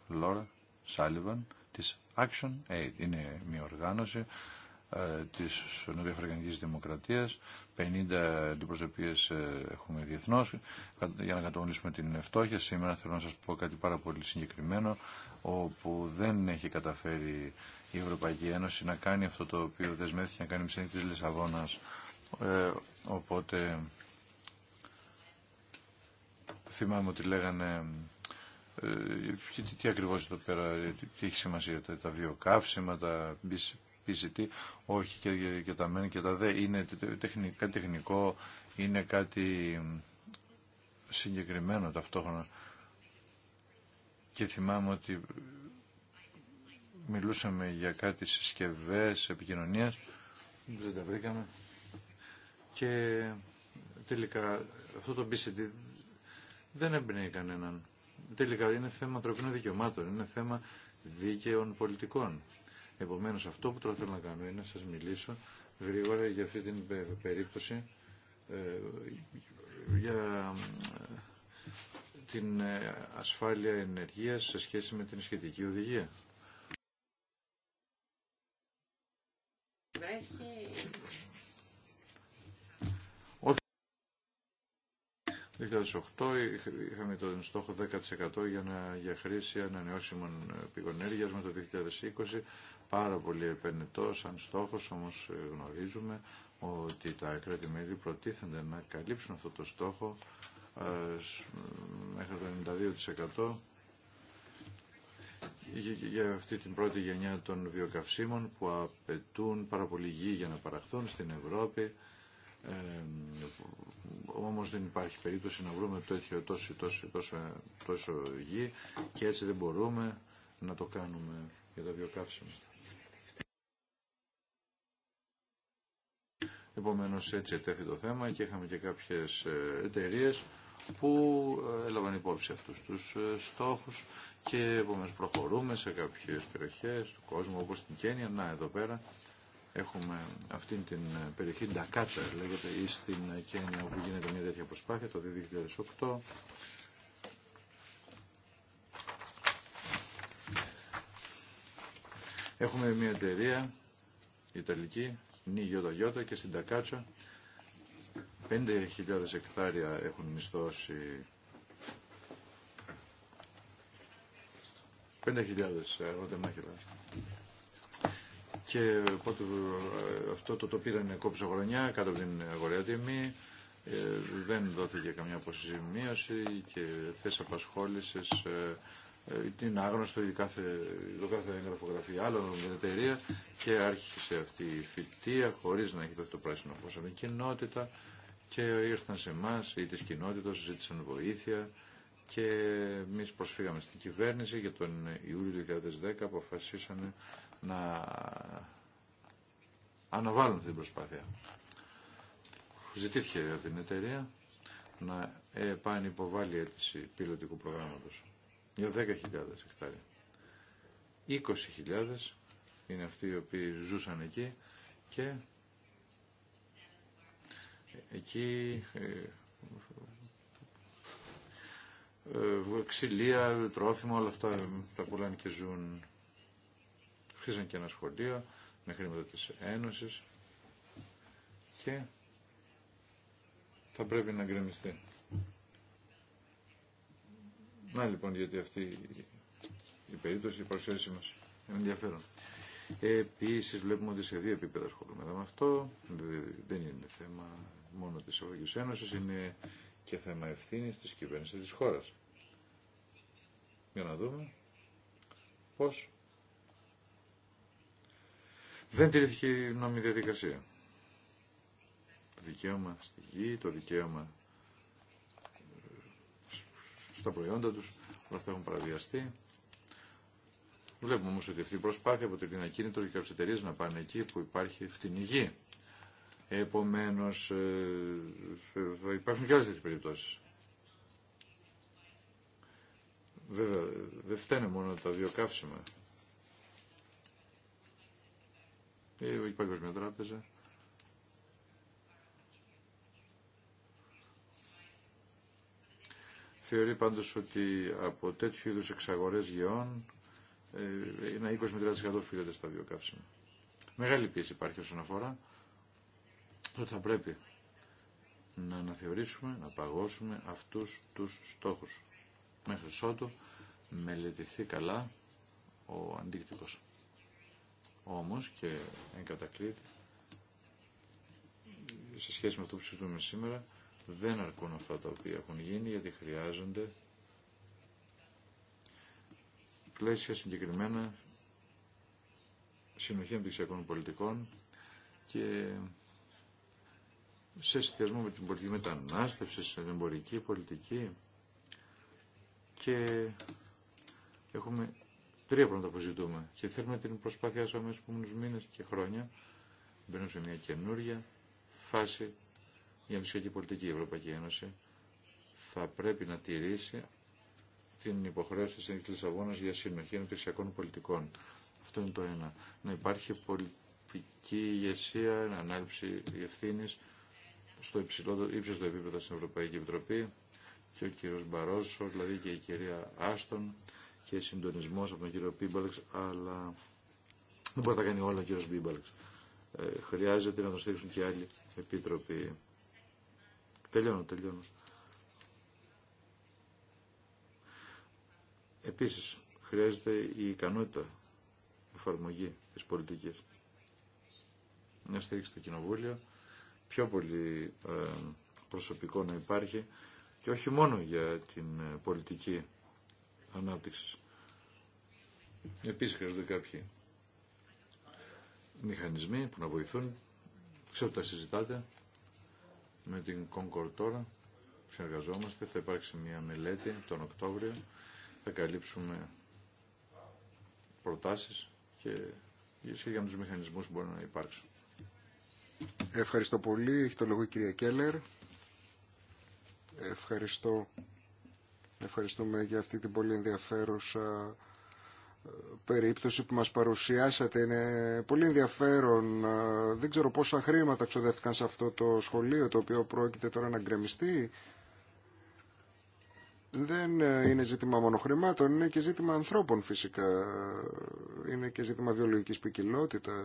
Λόρα Σάλιβαν της Action Aid. Είναι μια οργάνωση ε, της Νοτιοαφρικανικής Δημοκρατίας. 50 αντιπροσωπείες ε, έχουμε διεθνώς για να κατανοήσουμε την φτώχεια. Σήμερα θέλω να σας πω κάτι πάρα πολύ συγκεκριμένο όπου δεν έχει καταφέρει η Ευρωπαϊκή Ένωση να κάνει αυτό το οποίο δεσμεύτηκε να κάνει με τη Λισαβόνα. Ε, οπότε θυμάμαι ότι λέγανε ε, τι, τι, ακριβώς εδώ πέρα, τι, τι έχει σημασία, τα, τα βιοκαύσιμα, τα PCT, όχι και, και, και τα μεν και τα δε, είναι κάτι τεχνικό, είναι κάτι συγκεκριμένο ταυτόχρονα. Και θυμάμαι ότι μιλούσαμε για κάτι συσκευές επικοινωνίας, δεν τα βρήκαμε και τελικά αυτό το BCD δεν εμπνέει κανέναν. Τελικά είναι θέμα ανθρωπίνων δικαιωμάτων, είναι θέμα δίκαιων πολιτικών. Επομένως αυτό που τώρα θέλω να κάνω είναι να σας μιλήσω γρήγορα για αυτή την περίπτωση ε, για ε, την ε, ασφάλεια ενεργείας σε σχέση με την σχετική οδηγία. Το 2008 είχαμε τον στόχο 10% για, να, για χρήση ανανεώσιμων πηγών με το 2020. Πάρα πολύ επενετό σαν στόχος, όμως ε, γνωρίζουμε ότι τα κράτη-μέλη προτίθενται να καλύψουν αυτό το στόχο ε, μέχρι το 92% για αυτή την πρώτη γενιά των βιοκαυσίμων που απαιτούν πάρα πολύ γη για να παραχθούν στην Ευρώπη. Ε, όμως δεν υπάρχει περίπτωση να βρούμε τέτοιο, τόσο, τόσο, τόσο, τόσο γη και έτσι δεν μπορούμε να το κάνουμε για τα βιοκαύσιμα. Επομένως έτσι ετέθη το θέμα και είχαμε και κάποιες ε, εταιρείε που ε, έλαβαν υπόψη αυτούς τους ε, στόχους και επομένως προχωρούμε σε κάποιες περιοχές του κόσμου όπως την Κένια. Να, εδώ πέρα έχουμε αυτή την ε, περιοχή, Ντακάτσα λέγεται, ή στην ε, Κένια όπου γίνεται μια τέτοια προσπάθεια το 2008. Έχουμε μια εταιρεία Ιταλική, Νι Γιώτα και στην Τακάτσα 5.000 εκτάρια έχουν μισθώσει 5.000 ροντεμάχυλα. Ε, και οπότε ε, αυτό το, το πήραν κόψε χρονιά κάτω από την αγοραία τιμή. Ε, δεν δόθηκε καμιά αποσυζημίωση και θες απασχόλησης ε, ε, είναι άγνωστο η κάθε, το κάθε άλλο άλλων την εταιρεία και άρχισε αυτή η φοιτεία χωρίς να έχει δώσει το πράσινο φως από την κοινότητα και ήρθαν σε εμά ή της κοινότητας, ζήτησαν βοήθεια και εμεί προσφύγαμε στην κυβέρνηση για τον Ιούλιο του 2010 αποφασίσανε να αναβάλουν την προσπάθεια. Ζητήθηκε από την εταιρεία να επανυποβάλει αίτηση πιλωτικού προγράμματος για 10.000 εκτάρια. 20.000 είναι αυτοί οι οποίοι ζούσαν εκεί και εκεί ε, ε, ξυλία, τρόφιμα, όλα αυτά ε, τα πουλάνε και ζουν. Χρήσαν και ένα σχολείο με χρήματα της Ένωσης και θα πρέπει να γκρεμιστεί. Να λοιπόν γιατί αυτή η περίπτωση, η παρουσίαση μας είναι ενδιαφέρον. Επίσης βλέπουμε ότι σε δύο επίπεδα ασχολούμαι με αυτό. Δεν είναι θέμα μόνο της Ευρωπαϊκής Ένωσης, είναι και θέμα ευθύνης της κυβέρνησης της χώρας. Για να δούμε πώς δεν τηρήθηκε η νόμιμη διαδικασία. Το δικαίωμα στη γη, το δικαίωμα ε, στα προϊόντα τους, όλα αυτά έχουν παραβιαστεί. Βλέπουμε όμως ότι αυτή η προσπάθεια από την κίνητρο και κάποιες εταιρείες να πάνε εκεί που υπάρχει φτηνή γη. Επομένως, ε, ε, ε υπάρχουν και άλλες τέτοιες περιπτώσεις. Βέβαια, δεν φταίνε μόνο τα δύο καύσιμα. Ε, η Παγκοσμία Τράπεζα. Θεωρεί πάντως ότι από τέτοιου είδους εξαγορές γεών ε, ένα 20 με 30% οφείλεται στα βιοκαύσιμα. Μεγάλη πίεση υπάρχει όσον αφορά το ότι θα πρέπει να αναθεωρήσουμε, να παγώσουμε αυτούς τους στόχους μέχρι ότου μελετηθεί καλά ο αντίκτυπος. Όμως και εν εγκατακλείται σε σχέση με αυτό που συζητούμε σήμερα δεν αρκούν αυτά τα οποία έχουν γίνει γιατί χρειάζονται πλαίσια συγκεκριμένα συνοχή αντιξιακών πολιτικών και σε συνδυασμό με την πολιτική μετανάστευση, σε εμπορική πολιτική και έχουμε τρία πράγματα που ζητούμε και θέλουμε την προσπάθειά σας μέσα στους μήνες και χρόνια μπαίνουμε σε μια καινούργια φάση για φυσική πολιτική η Ευρωπαϊκή Ένωση θα πρέπει να τηρήσει την υποχρέωση της Ένωσης Λισαβόνας για συνοχή ενωτησιακών πολιτικών. Αυτό είναι το ένα. Να υπάρχει πολιτική ηγεσία, ανάληψη ευθύνη στο υψηλό, ύψιστο επίπεδο στην Ευρωπαϊκή Επιτροπή και ο κύριος Μπαρόσο, δηλαδή και η κυρία Άστον και συντονισμό από τον κύριο Πίμπαλεξ, αλλά δεν μπορεί να τα κάνει όλα ο κύριος Πίμπαλεξ. Ε, χρειάζεται να το στήριξουν και άλλοι επίτροποι. Τελειώνω, τελειώνω. Επίσης, χρειάζεται η ικανότητα εφαρμογή της πολιτικής. Να στηρίξει το κοινοβούλιο, πιο πολύ ε, προσωπικό να υπάρχει και όχι μόνο για την ε, πολιτική ανάπτυξη. Επίσης χρειάζονται κάποιοι μηχανισμοί που να βοηθούν. Ξέρω ότι τα συζητάτε με την Concord τώρα. Συνεργαζόμαστε. Θα υπάρξει μια μελέτη τον Οκτώβριο. Θα καλύψουμε προτάσεις και για τους μηχανισμούς που μπορεί να υπάρξουν. Ευχαριστώ πολύ. Έχει το λόγο η κυρία Κέλλερ. Ευχαριστώ. Ευχαριστούμε για αυτή την πολύ ενδιαφέρουσα ε, περίπτωση που μας παρουσιάσατε. Είναι πολύ ενδιαφέρον. Ε, δεν ξέρω πόσα χρήματα ξοδεύτηκαν σε αυτό το σχολείο, το οποίο πρόκειται τώρα να γκρεμιστεί. Δεν ε, είναι ζήτημα μόνο χρημάτων, είναι και ζήτημα ανθρώπων φυσικά. Είναι και ζήτημα βιολογικής ποικιλότητα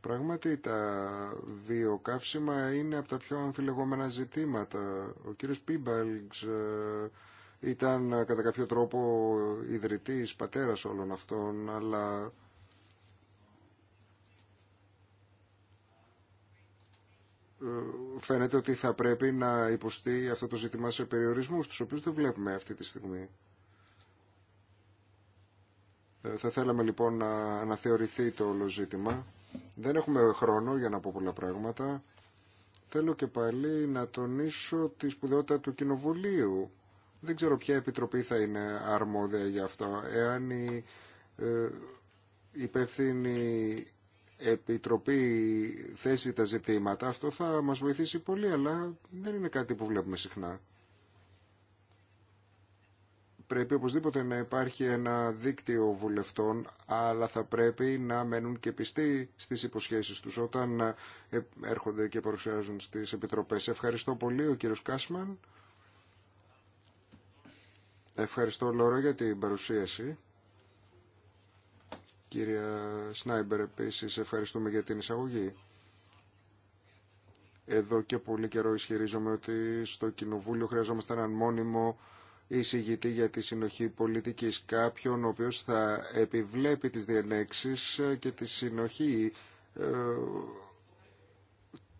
Πράγματι τα βιοκαύσιμα είναι από τα πιο αμφιλεγόμενα ζητήματα. Ο κύριος Πίμπαλξ ε, ήταν ε, κατά κάποιο τρόπο ιδρυτής, πατέρας όλων αυτών, αλλά ε, φαίνεται ότι θα πρέπει να υποστεί αυτό το ζήτημα σε περιορισμούς, τους οποίους δεν βλέπουμε αυτή τη στιγμή. Θα θέλαμε λοιπόν να αναθεωρηθεί το όλο ζήτημα. Δεν έχουμε χρόνο για να πω πολλά πράγματα. Θέλω και πάλι να τονίσω τη σπουδαιότητα του Κοινοβουλίου. Δεν ξέρω ποια επιτροπή θα είναι αρμόδια για αυτό. Εάν η ε, υπεύθυνη επιτροπή θέσει τα ζητήματα, αυτό θα μας βοηθήσει πολύ, αλλά δεν είναι κάτι που βλέπουμε συχνά πρέπει οπωσδήποτε να υπάρχει ένα δίκτυο βουλευτών, αλλά θα πρέπει να μένουν και πιστοί στις υποσχέσεις τους όταν ε, έρχονται και παρουσιάζουν στις επιτροπές. Ευχαριστώ πολύ ο κύριος Κάσμαν. Ευχαριστώ Λόρο για την παρουσίαση. Κυρία Σνάιμπερ, επίσης ευχαριστούμε για την εισαγωγή. Εδώ και πολύ καιρό ισχυρίζομαι ότι στο Κοινοβούλιο χρειαζόμαστε έναν μόνιμο εισηγητή για τη συνοχή πολιτικής, κάποιον ο οποίος θα επιβλέπει τις διενέξεις και τη συνοχή ε,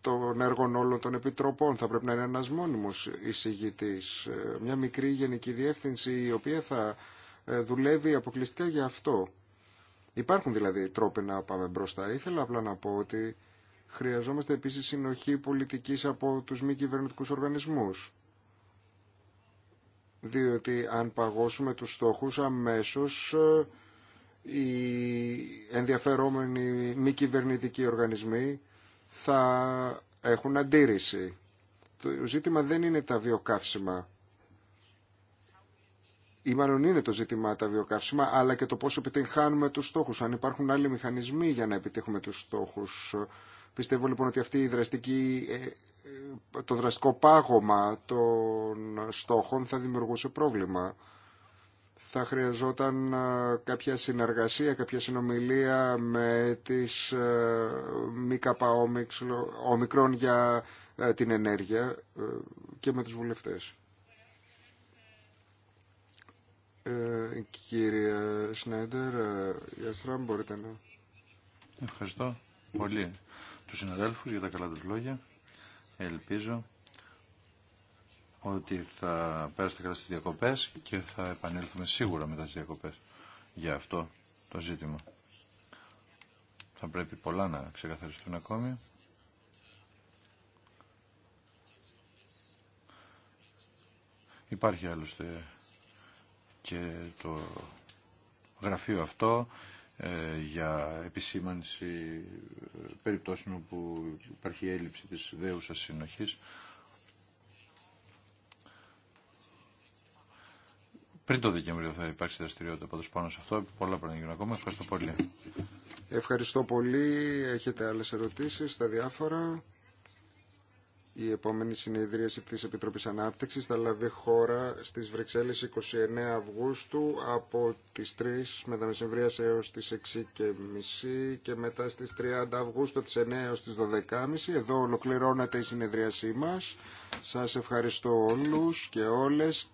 των έργων όλων των επιτροπών. Θα πρέπει να είναι ένας μόνιμος εισηγητής, ε, μια μικρή γενική διεύθυνση η οποία θα ε, δουλεύει αποκλειστικά για αυτό. Υπάρχουν δηλαδή τρόποι να πάμε μπροστά. Ήθελα απλά να πω ότι χρειαζόμαστε επίσης συνοχή πολιτικής από τους μη κυβερνητικούς οργανισμούς διότι αν παγώσουμε τους στόχους αμέσως ε, οι ενδιαφερόμενοι μη κυβερνητικοί οργανισμοί θα έχουν αντίρρηση. Το ζήτημα δεν είναι τα βιοκαύσιμα ή μάλλον είναι το ζήτημα τα βιοκαύσιμα, αλλά και το πώς επιτυγχάνουμε τους στόχους, αν υπάρχουν άλλοι μηχανισμοί για να επιτύχουμε τους στόχους Πιστεύω λοιπόν ότι αυτή η δραστική, ε, ε, το δραστικό πάγωμα των στόχων θα δημιουργούσε πρόβλημα. Θα χρειαζόταν ε, κάποια συνεργασία, κάποια συνομιλία με τις ΜΚΑ ομικρών για την ενέργεια και με τους βουλευτές. Ε, κύριε Σνέντερ, Ιαστράμ, μπορείτε να... Ευχαριστώ πολύ τους συναδέλφους για τα καλά τους λόγια. Ελπίζω ότι θα πέρασετε καλά στις διακοπές και θα επανέλθουμε σίγουρα μετά τις διακοπές για αυτό το ζήτημα. Θα πρέπει πολλά να ξεκαθαριστούν ακόμη. Υπάρχει άλλωστε και το γραφείο αυτό ε, για επισήμανση ε, περιπτώσεων που υπάρχει έλλειψη της δέουσας συνοχής. Πριν το Δεκέμβριο θα υπάρξει δραστηριότητα πάνω σε αυτό. Πολλά πρέπει να γίνουν ακόμα. Ευχαριστώ πολύ. Ευχαριστώ πολύ. Έχετε άλλες ερωτήσεις στα διάφορα. Η επόμενη συνεδρίαση της Επιτροπής Ανάπτυξης θα λάβει χώρα στις Βρυξέλλες 29 Αυγούστου από τις 3 μετά έως τις 6 και μισή και μετά στις 30 Αυγούστου τις 9 έως τις 12.30. Εδώ ολοκληρώνεται η συνεδρίασή μας. Σας ευχαριστώ όλους και όλες